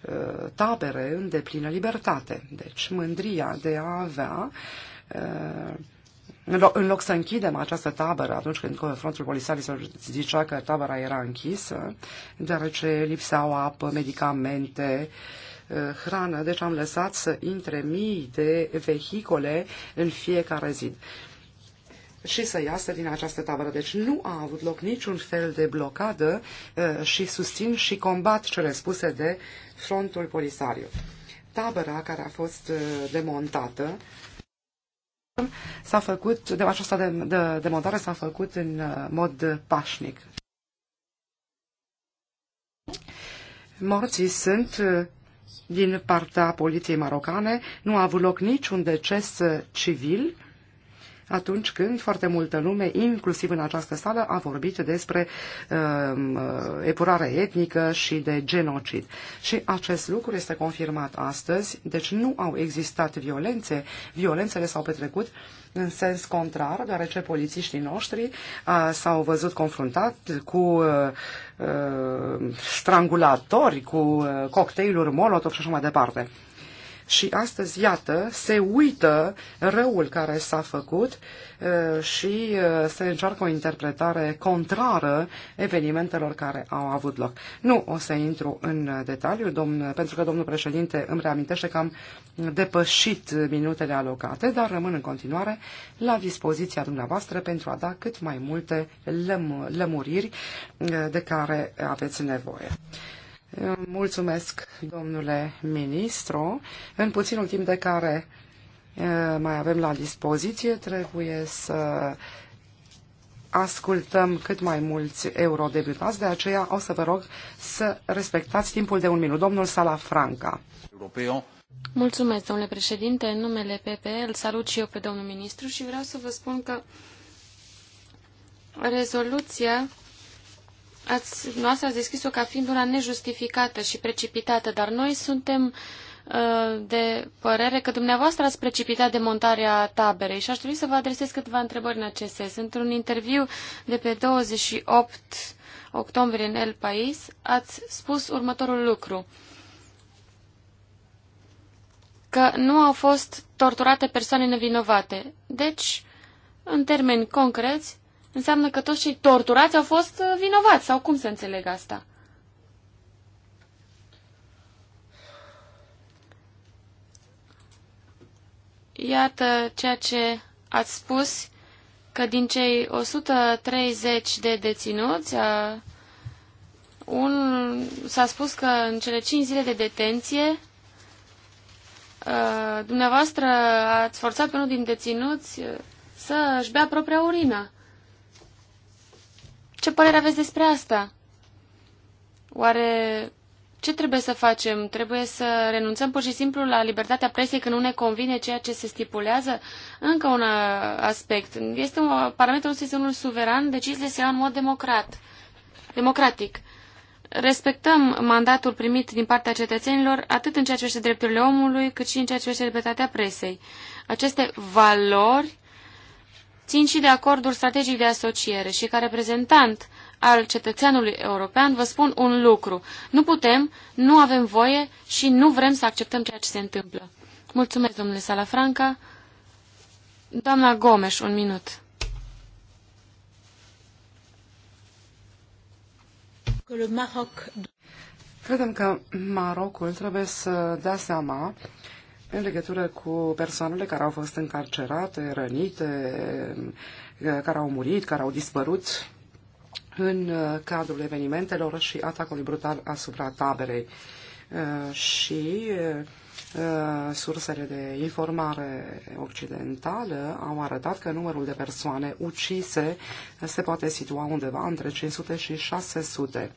eh, tabere în deplină libertate. Deci mândria de a avea eh, în loc, în loc să închidem această tabără atunci când frontul polisarilor zicea că tabăra era închisă, deoarece lipseau apă, medicamente, eh, hrană, deci am lăsat să intre mii de vehicole în fiecare zi și să iasă din această tabără. Deci nu a avut loc niciun fel de blocadă eh, și susțin și combat cele spuse de frontul polisariu. Tabăra care a fost eh, demontată s-a făcut, de această de, de, demontare s-a făcut în uh, mod pașnic. Morții sunt uh, din partea poliției marocane, nu a avut loc niciun deces uh, civil atunci când foarte multă lume, inclusiv în această sală, a vorbit despre um, uh, epurare etnică și de genocid. Și acest lucru este confirmat astăzi, deci nu au existat violențe, violențele s-au petrecut în sens contrar, deoarece polițiștii noștri uh, s-au văzut confruntat cu uh, uh strangulatori, cu uh, cocktailuri molotov și așa mai departe și astăzi, iată, se uită răul care s-a făcut uh, și uh, se încearcă o interpretare contrară evenimentelor care au avut loc. Nu o să intru în detaliu, domn, pentru că domnul președinte îmi reamintește că am depășit minutele alocate, dar rămân în continuare la dispoziția dumneavoastră pentru a da cât mai multe lăm, lămuriri uh, de care aveți nevoie. Mulțumesc, domnule ministru. În puținul timp de care mai avem la dispoziție, trebuie să ascultăm cât mai mulți eurodeputați, de aceea o să vă rog să respectați timpul de un minut. Domnul Sala Franca. Mulțumesc, domnule președinte. În numele PPE îl salut și eu pe domnul ministru și vreau să vă spun că rezoluția ați, noastră ați deschis-o ca fiind una nejustificată și precipitată, dar noi suntem uh, de părere că dumneavoastră ați precipitat demontarea taberei și aș trebui să vă adresez câteva întrebări în acest sens. Într-un interviu de pe 28 octombrie în El Pais, ați spus următorul lucru că nu au fost torturate persoane nevinovate. Deci, în termeni concreți, înseamnă că toți cei torturați au fost uh, vinovați, sau cum se înțeleg asta? Iată ceea ce ați spus, că din cei 130 de deținuți, a, uh, un, s-a spus că în cele 5 zile de detenție, a, uh, dumneavoastră ați forțat pe unul din deținuți să își bea propria urină. Ce părere aveți despre asta? Oare ce trebuie să facem? Trebuie să renunțăm pur și simplu la libertatea presei când nu ne convine ceea ce se stipulează? Încă un uh, aspect. Este un, uh, parlamentul nostru este unul suveran, deciziile se iau în mod democrat, democratic. Respectăm mandatul primit din partea cetățenilor atât în ceea ce privește drepturile omului, cât și în ceea ce privește libertatea presei. Aceste valori țin și de acordul strategic de asociere și ca reprezentant al cetățeanului european vă spun un lucru. Nu putem, nu avem voie și nu vrem să acceptăm ceea ce se întâmplă. Mulțumesc, domnule Salafranca. Doamna Gomes, un minut. Credem că Marocul trebuie să dea seama în legătură cu persoanele care au fost încarcerate, rănite, care au murit, care au dispărut în cadrul evenimentelor și atacului brutal asupra taberei. Uh, și uh, sursele de informare occidentală au arătat că numărul de persoane ucise se poate situa undeva între 500 și 600.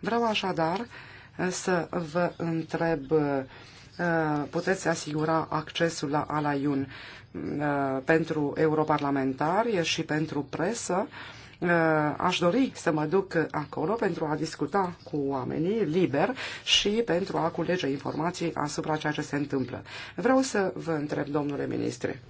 Vreau așadar uh, să vă întreb Uh, puteți asigura accesul la Alaiun uh, pentru europarlamentari și pentru presă. Uh, aș dori să mă duc acolo pentru a discuta cu oamenii liber și pentru a culege informații asupra ceea ce se întâmplă. Vreau să vă întreb, domnule ministre,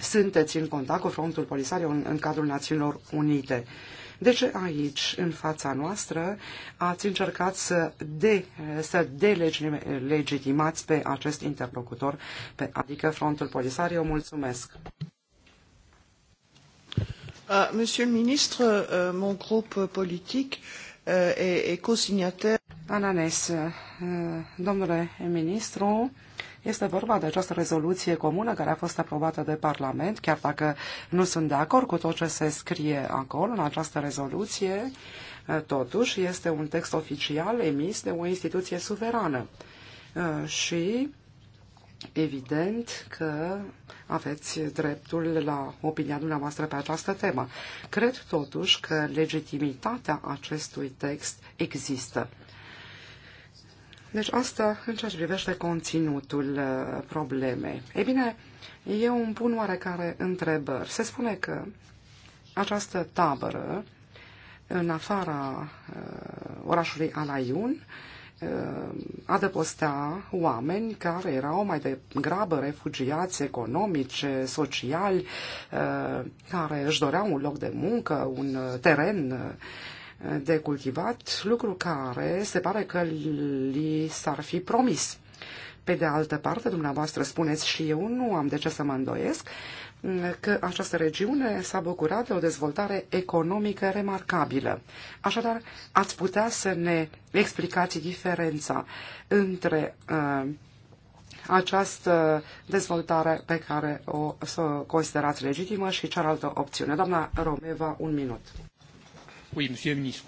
sunteți în contact cu Frontul Polisario în, în cadrul Națiunilor Unite? Uh, deci aici, în fața noastră, ați încercat să, de, să delegitimați pe acest interlocutor, pe, adică frontul polisar. Eu mulțumesc! Uh, monsieur le ministre, uh, mon groupe politique uh, est, est co-signataire. Ananes, uh, domnule ministru, este vorba de această rezoluție comună care a fost aprobată de Parlament, chiar dacă nu sunt de acord cu tot ce se scrie acolo în această rezoluție, totuși este un text oficial emis de o instituție suverană. Și Evident că aveți dreptul la opinia dumneavoastră pe această temă. Cred totuși că legitimitatea acestui text există. Deci asta în ceea ce privește conținutul uh, problemei. Ei bine, eu îmi pun oarecare întrebări. Se spune că această tabără, în afara uh, orașului Alaiun, uh, adăpostea oameni care erau mai degrabă refugiați economice, sociali, uh, care își doreau un loc de muncă, un uh, teren uh, de cultivat, lucru care se pare că li s-ar fi promis. Pe de altă parte, dumneavoastră spuneți și eu nu am de ce să mă îndoiesc că această regiune s-a bucurat de o dezvoltare economică remarcabilă. Așadar, ați putea să ne explicați diferența între uh, această dezvoltare pe care o să o considerați legitimă și cealaltă opțiune. Doamna Romeva, un minut. Oui, Monsieur le Ministre,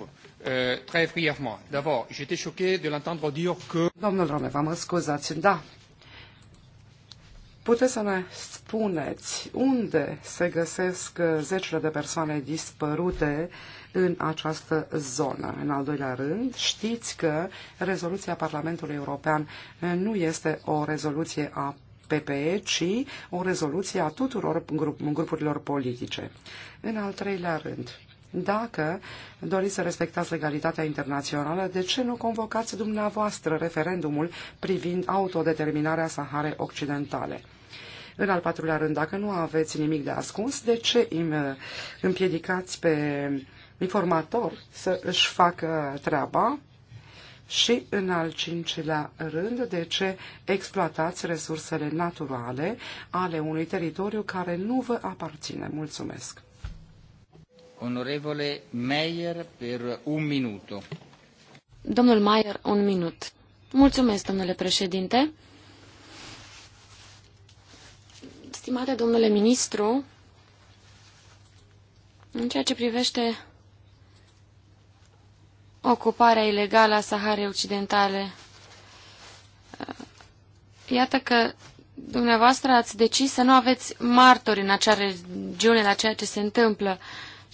euh, très brièvement. D'abord, j'étais choqué de l'entendre dire Domnul mă scuzați, da. Puteți să ne spuneți unde se găsesc zecile de persoane dispărute în această zonă. În al doilea rând, știți că rezoluția Parlamentului European nu este o rezoluție a PPE, ci o rezoluție a tuturor grup, grupurilor politice. În al treilea rând, dacă doriți să respectați legalitatea internațională, de ce nu convocați dumneavoastră referendumul privind autodeterminarea Saharei Occidentale? În al patrulea rând, dacă nu aveți nimic de ascuns, de ce uh, împiedicați pe informator să își facă treaba? Și în al cincilea rând, de ce exploatați resursele naturale ale unui teritoriu care nu vă aparține? Mulțumesc! Onorevole Meyer, per un minut. Domnul Meyer, un minut. Mulțumesc, domnule președinte. Stimate domnule ministru, în ceea ce privește ocuparea ilegală a Saharei Occidentale, eh, iată că dumneavoastră ați decis să nu aveți martori în acea regiune la ceea ce se întâmplă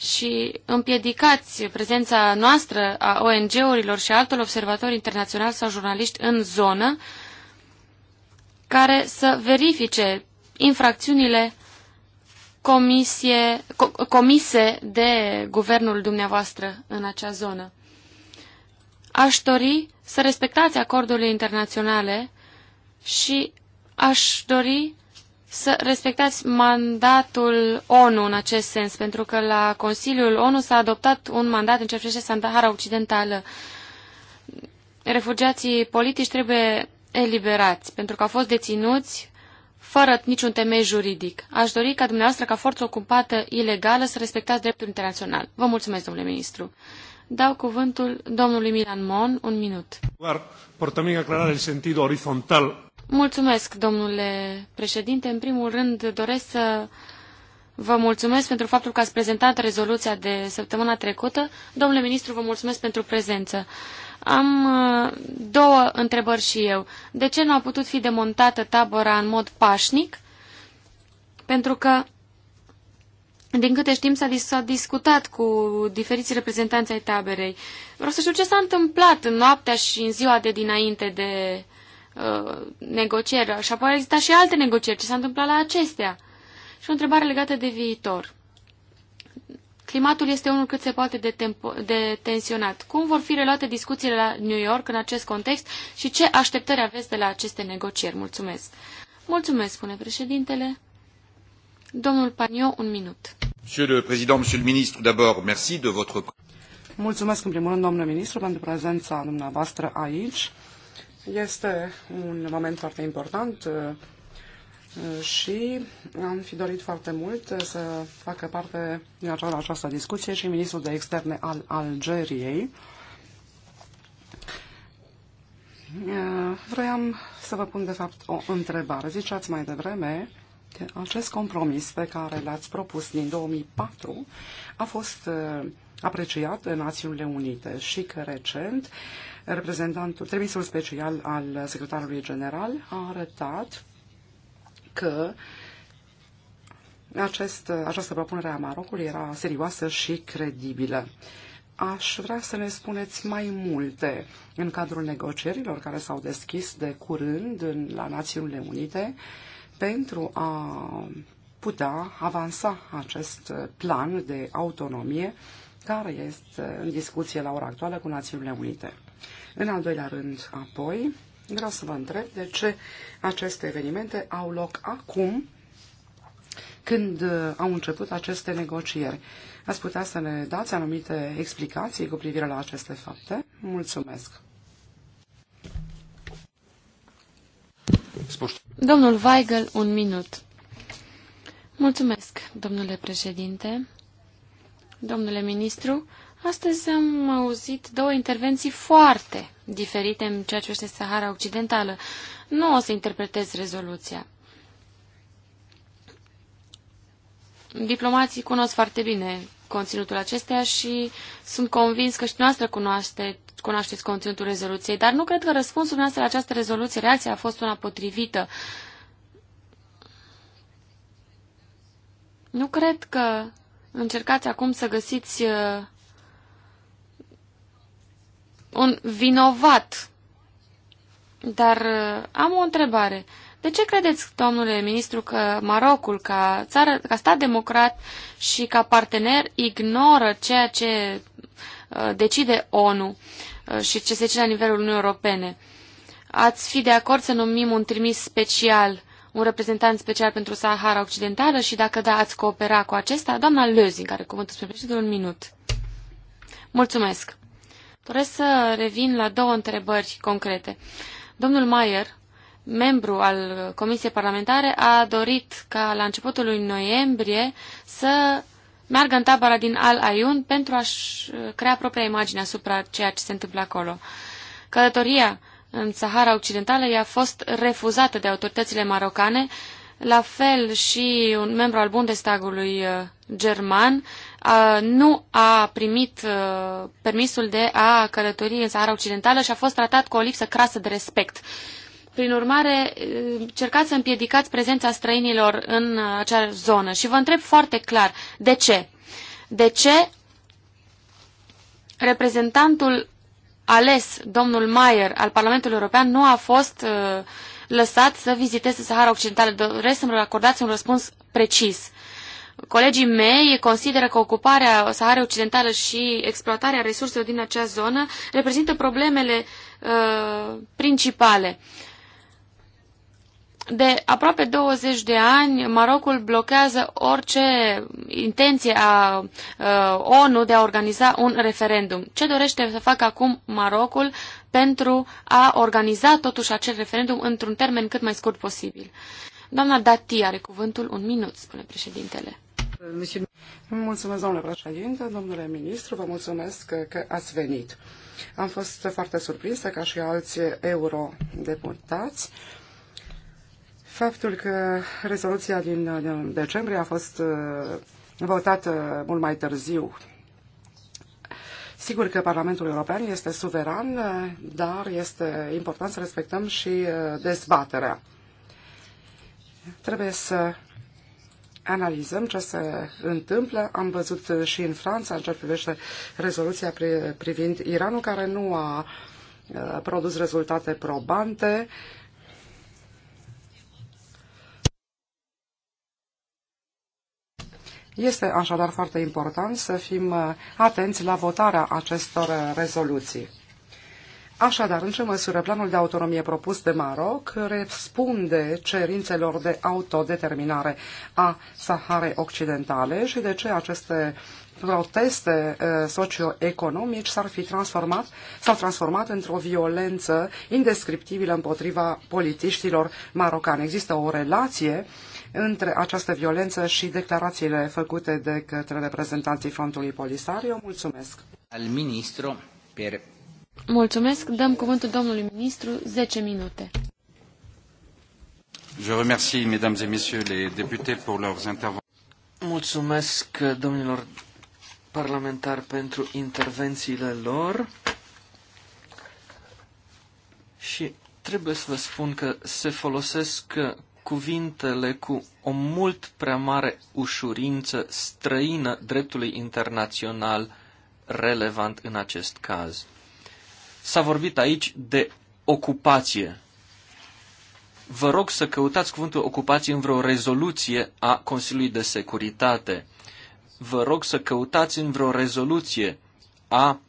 și împiedicați prezența noastră a ONG-urilor și altor observatori internaționali sau jurnaliști în zonă care să verifice infracțiunile comisie, co comise de guvernul dumneavoastră în acea zonă. Aș dori să respectați acordurile internaționale și aș dori să respectați mandatul ONU în acest sens, pentru că la Consiliul ONU s-a adoptat un mandat în ce privește Sandahara Occidentală. Refugiații politici trebuie eliberați, pentru că au fost deținuți fără niciun temei juridic. Aș dori ca dumneavoastră, ca forță ocupată ilegală, să respectați dreptul internațional. Vă mulțumesc, domnule ministru. Dau cuvântul domnului Milan Mon, un minut. Por sentido Mulțumesc, domnule președinte. În primul rând, doresc să vă mulțumesc pentru faptul că ați prezentat rezoluția de săptămâna trecută. Domnule ministru, vă mulțumesc pentru prezență. Am uh, două întrebări și eu. De ce nu a putut fi demontată tabăra în mod pașnic? Pentru că, din câte știm, s-a, discutat cu diferiți reprezentanți ai taberei. Vreau să știu ce s-a întâmplat în noaptea și în ziua de dinainte de Uh, negocieri și apoi exista și alte negocieri. Ce s-a întâmplat la acestea? Și o întrebare legată de viitor. Climatul este unul cât se poate de, tempo, de tensionat. Cum vor fi reluate discuțiile la New York în acest context și ce așteptări aveți de la aceste negocieri? Mulțumesc! Mulțumesc, spune președintele. Domnul Paniu, un minut. Monsieur le Président, Monsieur le Ministre, d'abord, merci de votre... Mulțumesc în primul rând, domnule ministru, pentru prezența dumneavoastră aici. Este un moment foarte important uh, și am fi dorit foarte mult uh, să facă parte din această discuție și ministrul de externe al Algeriei. Uh, vreau să vă pun, de fapt, o întrebare. Ziceați mai devreme că acest compromis pe care l-ați propus din 2004 a fost apreciat în Națiunile Unite și că recent reprezentantul, trimisul special al secretarului general a arătat că acest, această propunere a Marocului era serioasă și credibilă. Aș vrea să ne spuneți mai multe în cadrul negocierilor care s-au deschis de curând în, la Națiunile Unite pentru a putea avansa acest plan de autonomie care este în discuție la ora actuală cu Națiunile Unite. În al doilea rând, apoi, vreau să vă întreb de ce aceste evenimente au loc acum, când uh, au început aceste negocieri. Ați putea să ne dați anumite explicații cu privire la aceste fapte? Mulțumesc! Domnul Weigel, un minut. Mulțumesc, domnule președinte. Domnule ministru, Astăzi am auzit două intervenții foarte diferite în ceea ce este Sahara Occidentală. Nu o să interpretez rezoluția. Diplomații cunosc foarte bine conținutul acesteia și sunt convins că și noastră cunoaște, cunoașteți conținutul rezoluției, dar nu cred că răspunsul noastră la această rezoluție, reacția a fost una potrivită. Nu cred că încercați acum să găsiți uh, un vinovat. Dar uh, am o întrebare. De ce credeți, domnule ministru, că Marocul, ca, țară, ca stat democrat și ca partener, ignoră ceea ce uh, decide ONU uh, și ce se decide la nivelul Uniunii Europene? Ați fi de acord să numim un trimis special, un reprezentant special pentru Sahara Occidentală și dacă da, ați coopera cu acesta? Doamna Lözing, care cuvântul spre președinte, un minut. Mulțumesc. Doresc să revin la două întrebări concrete. Domnul Mayer, membru al Comisiei Parlamentare, a dorit ca la începutul lui noiembrie să meargă în tabăra din Al Ayun pentru a-și uh, crea propria imagine asupra ceea ce se întâmplă acolo. Călătoria în Sahara Occidentală i-a fost refuzată de autoritățile marocane, la fel și un membru al Bundestagului uh, german nu a primit permisul de a călători în Sahara Occidentală și a fost tratat cu o lipsă crasă de respect. Prin urmare, cercați să împiedicați prezența străinilor în acea zonă și vă întreb foarte clar, de ce? De ce reprezentantul ales, domnul Mayer, al Parlamentului European, nu a fost uh, lăsat să viziteze Sahara Occidentală? Doresc să-mi acordați un răspuns precis. Colegii mei consideră că ocuparea Saharei Occidentale și exploatarea resurselor din acea zonă reprezintă problemele uh, principale. De aproape 20 de ani, Marocul blochează orice intenție a uh, ONU de a organiza un referendum. Ce dorește să facă acum Marocul pentru a organiza totuși acel referendum într-un termen cât mai scurt posibil? Doamna Dati are cuvântul un minut, spune președintele. Mulțumesc, domnule președinte, domnule ministru, vă mulțumesc că ați venit. Am fost foarte surprinsă, ca și alți eurodeputați, faptul că rezoluția din decembrie a fost uh, votată mult mai târziu Sigur că Parlamentul European este suveran, uh, dar este important să respectăm și uh, dezbaterea. Trebuie să analizăm ce se întâmplă. Am văzut uh, și în Franța, în ce privește rezoluția privind Iranul, care nu a uh, produs rezultate probante. Este așadar foarte important să fim uh, atenți la votarea acestor rezoluții. Așadar, în ce măsură planul de autonomie propus de Maroc răspunde cerințelor de autodeterminare a Saharei Occidentale și de ce aceste proteste uh, socioeconomici s-ar fi transformat, s-au transformat într-o violență indescriptibilă împotriva politiștilor marocani. Există o relație între această violență și declarațiile făcute de către reprezentanții Frontului Polisario. Mulțumesc! Al ministru per Mulțumesc. Dăm cuvântul domnului ministru 10 minute. Je remercie, mesdames et messieurs les députés pour leurs Mulțumesc domnilor parlamentari pentru intervențiile lor. Și trebuie să vă spun că se folosesc cuvintele cu o mult prea mare ușurință străină dreptului internațional relevant în acest caz. S-a vorbit aici de ocupație. Vă rog să căutați cuvântul ocupație în vreo rezoluție a Consiliului de Securitate. Vă rog să căutați în vreo rezoluție a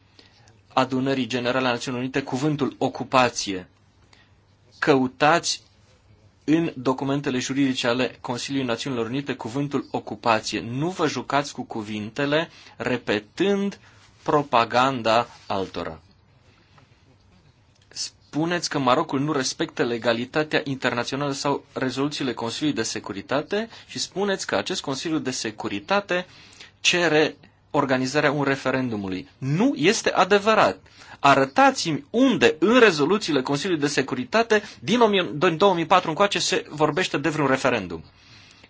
Adunării Generale a Națiunilor Unite cuvântul ocupație. Căutați în documentele juridice ale Consiliului Națiunilor Unite cuvântul ocupație. Nu vă jucați cu cuvintele repetând propaganda altora spuneți că Marocul nu respectă legalitatea internațională sau rezoluțiile Consiliului de Securitate și spuneți că acest Consiliu de Securitate cere organizarea un referendumului. Nu este adevărat. Arătați-mi unde în rezoluțiile Consiliului de Securitate din 2004 încoace se vorbește de vreun referendum.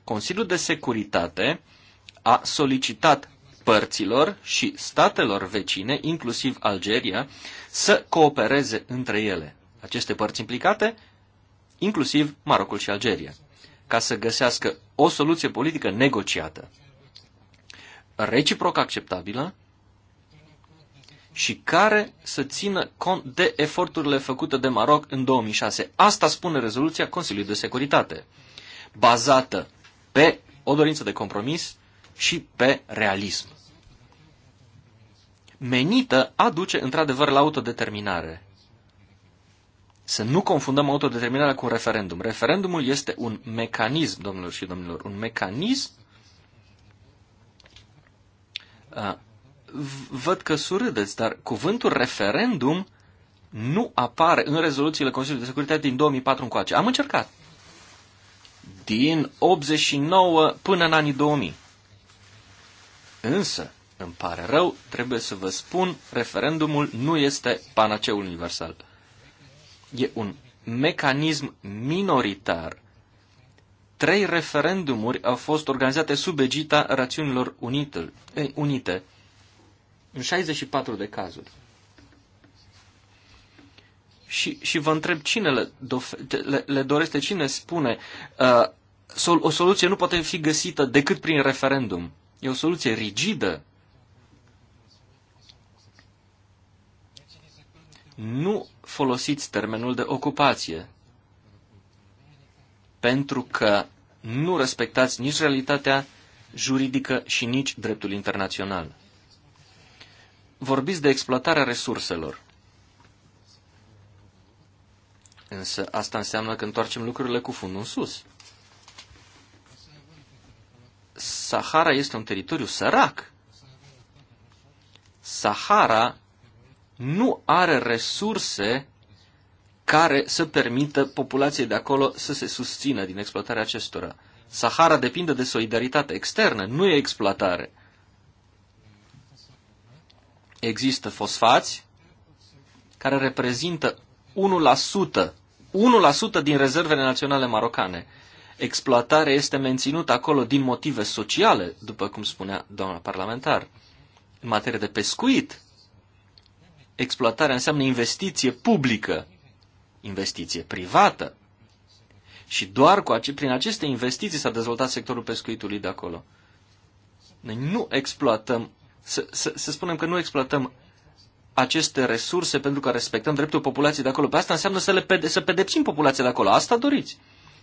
Consiliul de Securitate a solicitat părților și statelor vecine, inclusiv Algeria, să coopereze între ele. Aceste părți implicate, inclusiv Marocul și Algeria, ca să găsească o soluție politică negociată, reciproc acceptabilă și care să țină cont de eforturile făcute de Maroc în 2006. Asta spune rezoluția Consiliului de Securitate, bazată pe o dorință de compromis și pe realism menită aduce într-adevăr la autodeterminare. Să nu confundăm autodeterminarea cu un referendum. Referendumul este un mecanism, domnilor și domnilor, un mecanism. Văd că surâdeți, dar cuvântul referendum nu apare în rezoluțiile Consiliului de Securitate din 2004 încoace. Am încercat. Din 89 până în anii 2000. Însă, îmi pare rău, trebuie să vă spun, referendumul nu este panaceul universal. E un mecanism minoritar. Trei referendumuri au fost organizate sub egita Rațiunilor Unite, unite în 64 de cazuri. Și, și vă întreb cine le, dofe, le, le dorește, cine spune uh, sol- o soluție nu poate fi găsită decât prin referendum. E o soluție rigidă nu folosiți termenul de ocupație, pentru că nu respectați nici realitatea juridică și nici dreptul internațional. Vorbiți de exploatarea resurselor. Însă asta înseamnă că întoarcem lucrurile cu fundul în sus. Sahara este un teritoriu sărac. Sahara nu are resurse care să permită populației de acolo să se susțină din exploatarea acestora. Sahara depinde de solidaritate externă, nu e exploatare. Există fosfați care reprezintă 1%, 1% din rezervele naționale marocane. Exploatarea este menținută acolo din motive sociale, după cum spunea doamna parlamentar. În materie de pescuit, exploatarea înseamnă investiție publică, investiție privată. Și doar cu ace- prin aceste investiții s-a dezvoltat sectorul pescuitului de acolo. Noi nu exploatăm, să, să, să spunem că nu exploatăm aceste resurse pentru că respectăm dreptul populației de acolo. Pe asta înseamnă să, le pede- să pedepsim populația de acolo. Asta doriți.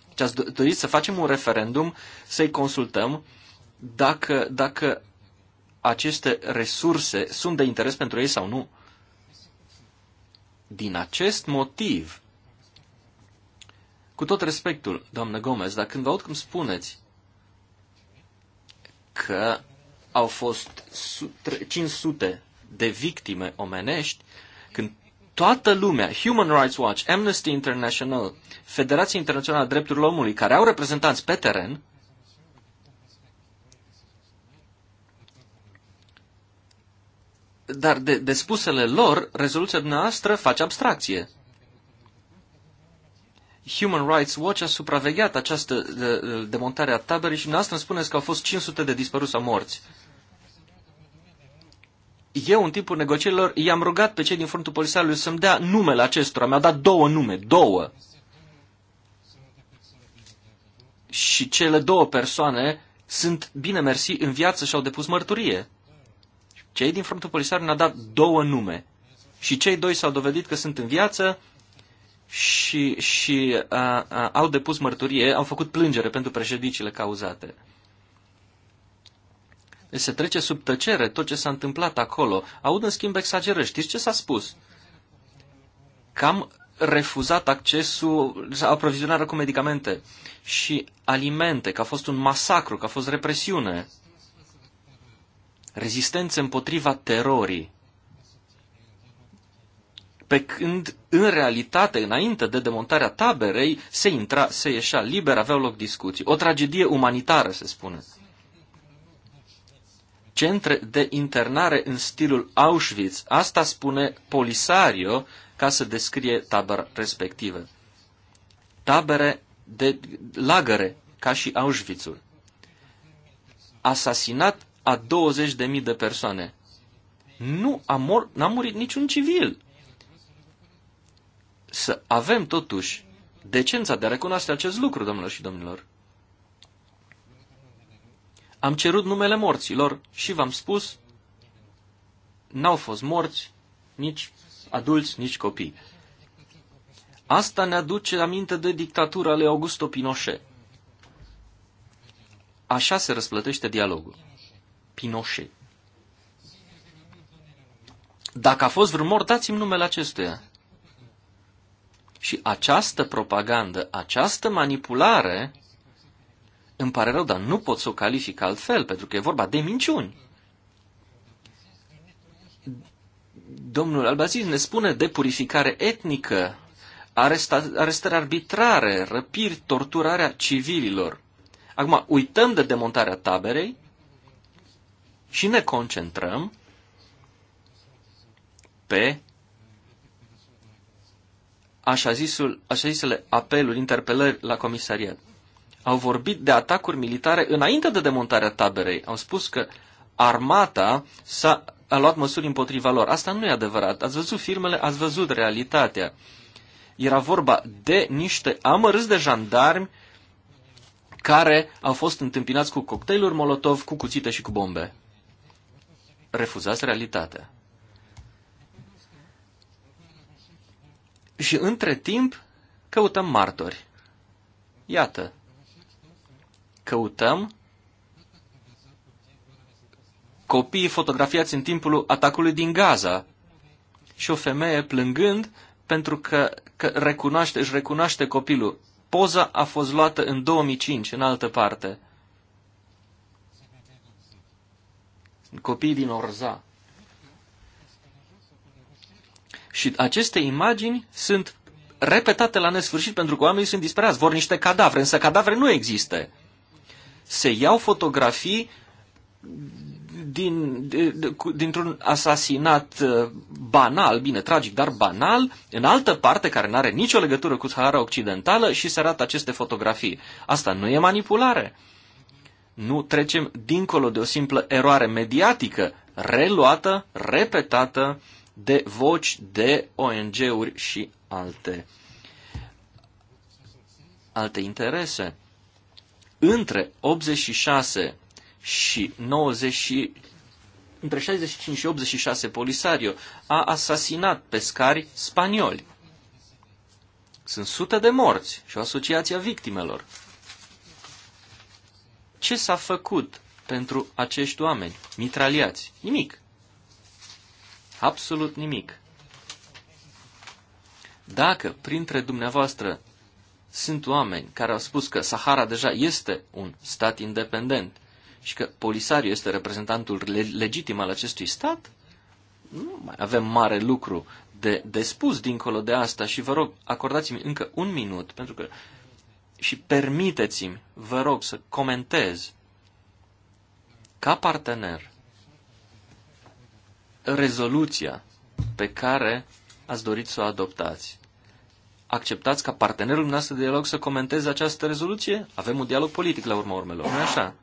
Deci ați dorit să facem un referendum, să-i consultăm dacă, dacă aceste resurse sunt de interes pentru ei sau nu. Din acest motiv, cu tot respectul, doamnă Gomez, dar când vă aud cum spuneți că au fost 500 de victime omenești, când toată lumea, Human Rights Watch, Amnesty International, Federația Internațională a Drepturilor Omului, care au reprezentanți pe teren, Dar de, de spusele lor, rezoluția dumneavoastră face abstracție. Human Rights Watch a supravegheat această de, demontare a taberei și dumneavoastră îmi spuneți că au fost 500 de dispăruți sau morți. Eu, în timpul negocierilor, i-am rugat pe cei din frontul polisarului să-mi dea numele acestora. Mi-au dat două nume, două. Și cele două persoane sunt bine mersi în viață și au depus mărturie. Cei din frontul polisar ne-au dat două nume. Și cei doi s-au dovedit că sunt în viață și, și a, uh, a, uh, au depus mărturie, au făcut plângere pentru prejudiciile cauzate. se trece sub tăcere tot ce s-a întâmplat acolo. Aud în schimb exagerări. Știți ce s-a spus? Cam refuzat accesul, aprovizionarea cu medicamente și alimente, că a fost un masacru, că a fost represiune rezistență împotriva terorii. Pe când, în realitate, înainte de demontarea taberei, se intra, se ieșea liber, aveau loc discuții. O tragedie umanitară, se spune. Centre de internare în stilul Auschwitz, asta spune Polisario ca să descrie tabăra respectivă. Tabere de lagăre, ca și Auschwitzul. Asasinat a 20.000 de persoane. Nu a, mor, n-a murit niciun civil. Să avem totuși decența de a recunoaște acest lucru, domnilor și domnilor. Am cerut numele morților și v-am spus, n-au fost morți nici adulți, nici copii. Asta ne aduce aminte de dictatura lui Augusto Pinochet. Așa se răsplătește dialogul. Pinochet. Dacă a fost vreun mor, dați-mi numele acestuia. Și această propagandă, această manipulare, îmi pare rău, dar nu pot să o calific altfel, pentru că e vorba de minciuni. Domnul Albaziz ne spune de purificare etnică, arestări arbitrare, răpiri, torturarea civililor. Acum, uităm de demontarea taberei și ne concentrăm pe așa, zisul, așa zisele apeluri, interpelări la comisariat. Au vorbit de atacuri militare înainte de demontarea taberei. Au spus că armata s-a a luat măsuri împotriva lor. Asta nu e adevărat. Ați văzut filmele, ați văzut realitatea. Era vorba de niște amărâți de jandarmi care au fost întâmpinați cu cocktailuri Molotov, cu cuțite și cu bombe refuzați realitatea. Și între timp căutăm martori. Iată, căutăm copiii fotografiați în timpul atacului din Gaza și o femeie plângând pentru că, că recunoaște, își recunoaște copilul. Poza a fost luată în 2005, în altă parte. copiii din Orza. Și aceste imagini sunt repetate la nesfârșit pentru că oamenii sunt disperați, vor niște cadavre, însă cadavre nu există. Se iau fotografii din, dintr-un asasinat uh, banal, bine, tragic, dar banal, în altă parte care nu are nicio legătură cu Sahara Occidentală și se arată aceste fotografii. Asta nu e manipulare nu trecem dincolo de o simplă eroare mediatică reluată, repetată de voci de ONG-uri și alte, alte interese. Între 86 și 90 între 65 și 86 Polisario a asasinat pescari spanioli. Sunt sute de morți și o asociație a victimelor. Ce s-a făcut pentru acești oameni mitraliați? Nimic. Absolut nimic. Dacă printre dumneavoastră sunt oameni care au spus că Sahara deja este un stat independent și că Polisario este reprezentantul legitim al acestui stat, nu mai avem mare lucru de, de spus dincolo de asta și vă rog, acordați-mi încă un minut, pentru că și permiteți-mi, vă rog, să comentez ca partener rezoluția pe care ați dorit să o adoptați. Acceptați ca partenerul dumneavoastră de dialog să comenteze această rezoluție? Avem un dialog politic la urma urmelor, nu așa?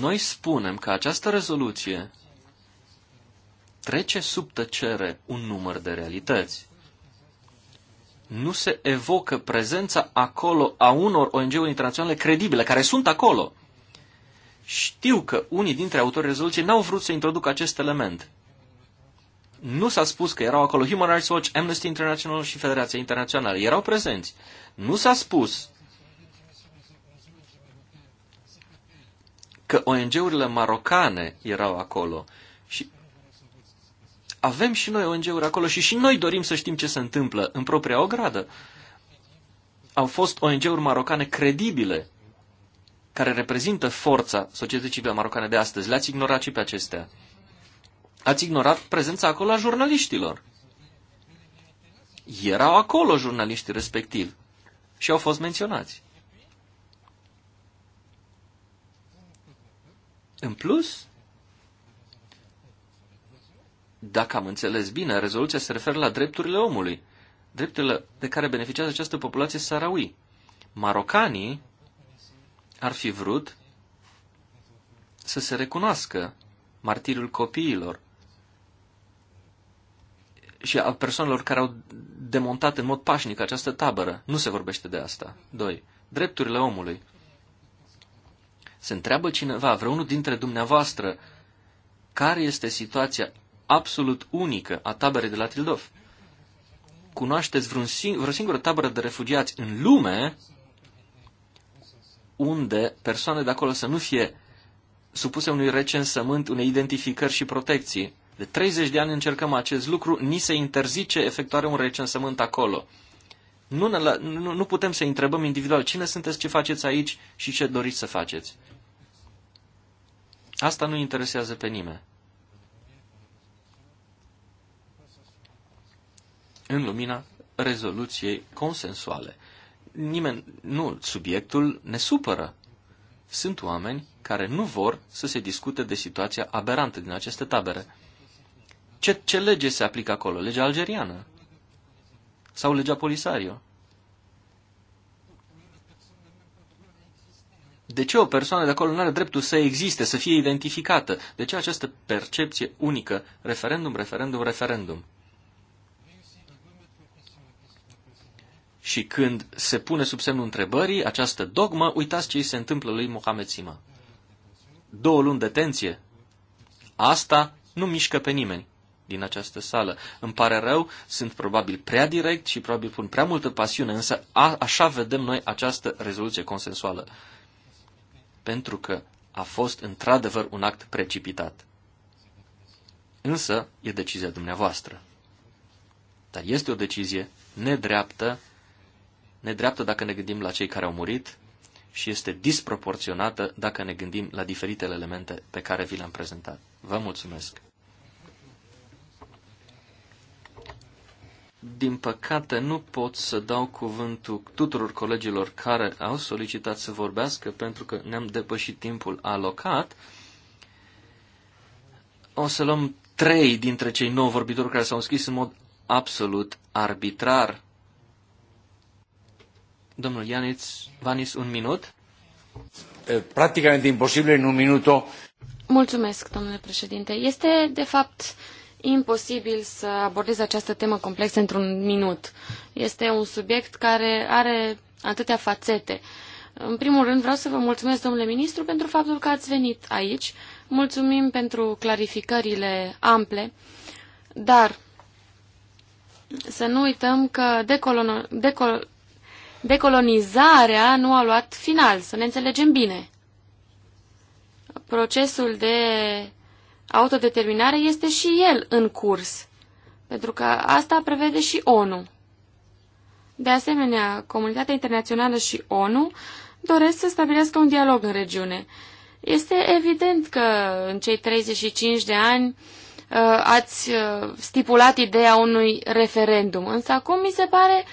Noi spunem că această rezoluție trece sub tăcere un număr de realități nu se evocă prezența acolo a unor ONG-uri internaționale credibile, care sunt acolo. Știu că unii dintre autorii rezoluției n-au vrut să introducă acest element. Nu s-a spus că erau acolo Human Rights Watch, Amnesty International și Federația Internațională. Erau prezenți. Nu s-a spus că ONG-urile marocane erau acolo avem și noi ONG-uri acolo și și noi dorim să știm ce se întâmplă în propria ogradă. Au fost ONG-uri marocane credibile care reprezintă forța societății civile marocane de astăzi. Le-ați ignorat și pe acestea. Ați ignorat prezența acolo a jurnaliștilor. Erau acolo jurnaliștii respectivi și au fost menționați. În plus, dacă am înțeles bine, rezoluția se referă la drepturile omului, drepturile de care beneficiază această populație sarawi. Marocanii ar fi vrut să se recunoască martirul copiilor și a persoanelor care au demontat în mod pașnic această tabără. Nu se vorbește de asta. 2. Drepturile omului. Se întreabă cineva, vreunul dintre dumneavoastră, care este situația absolut unică a taberei de la Tildov. Cunoașteți vreun sing- vreo singură tabără de refugiați în lume unde persoane de acolo să nu fie supuse unui recensământ, unei identificări și protecții. De 30 de ani încercăm acest lucru, ni se interzice efectuarea un recensământ acolo. Nu, ne, nu, nu putem să întrebăm individual cine sunteți, ce faceți aici și ce doriți să faceți. Asta nu interesează pe nimeni. în lumina rezoluției consensuale. Nimeni, nu, subiectul ne supără. Sunt oameni care nu vor să se discute de situația aberantă din aceste tabere. Ce, ce lege se aplică acolo? Legea algeriană? Sau legea Polisario? De ce o persoană de acolo nu are dreptul să existe, să fie identificată? De ce această percepție unică? Referendum, referendum, referendum. Și când se pune sub semnul întrebării această dogmă, uitați ce îi se întâmplă lui Mohamed Sima. Două luni detenție. Asta nu mișcă pe nimeni din această sală. Îmi pare rău, sunt probabil prea direct și probabil pun prea multă pasiune, însă a, așa vedem noi această rezoluție consensuală. Pentru că a fost într-adevăr un act precipitat. Însă e decizia dumneavoastră. Dar este o decizie nedreaptă nedreaptă dacă ne gândim la cei care au murit și este disproporționată dacă ne gândim la diferitele elemente pe care vi le-am prezentat. Vă mulțumesc! Din păcate, nu pot să dau cuvântul tuturor colegilor care au solicitat să vorbească pentru că ne-am depășit timpul alocat. O să luăm trei dintre cei nouă vorbitori care s-au înscris în mod absolut arbitrar. Domnul Ianiț, Vanis, un minut. Practicamente imposibil în un minut. Mulțumesc, domnule președinte. Este, de fapt, imposibil să abordez această temă complexă într-un minut. Este un subiect care are atâtea fațete. În primul rând vreau să vă mulțumesc, domnule ministru, pentru faptul că ați venit aici. Mulțumim pentru clarificările ample, dar să nu uităm că decolon... decol decolonizarea nu a luat final, să ne înțelegem bine. Procesul de autodeterminare este și el în curs, pentru că asta prevede și ONU. De asemenea, comunitatea internațională și ONU doresc să stabilească un dialog în regiune. Este evident că în cei 35 de ani uh, ați uh, stipulat ideea unui referendum, însă acum mi se pare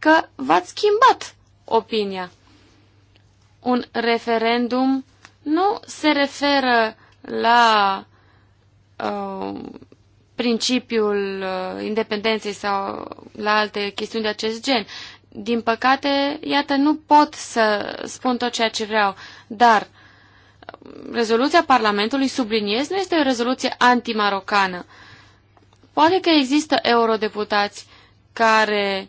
că v-ați schimbat opinia. Un referendum nu se referă la uh, principiul uh, independenței sau la alte chestiuni de acest gen. Din păcate, iată, nu pot să spun tot ceea ce vreau, dar rezoluția Parlamentului, subliniez, nu este o rezoluție antimarocană. Poate că există eurodeputați care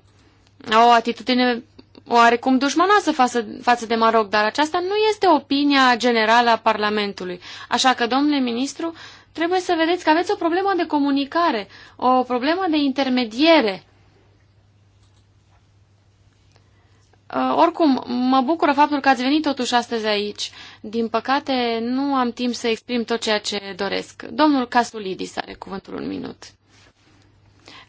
au o atitudine oarecum dușmanoasă față, față de Maroc, dar aceasta nu este opinia generală a Parlamentului. Așa că, domnule ministru, trebuie să vedeți că aveți o problemă de comunicare, o problemă de intermediere. Uh, oricum, mă bucură faptul că ați venit totuși astăzi aici. Din păcate, nu am timp să exprim tot ceea ce doresc. Domnul Casulidis are cuvântul un minut.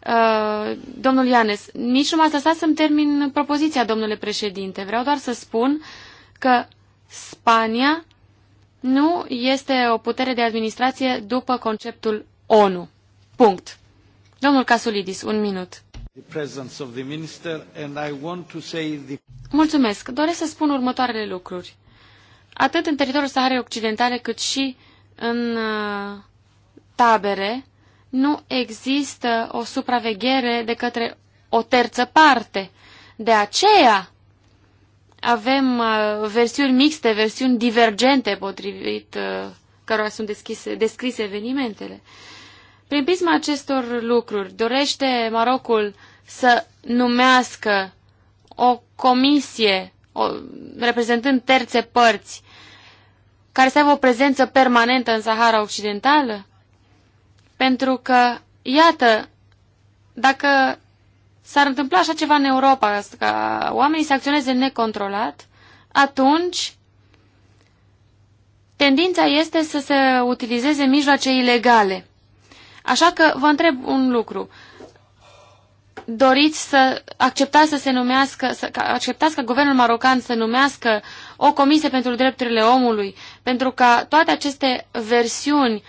Uh, domnul Ianes, nici nu m-ați lăsat să-mi termin propoziția, domnule președinte. Vreau doar să spun că Spania nu este o putere de administrație după conceptul ONU. Punct. Domnul Casulidis, un minut. Mulțumesc. Doresc să spun următoarele lucruri. Atât în teritoriul Saharei Occidentale cât și în uh, tabere, nu există o supraveghere de către o terță parte. De aceea avem uh, versiuni mixte, versiuni divergente potrivit uh, cărora sunt deschise, descrise evenimentele. Prin prisma acestor lucruri, dorește Marocul să numească o comisie o, reprezentând terțe părți care să aibă o prezență permanentă în Sahara Occidentală? Pentru că, iată, dacă s-ar întâmpla așa ceva în Europa, ca oamenii să acționeze necontrolat, atunci tendința este să se utilizeze mijloace ilegale. Așa că vă întreb un lucru. Doriți să acceptați să se numească, să acceptați ca guvernul marocan să numească o comisie pentru drepturile omului, pentru ca toate aceste versiuni uh,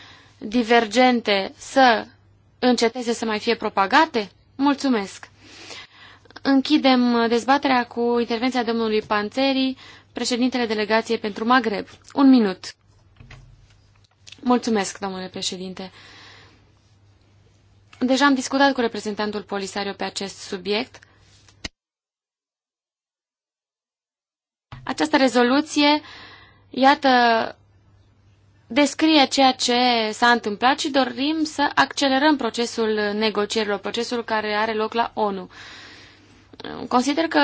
divergente să înceteze să mai fie propagate? Mulțumesc! Închidem dezbaterea cu intervenția domnului Panțeri, președintele delegației pentru Maghreb. Un minut. Mulțumesc, domnule președinte. Deja am discutat cu reprezentantul Polisario pe acest subiect. Această rezoluție, iată, descrie ceea ce s-a întâmplat și dorim să accelerăm procesul negocierilor, procesul care are loc la ONU. Consider că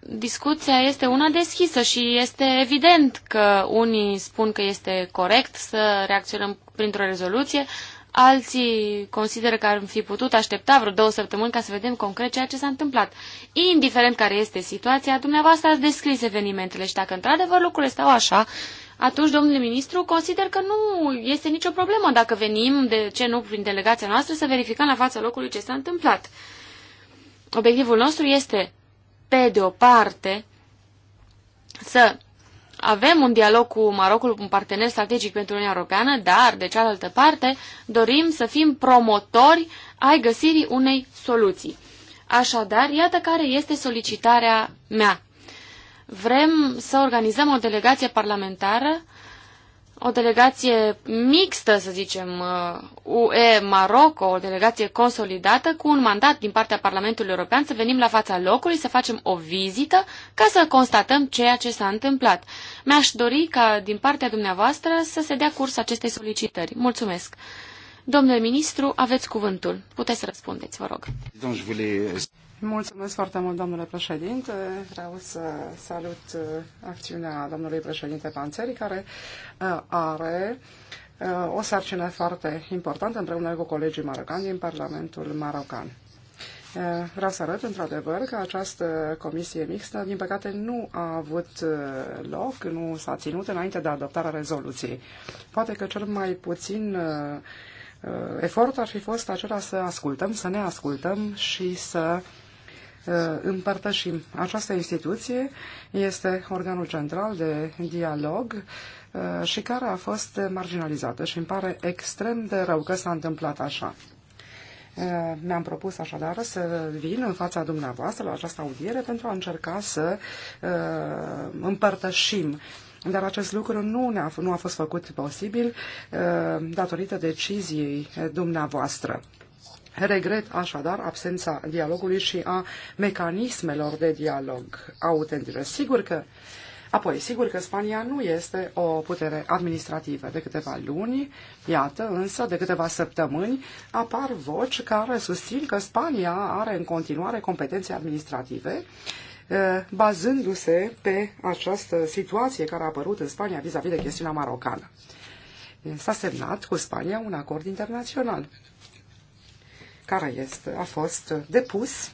discuția este una deschisă și este evident că unii spun că este corect să reacționăm printr-o rezoluție, alții consideră că ar fi putut aștepta vreo două săptămâni ca să vedem concret ceea ce s-a întâmplat. Indiferent care este situația, dumneavoastră ați descris evenimentele și dacă într-adevăr lucrurile stau așa, atunci, domnule ministru, consider că nu este nicio problemă dacă venim, de ce nu, prin delegația noastră, să verificăm la fața locului ce s-a întâmplat. Obiectivul nostru este, pe de o parte, să avem un dialog cu Marocul, un partener strategic pentru Uniunea Europeană, dar, de cealaltă parte, dorim să fim promotori ai găsirii unei soluții. Așadar, iată care este solicitarea mea Vrem să organizăm o delegație parlamentară, o delegație mixtă, să zicem, UE-Maroco, uh, o delegație consolidată cu un mandat din partea Parlamentului European să venim la fața locului, să facem o vizită ca să constatăm ceea ce s-a întâmplat. Mi-aș dori ca din partea dumneavoastră să se dea curs acestei solicitări. Mulțumesc! Domnule ministru, aveți cuvântul. Puteți să răspundeți, vă rog. Mulțumesc foarte mult, domnule președinte. Vreau să salut uh, acțiunea domnului președinte Panțeri, care uh, are uh, o sarcină foarte importantă împreună cu colegii marocani din Parlamentul Marocan. Vreau să arăt, într-adevăr, că această comisie mixtă, din păcate, nu a avut loc, nu s-a ținut înainte de adoptarea rezoluției. Poate că cel mai puțin efort ar fi fost acela să ascultăm, să ne ascultăm și să Uh, împărtășim. Această instituție este organul central de dialog uh, și care a fost marginalizată și îmi pare extrem de rău că s-a întâmplat așa. Uh, mi-am propus așadar să vin în fața dumneavoastră la această audiere pentru a încerca să împărtășim dar acest lucru nu, ne-a, nu a fost făcut posibil uh, datorită deciziei dumneavoastră. Regret așadar absența dialogului și a mecanismelor de dialog autentice. Sigur că Apoi, sigur că Spania nu este o putere administrativă. De câteva luni, iată, însă, de câteva săptămâni, apar voci care susțin că Spania are în continuare competențe administrative, eh, bazându-se pe această situație care a apărut în Spania vis-a-vis -vis de chestiunea marocană. S-a semnat cu Spania un acord internațional care este, a fost depus.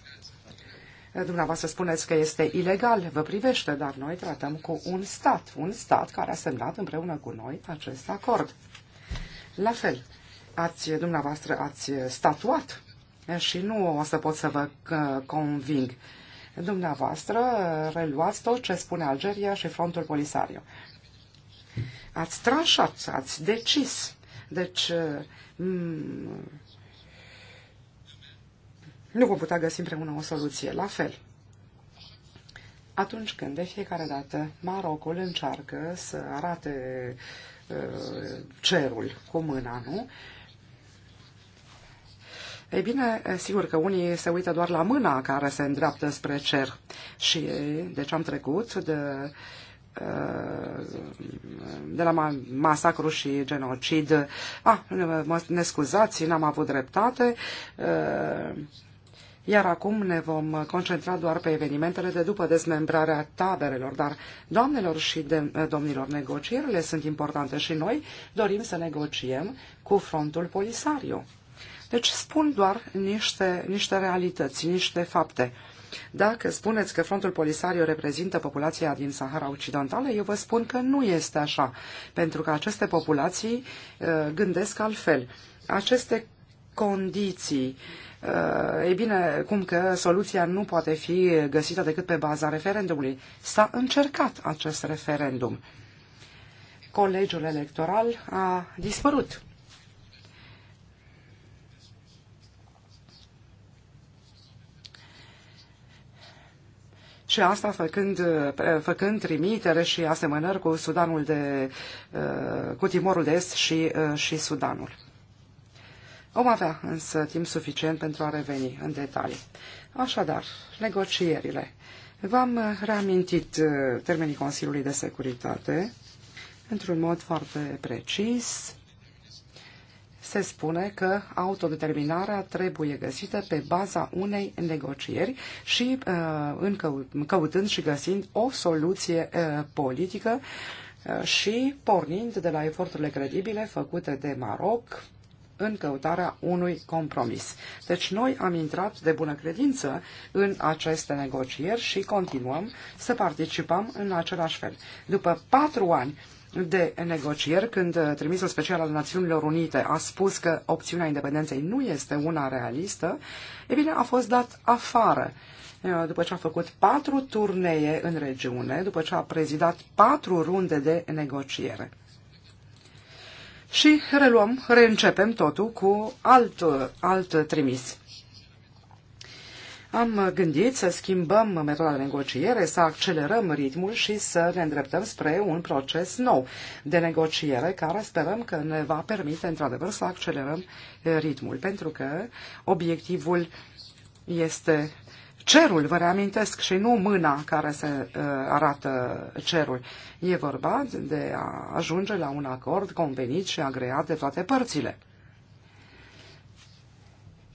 Dumneavoastră spuneți că este ilegal, vă privește, dar noi tratăm cu un stat, un stat care a semnat împreună cu noi acest acord. La fel, ați, dumneavoastră ați statuat și nu o să pot să vă uh, conving. Dumneavoastră reluați tot ce spune Algeria și frontul Polisario. Ați tranșat, ați decis. Deci, uh, nu vom putea găsi împreună o soluție la fel. Atunci când de fiecare dată Marocul încearcă să arate uh, cerul cu mâna, nu? Ei bine, sigur că unii se uită doar la mâna care se îndreaptă spre cer. Și deci am trecut de uh, de la masacru și genocid. Ah, ne scuzați, n-am avut dreptate. Uh, iar acum ne vom concentra doar pe evenimentele de după dezmembrarea taberelor. Dar, doamnelor și de, domnilor, negocierile sunt importante și noi dorim să negociem cu frontul Polisario. Deci spun doar niște, niște realități, niște fapte. Dacă spuneți că frontul Polisario reprezintă populația din Sahara Occidentală, eu vă spun că nu este așa, pentru că aceste populații uh, gândesc altfel. Aceste condiții uh, Eh, ei bine, cum că soluția nu poate fi găsită decât pe baza referendumului. S-a încercat acest referendum. Colegiul electoral a dispărut. și asta făcând, făcând trimitere și asemănări cu Sudanul de, eh, cu Timorul de Est și, eh, și Sudanul. Vom avea însă timp suficient pentru a reveni în detalii. Așadar, negocierile. V-am reamintit uh, termenii Consiliului de Securitate într-un mod foarte precis. Se spune că autodeterminarea trebuie găsită pe baza unei negocieri și uh, în căutând și găsind o soluție uh, politică și pornind de la eforturile credibile făcute de Maroc, în căutarea unui compromis. Deci noi am intrat de bună credință în aceste negocieri și continuăm să participăm în același fel. După patru ani de negocieri, când trimisul special al Națiunilor Unite a spus că opțiunea independenței nu este una realistă, e bine, a fost dat afară după ce a făcut patru turnee în regiune, după ce a prezidat patru runde de negociere. Și reluăm, reîncepem totul cu alt, alt trimis. Am gândit să schimbăm metoda de negociere, să accelerăm ritmul și să ne îndreptăm spre un proces nou de negociere care sperăm că ne va permite într-adevăr să accelerăm ritmul, pentru că obiectivul este cerul, vă reamintesc, și nu mâna care se uh, arată cerul. E vorba de a ajunge la un acord convenit și agreat de toate părțile.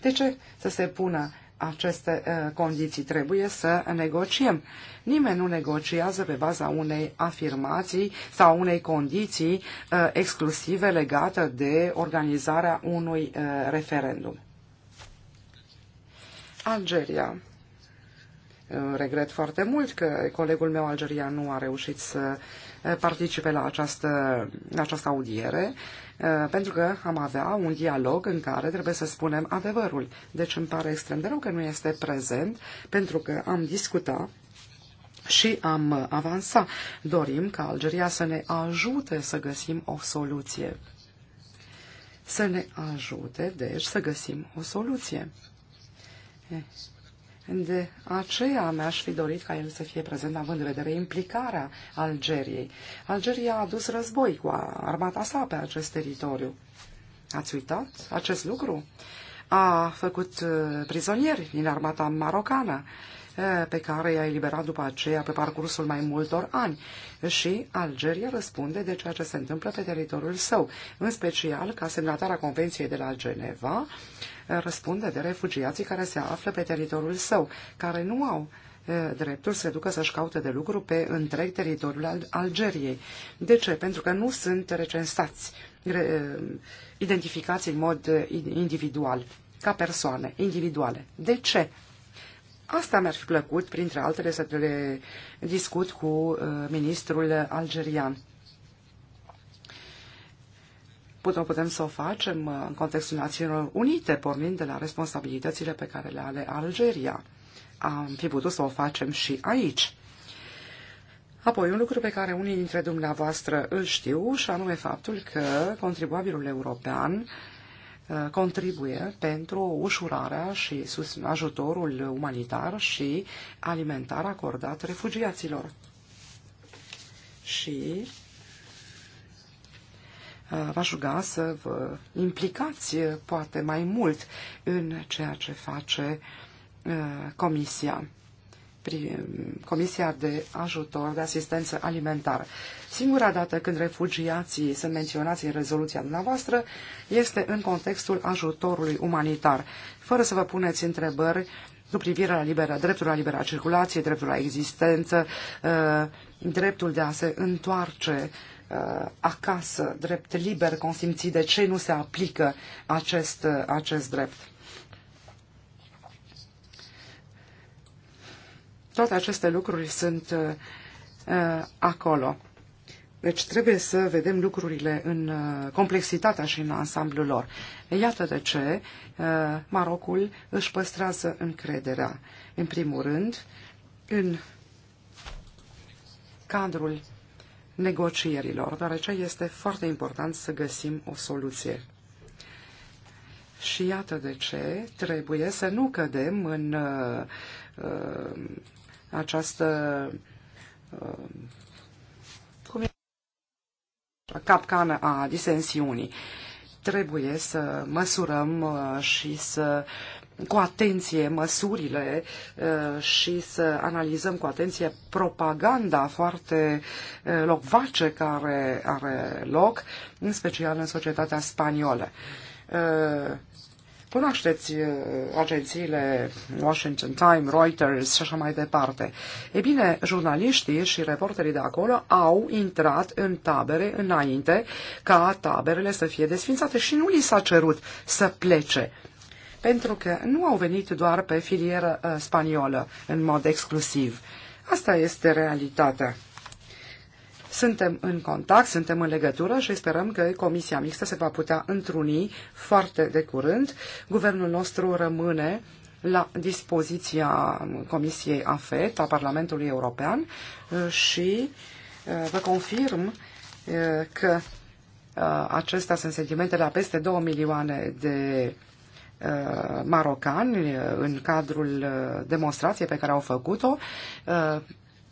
De ce să se pună aceste uh, condiții? Trebuie să negociem. Nimeni nu negociază pe baza unei afirmații sau unei condiții uh, exclusive legate de organizarea unui uh, referendum. Algeria Uh, regret foarte mult că colegul meu algerian nu a reușit să uh, participe la această, la această audiere, uh, pentru că am avea un dialog în care trebuie să spunem adevărul. Deci îmi pare extrem de rău că nu este prezent, pentru că am discutat și am avansat. Dorim ca Algeria să ne ajute să găsim o soluție. Să ne ajute, deci, să găsim o soluție. Eh. De aceea mi-aș fi dorit ca el să fie prezent, având în vedere implicarea Algeriei. Algeria a adus război cu armata sa pe acest teritoriu. Ați uitat acest lucru? A făcut uh, prizonieri din armata marocană pe care i-a eliberat după aceea pe parcursul mai multor ani. Și Algeria răspunde de ceea ce se întâmplă pe teritoriul său, în special ca semnatarea Convenției de la Geneva, răspunde de refugiații care se află pe teritoriul său, care nu au dreptul să ducă să-și caute de lucru pe întreg teritoriul al Algeriei. De ce? Pentru că nu sunt recensați, identificați în mod individual, ca persoane individuale. De ce Asta mi-ar fi plăcut, printre altele, să le discut cu uh, ministrul algerian. Putem, putem să o facem uh, în contextul Națiunilor Unite, pornind de la responsabilitățile pe care le are Algeria. Am fi putut să o facem și aici. Apoi, un lucru pe care unii dintre dumneavoastră îl știu, și anume faptul că contribuabilul european uh, Uh, contribuie pentru ușurarea și ajutorul umanitar și alimentar acordat refugiaților. Și uh, v-aș ruga să vă implicați uh, poate mai mult în ceea ce face Comisia. Comisia de Ajutor de Asistență Alimentară. Singura dată când refugiații sunt menționați în rezoluția dumneavoastră este în contextul ajutorului umanitar, fără să vă puneți întrebări cu privire la libera, dreptul la libera circulație, dreptul la existență, uh, dreptul de a se întoarce uh, acasă, drept liber consimțit, de ce nu se aplică acest, uh, acest drept. Toate aceste lucruri sunt uh, uh, acolo. Deci trebuie să vedem lucrurile în uh, complexitatea și în ansamblul lor. Iată de ce uh, Marocul își păstrează încrederea, în primul rând, în cadrul negocierilor, deoarece este foarte important să găsim o soluție. Și iată de ce trebuie să nu cădem în uh, uh, această uh, cum e, capcană a disensiunii. Trebuie să măsurăm uh, și să cu atenție măsurile uh, și să analizăm cu atenție propaganda foarte locvace care are loc, în special în societatea spaniolă. Cunoașteți uh, agențiile Washington Times, Reuters și așa mai departe. E bine, jurnaliștii și reporterii de acolo au intrat în tabere înainte ca taberele să fie desfințate și nu li s-a cerut să plece pentru că nu au venit doar pe filieră uh, spaniolă în mod exclusiv. Asta este realitatea. Suntem în contact, suntem în legătură și sperăm că Comisia Mixtă se va putea întruni foarte de curând. Guvernul nostru rămâne la dispoziția Comisiei AFET a Parlamentului European uh, și uh, vă confirm uh, că acestea sunt sentimentele a peste 2 milioane de marocani în cadrul demonstrației pe care au făcut-o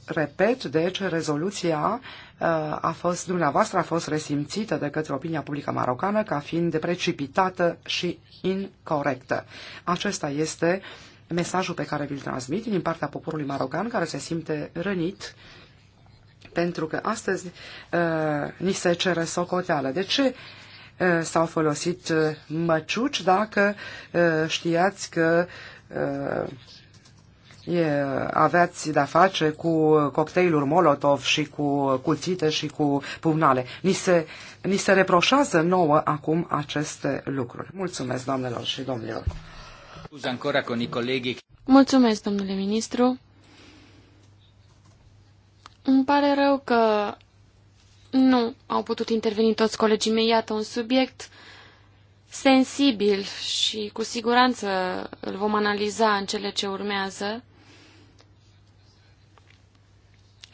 repet, deci rezoluția uh, a fost, dumneavoastră a fost resimțită de către opinia publică marocană ca fiind precipitată și incorrectă. Acesta este mesajul pe care vi-l transmit din partea poporului marocan care se simte rănit pentru că astăzi uh, ni se cere socoteală. De ce uh, s-au folosit uh, măciuci dacă uh, știați că uh, aveați de-a face cu cocktailuri Molotov și cu cuțite și cu pumnale. Ni se, ni se reproșează nouă acum aceste lucruri. Mulțumesc, doamnelor și domnilor. Mulțumesc, domnule ministru. Îmi pare rău că nu au putut interveni toți colegii mei. Iată un subiect sensibil și cu siguranță îl vom analiza în cele ce urmează.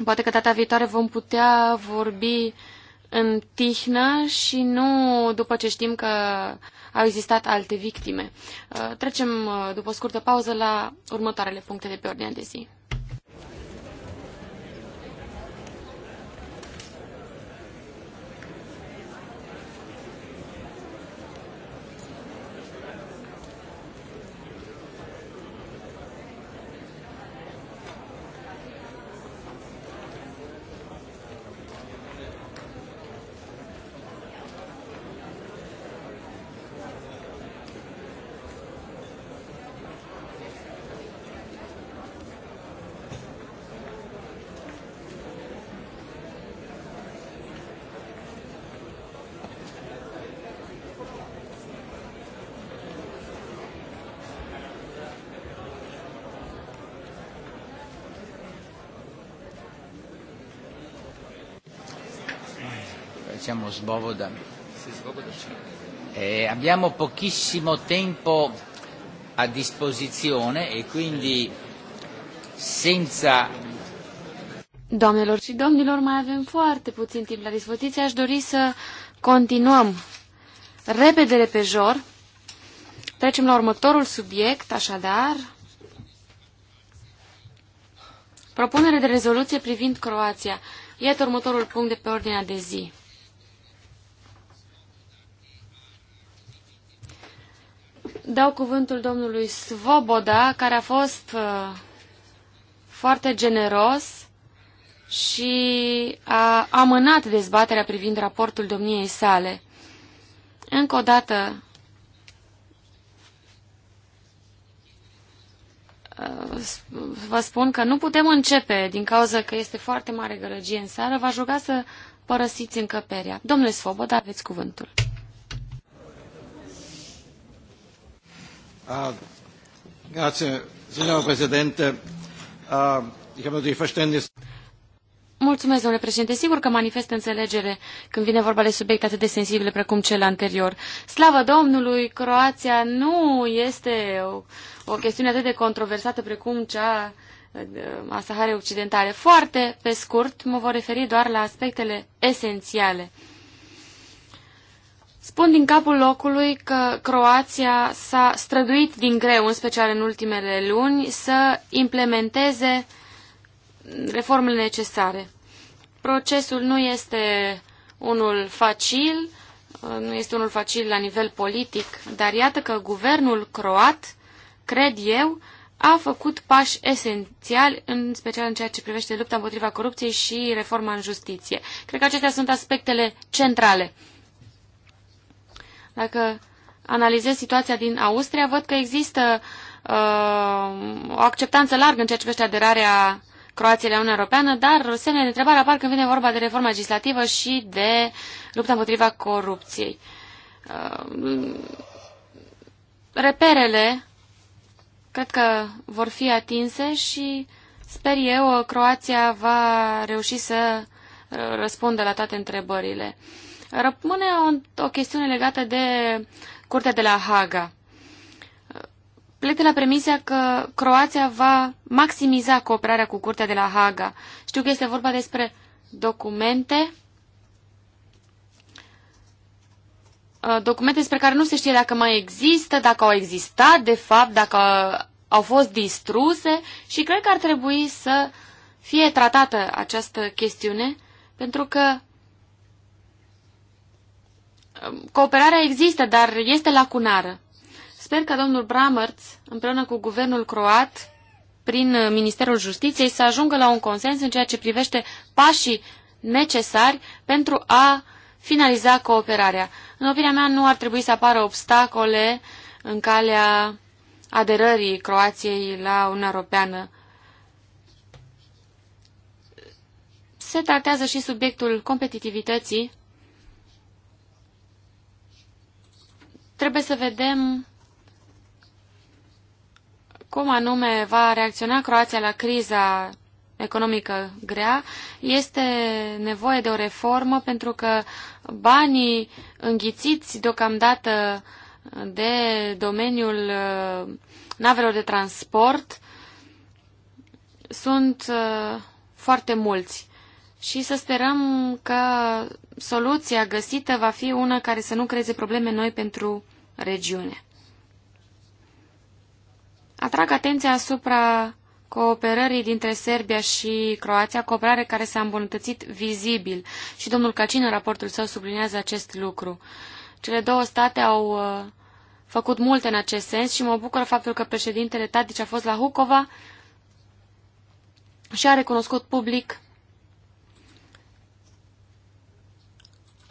Poate că data viitoare vom putea vorbi în tihnă și nu după ce știm că au existat alte victime. Uh, trecem uh, după o scurtă pauză la următoarele puncte de pe ordinea de zi. siamo Svoboda. Eh, abbiamo pochissimo tempo a disposizione e quindi senza Doamnelor și domnilor, mai avem foarte puțin timp la dispoziție. Aș dori să continuăm repede, jor. Trecem la următorul subiect, așadar. Propunere de rezoluție privind Croația. Iată următorul punct de pe ordinea de zi. Dau cuvântul domnului Svoboda, care a fost uh, foarte generos și a amânat dezbaterea privind raportul domniei sale. Încă o dată uh, vă spun că nu putem începe din cauza că este foarte mare gălăgie în sală. V-aș ruga să părăsiți încăperea. Domnule Svoboda, aveți cuvântul. Ah, grazie, Presidente. Uh, Mulțumesc, domnule președinte. Sigur că manifest înțelegere când vine vorba de subiecte atât de sensibile precum cel anterior. Slavă Domnului, Croația nu este o, o chestiune atât de controversată precum cea uh, a Saharei Occidentale. Foarte pe scurt, mă voi referi doar la aspectele esențiale. Spun din capul locului că Croația s-a străduit din greu, în special în ultimele luni, să implementeze reformele necesare. Procesul nu este unul facil, nu este unul facil la nivel politic, dar iată că guvernul croat, cred eu, a făcut pași esențiali, în special în ceea ce privește lupta împotriva corupției și reforma în justiție. Cred că acestea sunt aspectele centrale dacă analizez situația din Austria, văd că există uh, o acceptanță largă în ceea ce privește aderarea Croației la Uniunea Europeană, dar semne de întrebare apar când vine vorba de reforma legislativă și de lupta împotriva corupției. Uh, reperele cred că vor fi atinse și sper eu uh, Croația va reuși să uh, răspundă la toate întrebările. Rămâne o, o chestiune legată de Curtea de la Haga. Plec de la premisia că Croația va maximiza cooperarea cu Curtea de la Haga. Știu că este vorba despre documente, uh, documente despre care nu se știe dacă mai există, dacă au existat, de fapt, dacă au fost distruse și cred că ar trebui să fie tratată această chestiune, pentru că Cooperarea există, dar este lacunară. Sper că domnul Bramărț, împreună cu guvernul croat, prin uh, Ministerul Justiției, să ajungă la un consens în ceea ce privește pașii necesari pentru a finaliza cooperarea. În opinia mea, nu ar trebui să apară obstacole în calea aderării Croației la Uniunea Europeană. Se tratează și subiectul competitivității Trebuie să vedem cum anume va reacționa Croația la criza economică grea, este nevoie de o reformă pentru că banii înghițiți deocamdată de domeniul uh, navelor de transport sunt uh, foarte mulți și să sperăm că soluția găsită va fi una care să nu creeze probleme noi pentru regiune. Atrag atenția asupra cooperării dintre Serbia și Croația, cooperare care s-a îmbunătățit vizibil și domnul Cacin în raportul său sublinează acest lucru. Cele două state au uh, făcut multe în acest sens și mă bucură faptul că președintele Tadic a fost la Hucova și a recunoscut public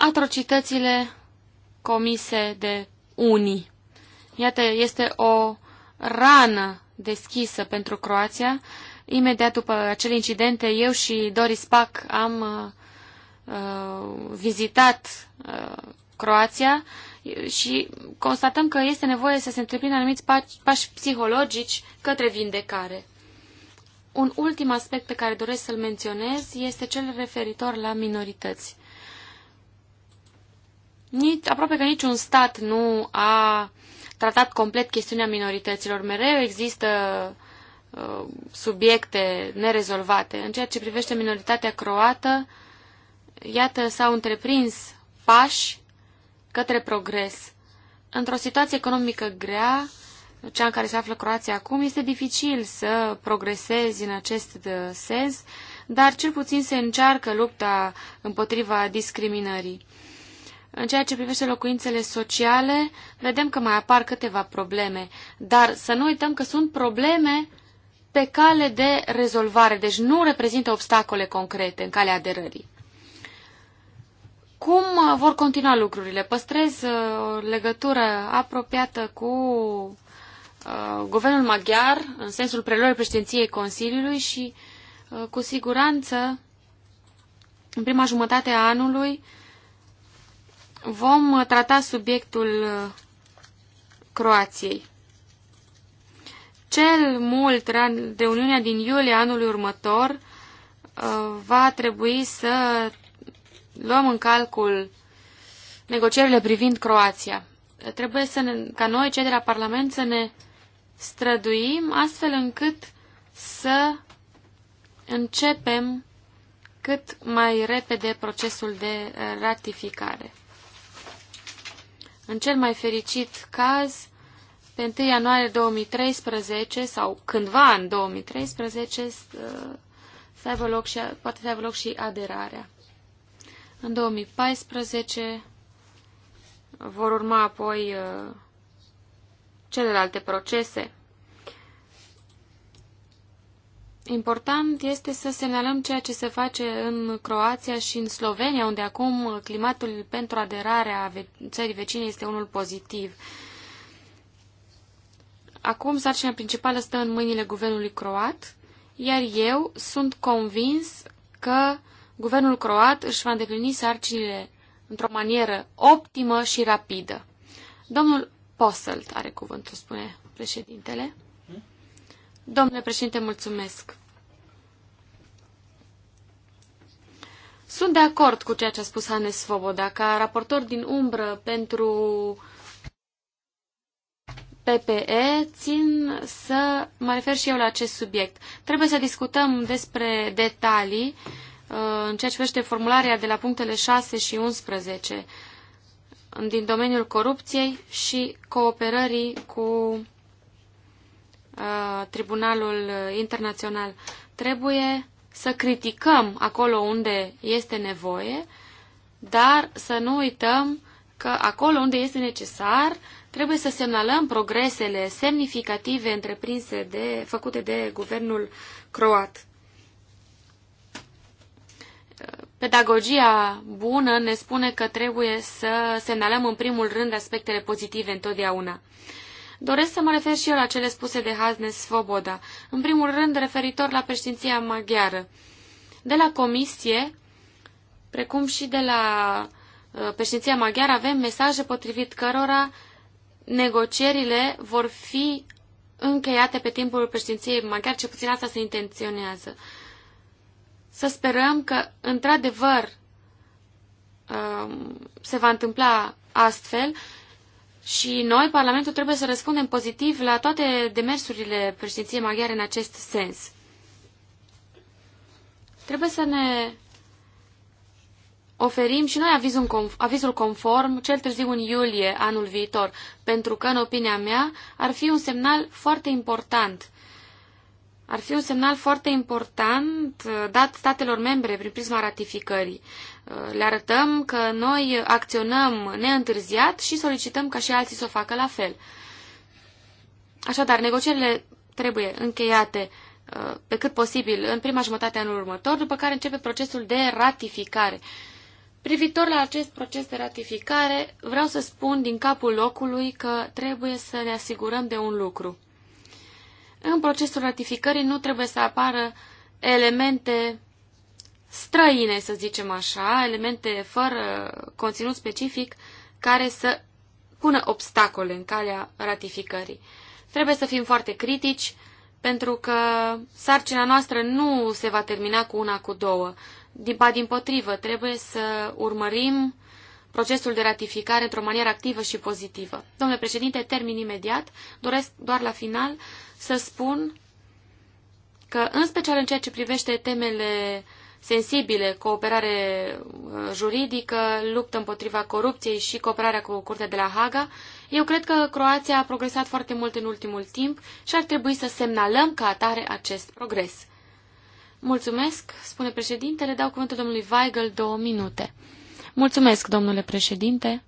atrocitățile comise de unii. Iată, este o rană deschisă pentru Croația. Imediat după acele incidente, eu și Doris Pac am uh, uh, vizitat uh, Croația și constatăm că este nevoie să se întreprină anumiți pași, pași psihologici către vindecare. Un ultim aspect pe care doresc să-l menționez este cel referitor la minorități nici, aproape că niciun stat nu a tratat complet chestiunea minorităților. Mereu există uh, subiecte nerezolvate. În ceea ce privește minoritatea croată, iată, s-au întreprins pași către progres. Într-o situație economică grea, cea în care se află Croația acum, este dificil să progresezi în acest uh, sens, dar cel puțin se încearcă lupta împotriva discriminării. În ceea ce privește locuințele sociale, vedem că mai apar câteva probleme, dar să nu uităm că sunt probleme pe cale de rezolvare, deci nu reprezintă obstacole concrete în calea aderării. Cum uh, vor continua lucrurile? Păstrez o uh, legătură apropiată cu uh, guvernul maghiar, în sensul preluării președinției Consiliului și, cu siguranță, în prima jumătate a anului, Vom uh, trata subiectul uh, Croației. Cel mult reuniunea din iulie anului următor uh, va trebui să luăm în calcul negocierile privind Croația. Trebuie să ne, ca noi, cei de la Parlament, să ne străduim astfel încât să începem cât mai repede procesul de ratificare. În cel mai fericit caz, pe 1 ianuarie 2013 sau cândva în 2013 uh, să aibă loc și, poate să aibă loc și aderarea. În 2014 vor urma apoi uh, celelalte procese. Important este să semnalăm ceea ce se face în Croația și în Slovenia, unde acum climatul pentru aderarea țării vecine este unul pozitiv. Acum sarcina principală stă în mâinile guvernului croat, iar eu sunt convins că guvernul croat își va îndeplini sarcinile într-o manieră optimă și rapidă. Domnul Posselt are cuvântul, spune președintele. Hmm? Domnule președinte, mulțumesc. Sunt de acord cu ceea ce a spus Hannes Svoboda. Ca raportor din umbră pentru PPE, țin să mă refer și eu la acest subiect. Trebuie să discutăm despre detalii uh, în ceea ce privește formularea de la punctele 6 și 11 din domeniul corupției și cooperării cu uh, Tribunalul Internațional. Trebuie să criticăm acolo unde este nevoie, dar să nu uităm că acolo unde este necesar, trebuie să semnalăm progresele semnificative întreprinse de, făcute de guvernul croat. Pedagogia bună ne spune că trebuie să semnalăm în primul rând aspectele pozitive întotdeauna. Doresc să mă refer și eu la cele spuse de Haznes Svoboda, în primul rând referitor la președinția maghiară. De la comisie, precum și de la uh, președinția maghiară, avem mesaje potrivit cărora negocierile vor fi încheiate pe timpul președinției maghiare, ce puțin asta se intenționează. Să sperăm că, într-adevăr, um, se va întâmpla astfel și noi, Parlamentul, trebuie să răspundem pozitiv la toate demersurile președinției maghiare în acest sens. Trebuie să ne oferim și noi avizul conform, avizul conform cel târziu în iulie anul viitor, pentru că, în opinia mea, ar fi un semnal foarte important ar fi un semnal foarte important uh, dat statelor membre prin prisma ratificării. Uh, le arătăm că noi acționăm neîntârziat și solicităm ca și alții să o facă la fel. Așadar, negocierile trebuie încheiate uh, pe cât posibil în prima jumătate a anului următor, după care începe procesul de ratificare. Privitor la acest proces de ratificare, vreau să spun din capul locului că trebuie să ne asigurăm de un lucru – în procesul ratificării nu trebuie să apară elemente străine, să zicem așa, elemente fără conținut specific care să pună obstacole în calea ratificării. Trebuie să fim foarte critici pentru că sarcina noastră nu se va termina cu una, cu două. Din, din potrivă, trebuie să urmărim uh, procesul de ratificare într-o manieră activă și pozitivă. Domnule președinte, termin imediat. Doresc doar la final să spun că, în special în ceea ce privește temele sensibile, cooperare uh, juridică, luptă împotriva corupției și cooperarea cu Curtea de la Haga, eu cred că Croația a progresat foarte mult în ultimul timp și ar trebui să semnalăm ca atare acest progres. Mulțumesc, spune președintele, dau cuvântul domnului Weigel două minute. Mulțumesc, domnule președinte.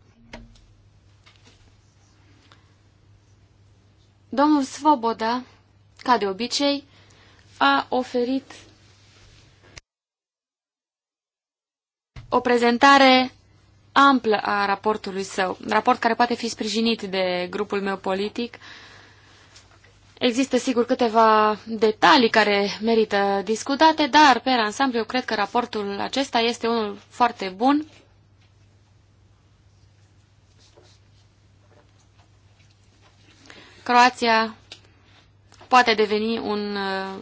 Domnul Svoboda, ca de obicei, a oferit o prezentare amplă a raportului său, raport care poate fi sprijinit de grupul meu politic. Există, sigur, câteva detalii care merită discutate, dar, pe ansamblu, eu cred că raportul acesta este unul foarte bun Croația poate deveni un uh,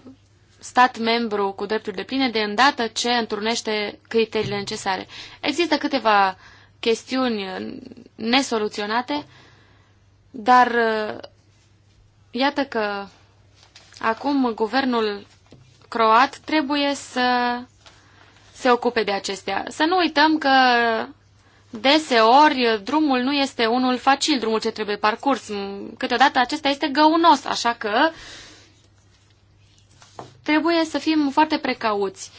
stat membru cu drepturi de pline de îndată ce întrunește criteriile necesare. Există câteva chestiuni uh, nesoluționate, dar uh, iată că acum guvernul croat trebuie să se ocupe de acestea. Să nu uităm că deseori drumul nu este unul facil, drumul ce trebuie parcurs. Câteodată acesta este găunos, așa că trebuie să fim foarte precauți.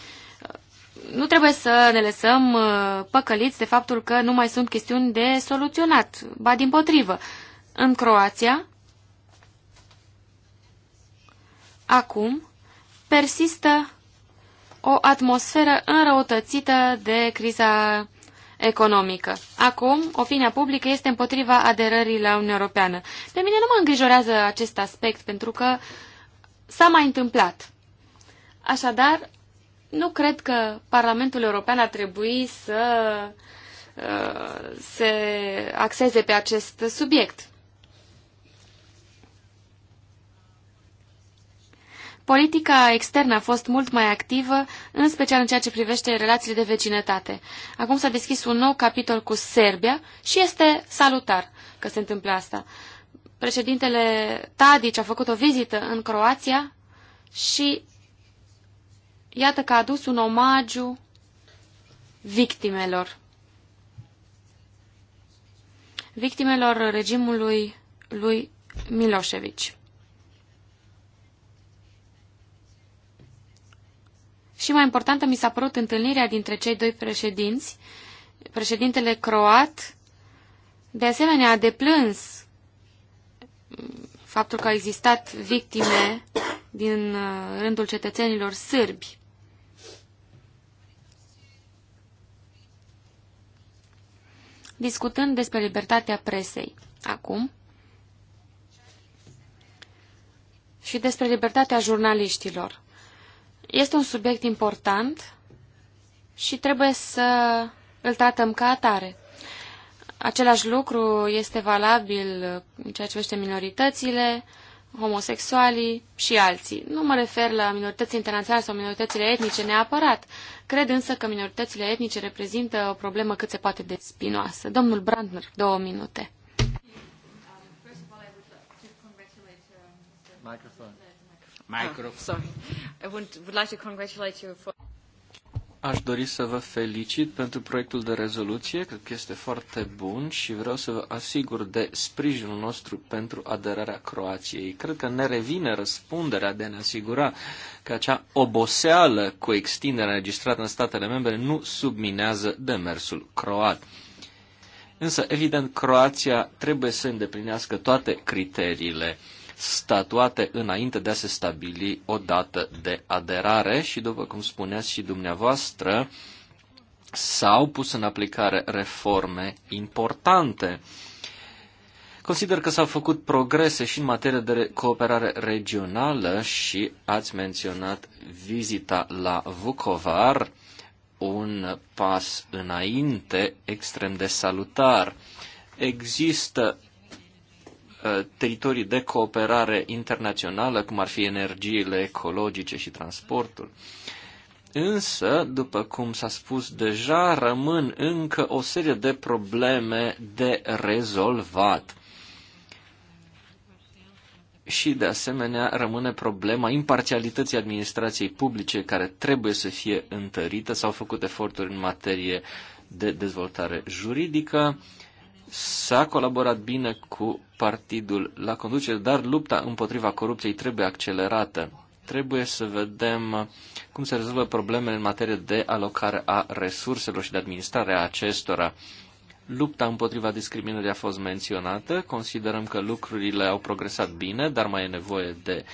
Nu trebuie să ne lăsăm uh, păcăliți de faptul că nu mai sunt chestiuni de soluționat, ba din potrivă. În Croația, acum, persistă o atmosferă înrăutățită de criza economică. Acum, opinia publică este împotriva aderării la Uniunea Europeană. Pe mine nu mă îngrijorează acest aspect, pentru că s-a mai întâmplat. Așadar, nu cred că Parlamentul European ar trebui să uh, se axeze pe acest subiect. Politica externă a fost mult mai activă, în special în ceea ce privește relațiile de vecinătate. Acum s-a deschis un nou capitol cu Serbia și este salutar că se întâmplă asta. Președintele Tadic a făcut o vizită în Croația și iată că a adus un omagiu victimelor. Victimelor regimului lui Milosevic. Și mai importantă mi s-a părut întâlnirea dintre cei doi președinți. Președintele croat, de asemenea, a deplâns faptul că au existat victime din uh, rândul cetățenilor sârbi. Discutând despre libertatea presei acum și despre libertatea jurnaliștilor. Este un subiect important și trebuie să îl tratăm ca atare. Același lucru este valabil în ceea ce privește minoritățile, homosexualii și alții. Nu mă refer la minorități internaționale sau minoritățile etnice neapărat. Cred însă că minoritățile etnice reprezintă o problemă cât se poate de spinoasă. Domnul Brandner, două minute. Aș dori să vă felicit pentru proiectul de rezoluție, cred că este foarte bun și vreau să vă asigur de sprijinul nostru pentru aderarea Croației. Cred că ne revine răspunderea de a ne asigura că acea oboseală cu extinderea înregistrată în statele membre nu subminează demersul croat. Însă, evident, Croația trebuie să îndeplinească toate criteriile statuate înainte de a se stabili o dată de aderare și, după cum spuneați și dumneavoastră, s-au pus în aplicare reforme importante. Consider că s-au făcut progrese și în materie de cooperare regională și ați menționat vizita la Vukovar, un pas înainte extrem de salutar. Există Uh, teritorii de cooperare internațională, cum ar fi energiile ecologice și transportul. Însă, după cum s-a spus deja, rămân încă o serie de probleme de rezolvat. Și, de asemenea, rămâne problema imparțialității administrației publice, care trebuie să fie întărită. S-au făcut eforturi în materie de dezvoltare juridică S-a colaborat bine cu partidul la conducere, dar lupta împotriva corupției trebuie accelerată. Trebuie să vedem cum se rezolvă problemele în materie de alocare a resurselor și de administrare a acestora. Lupta împotriva discriminării a fost menționată. Considerăm că lucrurile au progresat bine, dar mai e nevoie de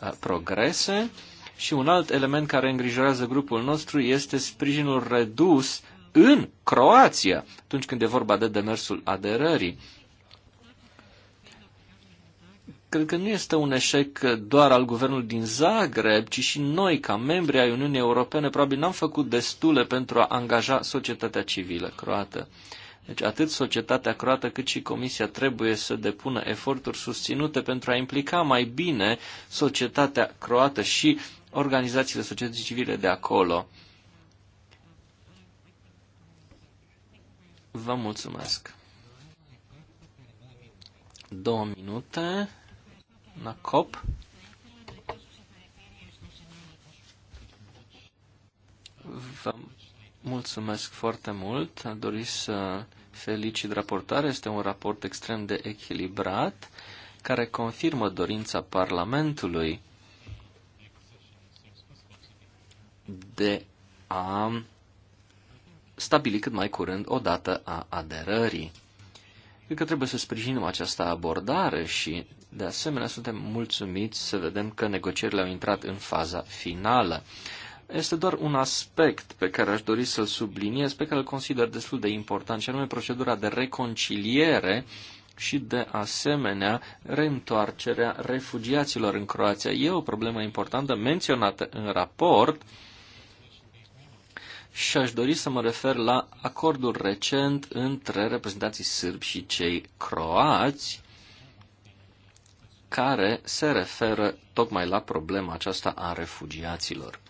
uh, progrese. Și un alt element care îngrijorează grupul nostru este sprijinul redus în Croația, atunci când e vorba de demersul aderării. Cred că nu este un eșec doar al guvernului din Zagreb, ci și noi, ca membri ai Uniunii Europene, probabil n-am făcut destule pentru a angaja societatea civilă croată. Deci atât societatea croată cât și Comisia trebuie să depună eforturi susținute pentru a implica mai bine societatea croată și organizațiile societății civile de acolo. Vă mulțumesc. Două minute la COP. Vă mulțumesc foarte mult. Am dorit să felicit raportarea. Este un raport extrem de echilibrat care confirmă dorința Parlamentului de a stabili cât mai curând o dată a aderării. Cred că trebuie să sprijinim această abordare și, de asemenea, suntem mulțumiți să vedem că negocierile au intrat în faza finală. Este doar un aspect pe care aș dori să-l subliniez, pe care îl consider destul de important, și anume procedura de reconciliere și, de asemenea, reîntoarcerea refugiaților în Croația. E o problemă importantă menționată în raport, și aș dori să mă refer la acordul recent între reprezentanții sârbi și cei croați, care se referă tocmai la problema aceasta a refugiaților.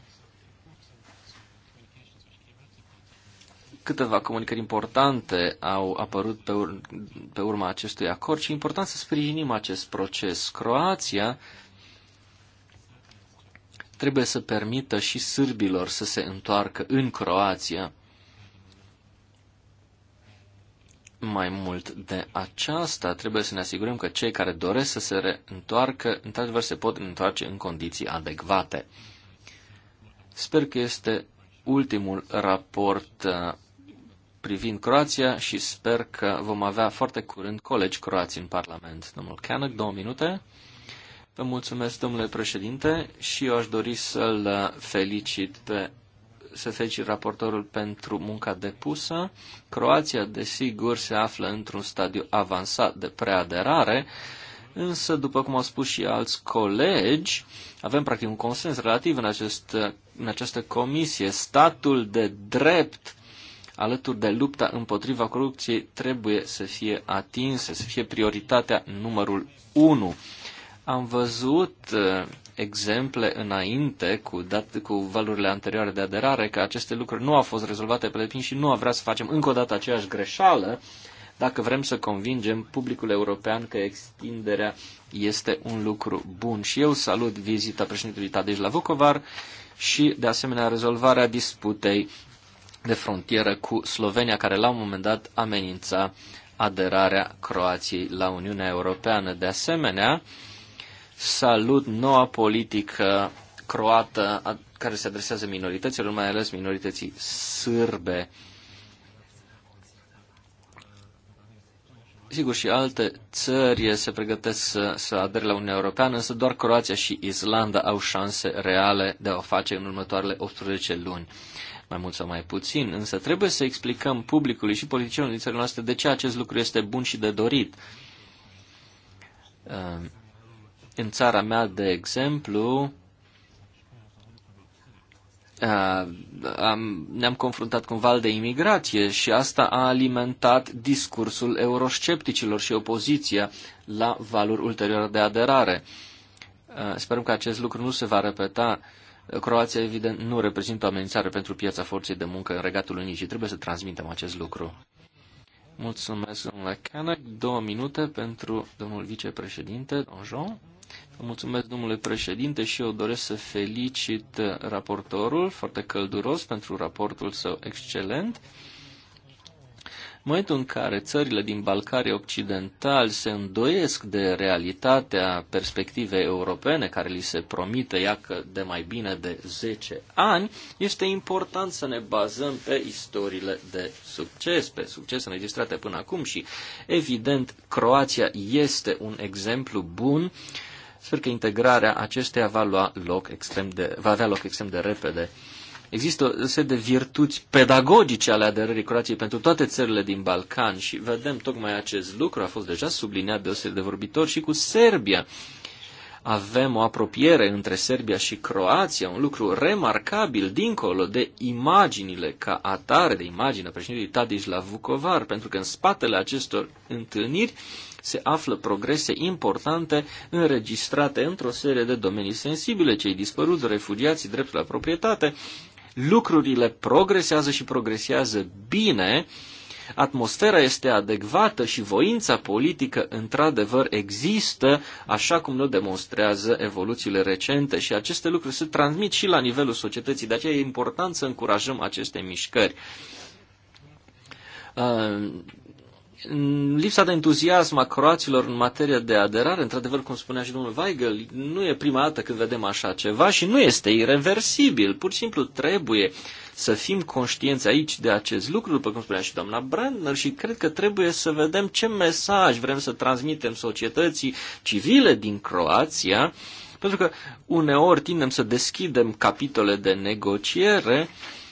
Câteva comunicări importante au apărut pe, ur- pe urma acestui acord și e important să sprijinim acest proces. Croația trebuie să permită și sârbilor să se întoarcă în Croația. Mai mult de aceasta, trebuie să ne asigurăm că cei care doresc să se reîntoarcă, într-adevăr, se pot întoarce în condiții adecvate. Sper că este ultimul raport uh, privind Croația și sper că vom avea foarte curând colegi croați în Parlament. Domnul Canuck, două minute. Vă mulțumesc, domnule președinte, și eu aș dori să-l felicit pe să felicit raportorul pentru munca depusă. Croația, desigur, se află într-un stadiu avansat de preaderare, însă, după cum au spus și alți colegi, avem practic un consens relativ în, acest, în această comisie. Statul de drept alături de lupta împotriva corupției trebuie să fie atinse, să fie prioritatea numărul 1. Am văzut uh, exemple înainte, cu, dat, cu valurile anterioare de aderare, că aceste lucruri nu au fost rezolvate pe deplin și nu a vrea să facem încă o dată aceeași greșeală dacă vrem să convingem publicul european că extinderea este un lucru bun. Și eu salut vizita președintelui Tadej la Vucovar și, de asemenea, rezolvarea disputei de frontieră cu Slovenia, care la un moment dat amenința aderarea Croației la Uniunea Europeană. De asemenea, salut noua politică croată care se adresează minorităților, mai ales minorității sârbe. Sigur, și alte țări se pregătesc să, să adere la Uniunea Europeană, însă doar Croația și Islanda au șanse reale de a o face în următoarele 18 luni, mai mult sau mai puțin. Însă trebuie să explicăm publicului și politicienilor din țările noastre de ce acest lucru este bun și de dorit. Uh, în țara mea, de exemplu, am, ne-am confruntat cu un val de imigrație și asta a alimentat discursul euroscepticilor și opoziția la valuri ulterioare de aderare. Sperăm că acest lucru nu se va repeta. Croația, evident, nu reprezintă o amenințare pentru piața forței de muncă în Regatul Unii și trebuie să transmitem acest lucru. Mulțumesc, domnule Canac. Două minute pentru domnul vicepreședinte, domnul Jean. Mulțumesc, domnule președinte, și eu doresc să felicit raportorul foarte călduros pentru raportul său excelent. În momentul în care țările din Balcarii Occidentali se îndoiesc de realitatea perspectivei europene care li se promite, ia că de mai bine de 10 ani, este important să ne bazăm pe istoriile de succes, pe succes înregistrate până acum și, evident, Croația este un exemplu bun uh, Sper că integrarea acesteia va, lua loc extrem de, va avea loc extrem de repede. Există o serie de virtuți pedagogice ale aderării Croației pentru toate țările din Balcan și vedem tocmai acest lucru, a fost deja subliniat de o serie de vorbitori și cu Serbia. Avem o apropiere între Serbia și Croația, un lucru remarcabil dincolo de imaginile ca atare, de imaginea președintelui Tadic la Vukovar, pentru că în spatele acestor întâlniri se află progrese importante înregistrate într-o serie de domenii sensibile, cei dispărut, refugiații, dreptul la proprietate. Lucrurile progresează și progresează bine, atmosfera este adecvată și voința politică într-adevăr există, așa cum ne demonstrează evoluțiile recente și aceste lucruri se transmit și la nivelul societății, de aceea e important să încurajăm aceste mișcări. Uh, lipsa de entuziasm a croaților în materie de aderare, într-adevăr, cum spunea și domnul Weigel, nu e prima dată când vedem așa ceva și nu este irreversibil. Pur și simplu trebuie să fim conștienți aici de acest lucru, după cum spunea și doamna Brandner, și cred că trebuie să vedem ce mesaj vrem să transmitem societății civile din Croația, pentru că uneori tindem să deschidem capitole de negociere, uh,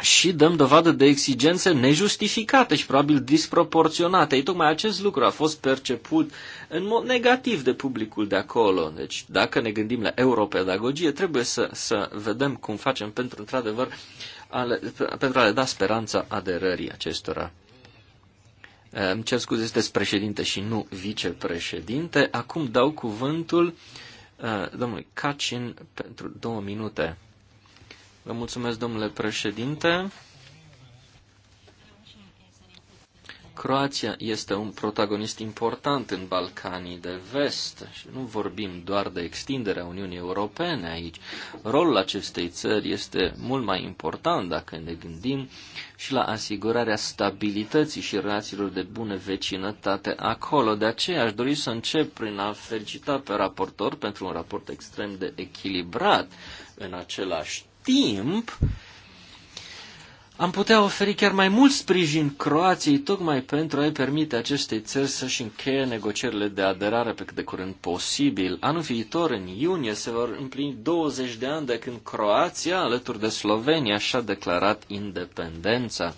și dăm dovadă de exigențe nejustificate și probabil disproporționate. Ei, tocmai acest lucru a fost perceput în mod negativ de publicul de acolo. Deci, dacă ne gândim la europedagogie, trebuie să, să vedem cum facem pentru, într-adevăr, ale, pentru a le da speranța aderării acestora. Îmi cer scuze, este președinte și nu vicepreședinte. Acum dau cuvântul uh, domnului Cacin pentru două minute. Vă mulțumesc, domnule președinte. Croația este un protagonist important în Balcanii de vest și nu vorbim doar de extinderea Uniunii Europene aici. Rolul acestei țări este mult mai important dacă ne gândim și la asigurarea stabilității și relațiilor de bună vecinătate acolo. De aceea aș dori să încep prin a felicita pe raportor pentru un raport extrem de echilibrat în același timp am putea oferi chiar mai mult sprijin Croației, tocmai pentru a-i permite acestei țări să-și încheie negocierile de aderare pe cât de curând posibil. Anul viitor, în iunie, se vor împlini 20 de ani de când Croația, alături de Slovenia, și-a declarat independența.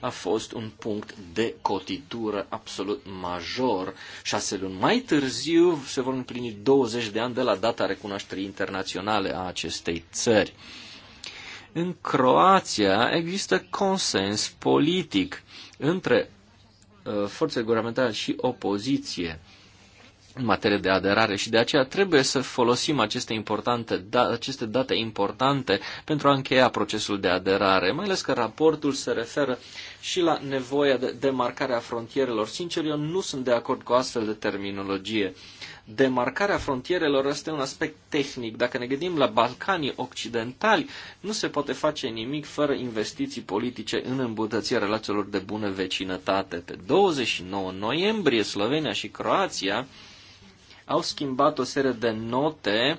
A fost un punct de cotitură absolut major. Șase luni mai târziu se vor împlini 20 de ani de la data recunoașterii internaționale a acestei țări. În Croația există consens politic între uh, forțe guvernamentale și opoziție în materie de aderare și de aceea trebuie să folosim aceste, importante, da, aceste date importante pentru a încheia procesul de aderare, mai ales că raportul se referă și la nevoia de demarcare a frontierelor. Sincer, eu nu sunt de acord cu astfel de terminologie demarcarea frontierelor este un aspect tehnic. Dacă ne gândim la Balcanii Occidentali, nu se poate face nimic fără investiții politice în îmbunătățirea relațiilor de bună vecinătate. Pe 29 noiembrie, Slovenia și Croația au schimbat o serie de note uh,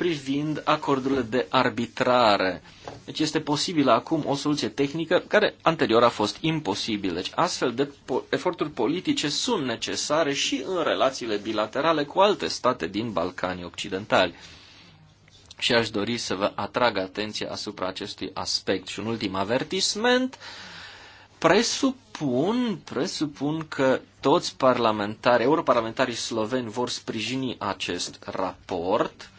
privind acordurile de arbitrare. Deci este posibilă acum o soluție tehnică care anterior a fost imposibilă. Deci astfel de po- eforturi politice sunt necesare și în relațiile bilaterale cu alte state din Balcanii Occidentali. Și aș dori să vă atrag atenția asupra acestui aspect. Și un ultim avertisment. Presupun, presupun că toți parlamentarii, europarlamentarii sloveni vor sprijini acest raport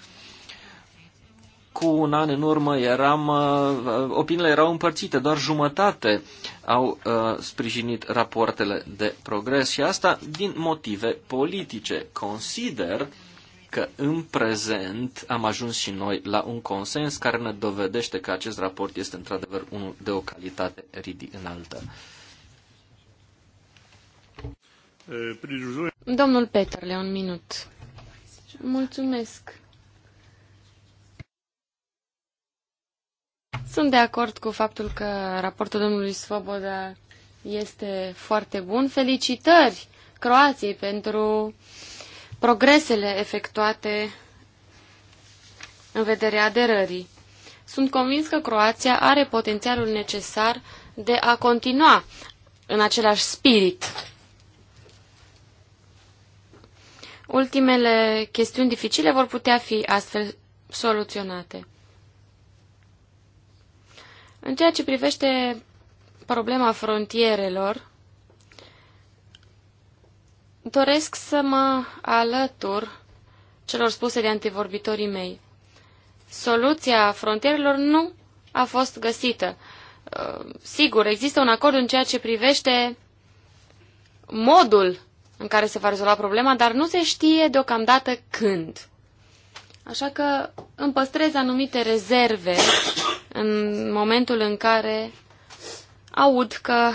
cu un an în urmă eram, uh, uh, opiniile erau împărțite, doar jumătate au uh, sprijinit rapoartele de progres și asta din motive politice. Consider că în prezent am ajuns și noi la un consens care ne dovedește că acest raport este într-adevăr unul de o calitate ridic înaltă. Eh, Domnul Peterle, un minut. Mulțumesc. Sunt de acord cu faptul că raportul domnului Svoboda este foarte bun. Felicitări Croației pentru progresele efectuate în vederea aderării. Sunt convins că Croația are potențialul necesar de a continua în același spirit. Ultimele chestiuni dificile vor putea fi astfel soluționate. În ceea ce privește problema frontierelor, doresc să mă alătur celor spuse de antivorbitorii mei. Soluția frontierelor nu a fost găsită. Uh, sigur, există un acord în ceea ce privește modul în care se va rezolva problema, dar nu se știe deocamdată când. Așa că îmi păstrez anumite rezerve în momentul în care aud că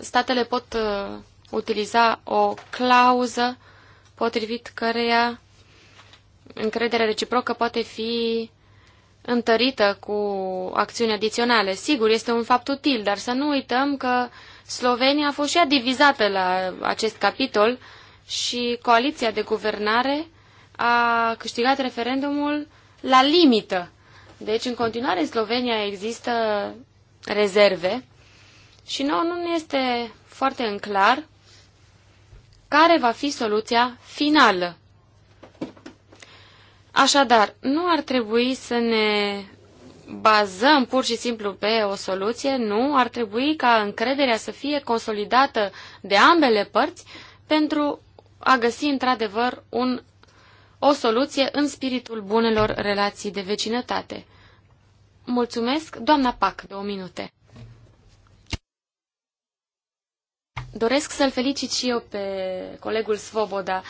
statele pot uh, utiliza o clauză potrivit căreia încrederea reciprocă poate fi întărită cu acțiuni adiționale. Sigur, este un fapt util, dar să nu uităm că Slovenia a fost și ea divizată la acest capitol și coaliția de guvernare a câștigat referendumul la limită. Deci, în continuare, în Slovenia există rezerve și nouă nu ne este foarte în clar care va fi soluția finală. Așadar, nu ar trebui să ne bazăm pur și simplu pe o soluție, nu, ar trebui ca încrederea să fie consolidată de ambele părți pentru a găsi într-adevăr un o soluție în spiritul bunelor relații de vecinătate. Mulțumesc, doamna Pac, două minute. Doresc să-l felicit și eu pe colegul Svoboda.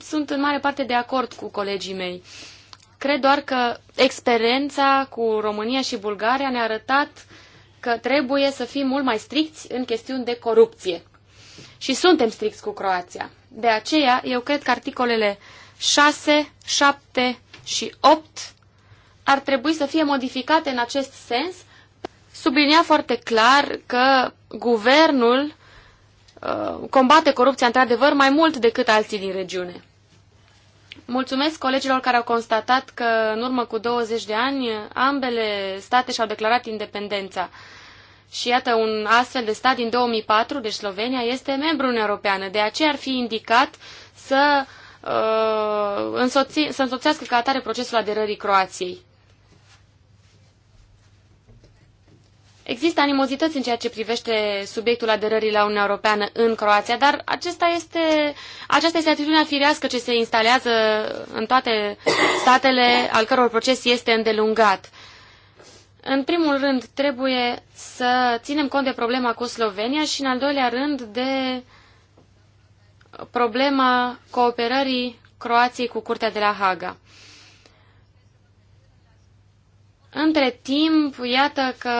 Sunt în mare parte de acord cu colegii mei. Cred doar că experiența cu România și Bulgaria ne-a arătat că trebuie să fim mult mai stricți în chestiuni de corupție. Și suntem stricți cu Croația. De aceea, eu cred că articolele 6, 7 și 8 ar trebui să fie modificate în acest sens. Sublinia foarte clar că guvernul uh, combate corupția într-adevăr mai mult decât alții din regiune. Mulțumesc colegilor care au constatat că în urmă cu 20 de ani ambele state și-au declarat independența. Și iată, un astfel de stat din 2004, deci Slovenia, este membru în Europeană. De aceea ar fi indicat să uh, Uh, însoți, să însoțească ca atare procesul aderării Croației. Există animozități în ceea ce privește subiectul aderării la Uniunea Europeană în Croația, dar acesta este, aceasta este atitudinea firească ce se instalează în toate statele al căror proces este îndelungat. În primul rând, trebuie să ținem cont de problema cu Slovenia și, în al doilea rând, de uh, problema cooperării Croației cu Curtea de la Haga. Între timp, iată că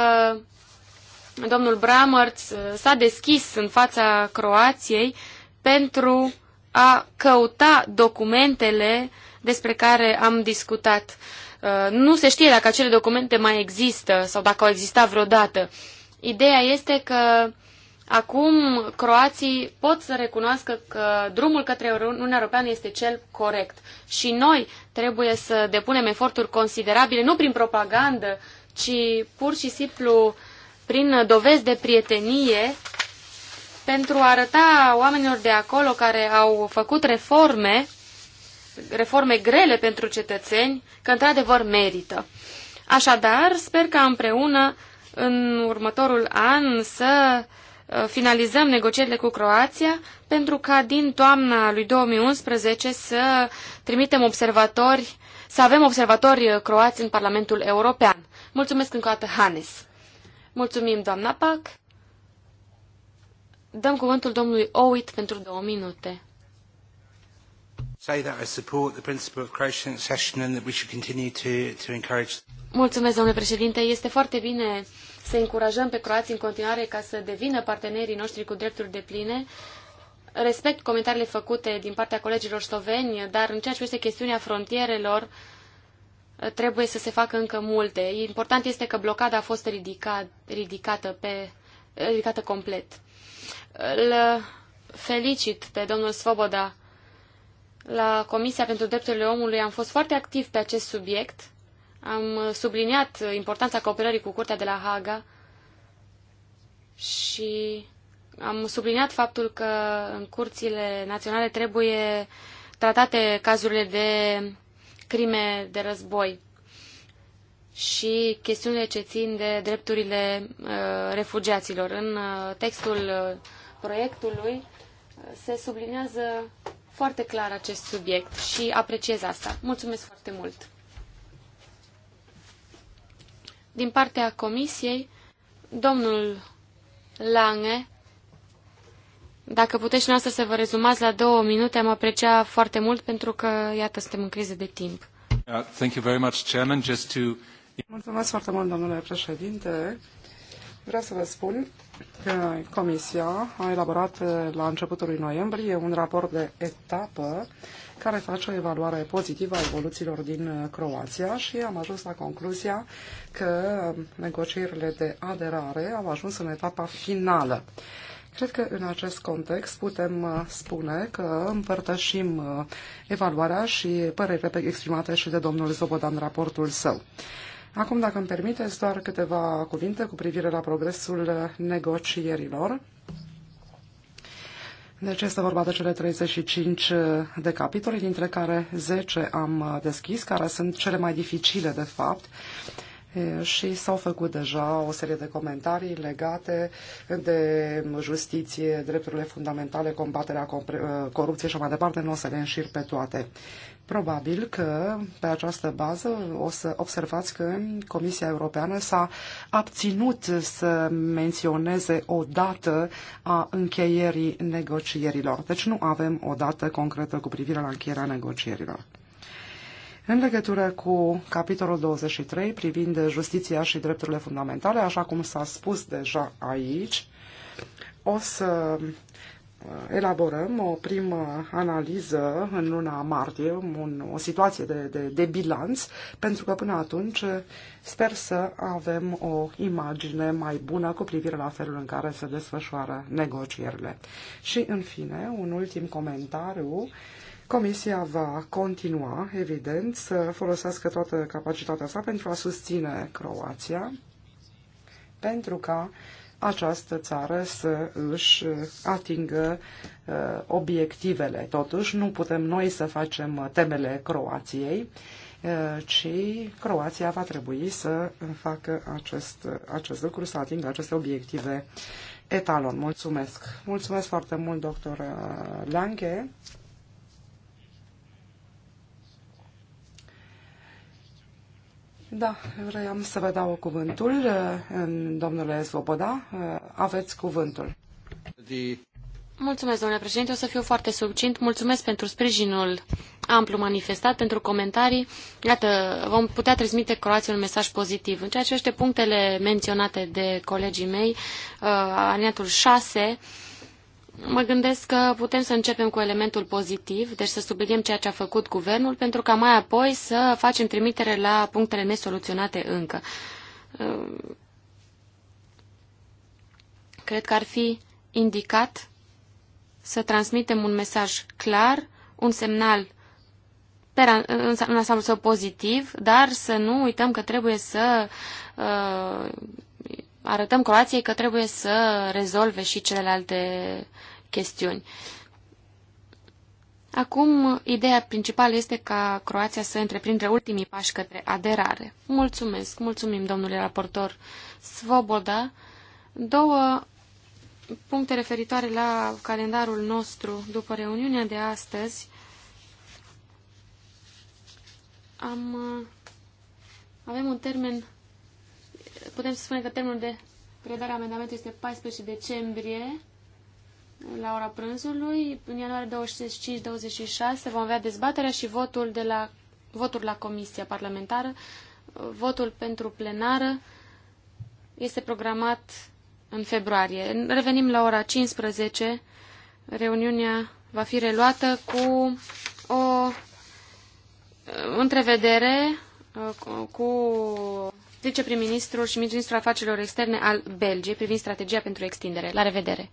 domnul Bramărț uh, s-a deschis în fața Croației pentru a căuta documentele despre care am discutat. Uh, nu se știe dacă acele documente mai există sau dacă au existat vreodată. Ideea este că Acum croații pot să recunoască că drumul către Uniunea Europeană este cel corect și noi trebuie să depunem eforturi considerabile, nu prin propagandă, ci pur și simplu prin dovezi de prietenie pentru a arăta oamenilor de acolo care au făcut reforme, reforme grele pentru cetățeni, că într-adevăr merită. Așadar, sper că împreună în următorul an să Uh, finalizăm negocierile cu Croația pentru ca din toamna lui 2011 să trimitem observatori, să avem observatori uh, croați în Parlamentul European. Mulțumesc încă o dată, Hannes. Mulțumim, doamna Pac. Dăm cuvântul domnului Owit pentru două minute. Mulțumesc, domnule președinte. Este foarte bine să încurajăm pe croații în continuare ca să devină partenerii noștri cu drepturi de pline. Respect comentariile făcute din partea colegilor sloveni, dar în ceea ce privește chestiunea frontierelor, trebuie să se facă încă multe. Important este că blocada a fost ridicat, ridicată, pe, ridicată complet. Îl felicit pe domnul Svoboda la Comisia pentru Drepturile Omului am fost foarte activ pe acest subiect am subliniat importanța cooperării cu Curtea de la Haga și am subliniat faptul că în curțile naționale trebuie tratate cazurile de crime de război și chestiunile ce țin de drepturile uh, refugiaților. În uh, textul uh, proiectului uh, se subliniază foarte clar acest subiect și apreciez asta. Mulțumesc foarte mult! din partea comisiei, domnul Lange, dacă puteți noastră să vă rezumați la două minute, am aprecia foarte mult pentru că, iată, suntem în criză de timp. Uh, thank you very much, Chairman. Just to... Mulțumesc foarte mult, domnule președinte. Vreau să vă spun Comisia a elaborat la începutul lui noiembrie un raport de etapă care face o evaluare pozitivă a evoluțiilor din uh, Croația și am ajuns la concluzia că negocierile de aderare au ajuns în etapa finală. Cred că în acest context putem uh, spune că împărtășim uh, evaluarea și părerile exprimate și de domnul Zobodan în raportul său. Acum, dacă îmi permiteți, doar câteva cuvinte cu privire la progresul negocierilor. Deci este vorba de cele 35 de capitole, dintre care 10 am deschis, care sunt cele mai dificile, de fapt, și s-au făcut deja o serie de comentarii legate de justiție, drepturile fundamentale, combaterea corupției și mai departe, nu o să le înșir pe toate. Probabil că pe această bază o să observați că Comisia Europeană s-a abținut să menționeze o dată a încheierii negocierilor. Deci nu avem o dată concretă cu privire la încheierea negocierilor. În legătură cu capitolul 23 privind justiția și drepturile fundamentale, așa cum s-a spus deja aici, o să elaborăm o primă analiză în luna martie, un, o situație de, de, de bilanț, pentru că până atunci sper să avem o imagine mai bună cu privire la felul în care se desfășoară negocierile. Și, în fine, un ultim comentariu. Comisia va continua, evident, să folosească toată capacitatea sa pentru a susține Croația, pentru ca această țară să își atingă uh, obiectivele. Totuși, nu putem noi să facem temele Croației, uh, ci Croația va trebui să facă acest, acest lucru, să atingă aceste obiective etalon. Mulțumesc! Mulțumesc foarte mult, doctor uh, Lange! Da, vreau să vă dau cuvântul. Eh, domnule Sloboda, eh, aveți cuvântul. Mulțumesc, domnule președinte. O să fiu foarte succint. Mulțumesc pentru sprijinul amplu manifestat, pentru comentarii. Iată, vom putea transmite Croației un mesaj pozitiv. În ceea ce privește punctele menționate de colegii mei, uh, aliniatul 6, mă gândesc că putem să începem cu elementul pozitiv, deci să subliniem ceea ce a făcut guvernul, pentru ca mai apoi să facem trimitere la punctele nesoluționate încă. Ehm, cred că ar fi indicat să transmitem un mesaj clar, un semnal în, în ansamblu său pozitiv, dar să nu uităm că trebuie să uh, arătăm Croației că trebuie să rezolve și celelalte chestiuni. Acum, ideea principală este ca Croația să întreprindă ultimii pași către aderare. Mulțumesc, mulțumim, domnule raportor Svoboda. Două puncte referitoare la calendarul nostru după reuniunea de astăzi. Am, avem un termen putem să spunem că termenul de predare a amendamentului este 14 decembrie la ora prânzului. În ianuarie 25-26 vom avea dezbaterea și votul, de la, votul la Comisia Parlamentară. Votul pentru plenară este programat în februarie. Revenim la ora 15. Reuniunea va fi reluată cu o uh, întrevedere uh, cu viceprim-ministrul și ministrul afacerilor externe al Belgiei privind strategia pentru extindere. La revedere!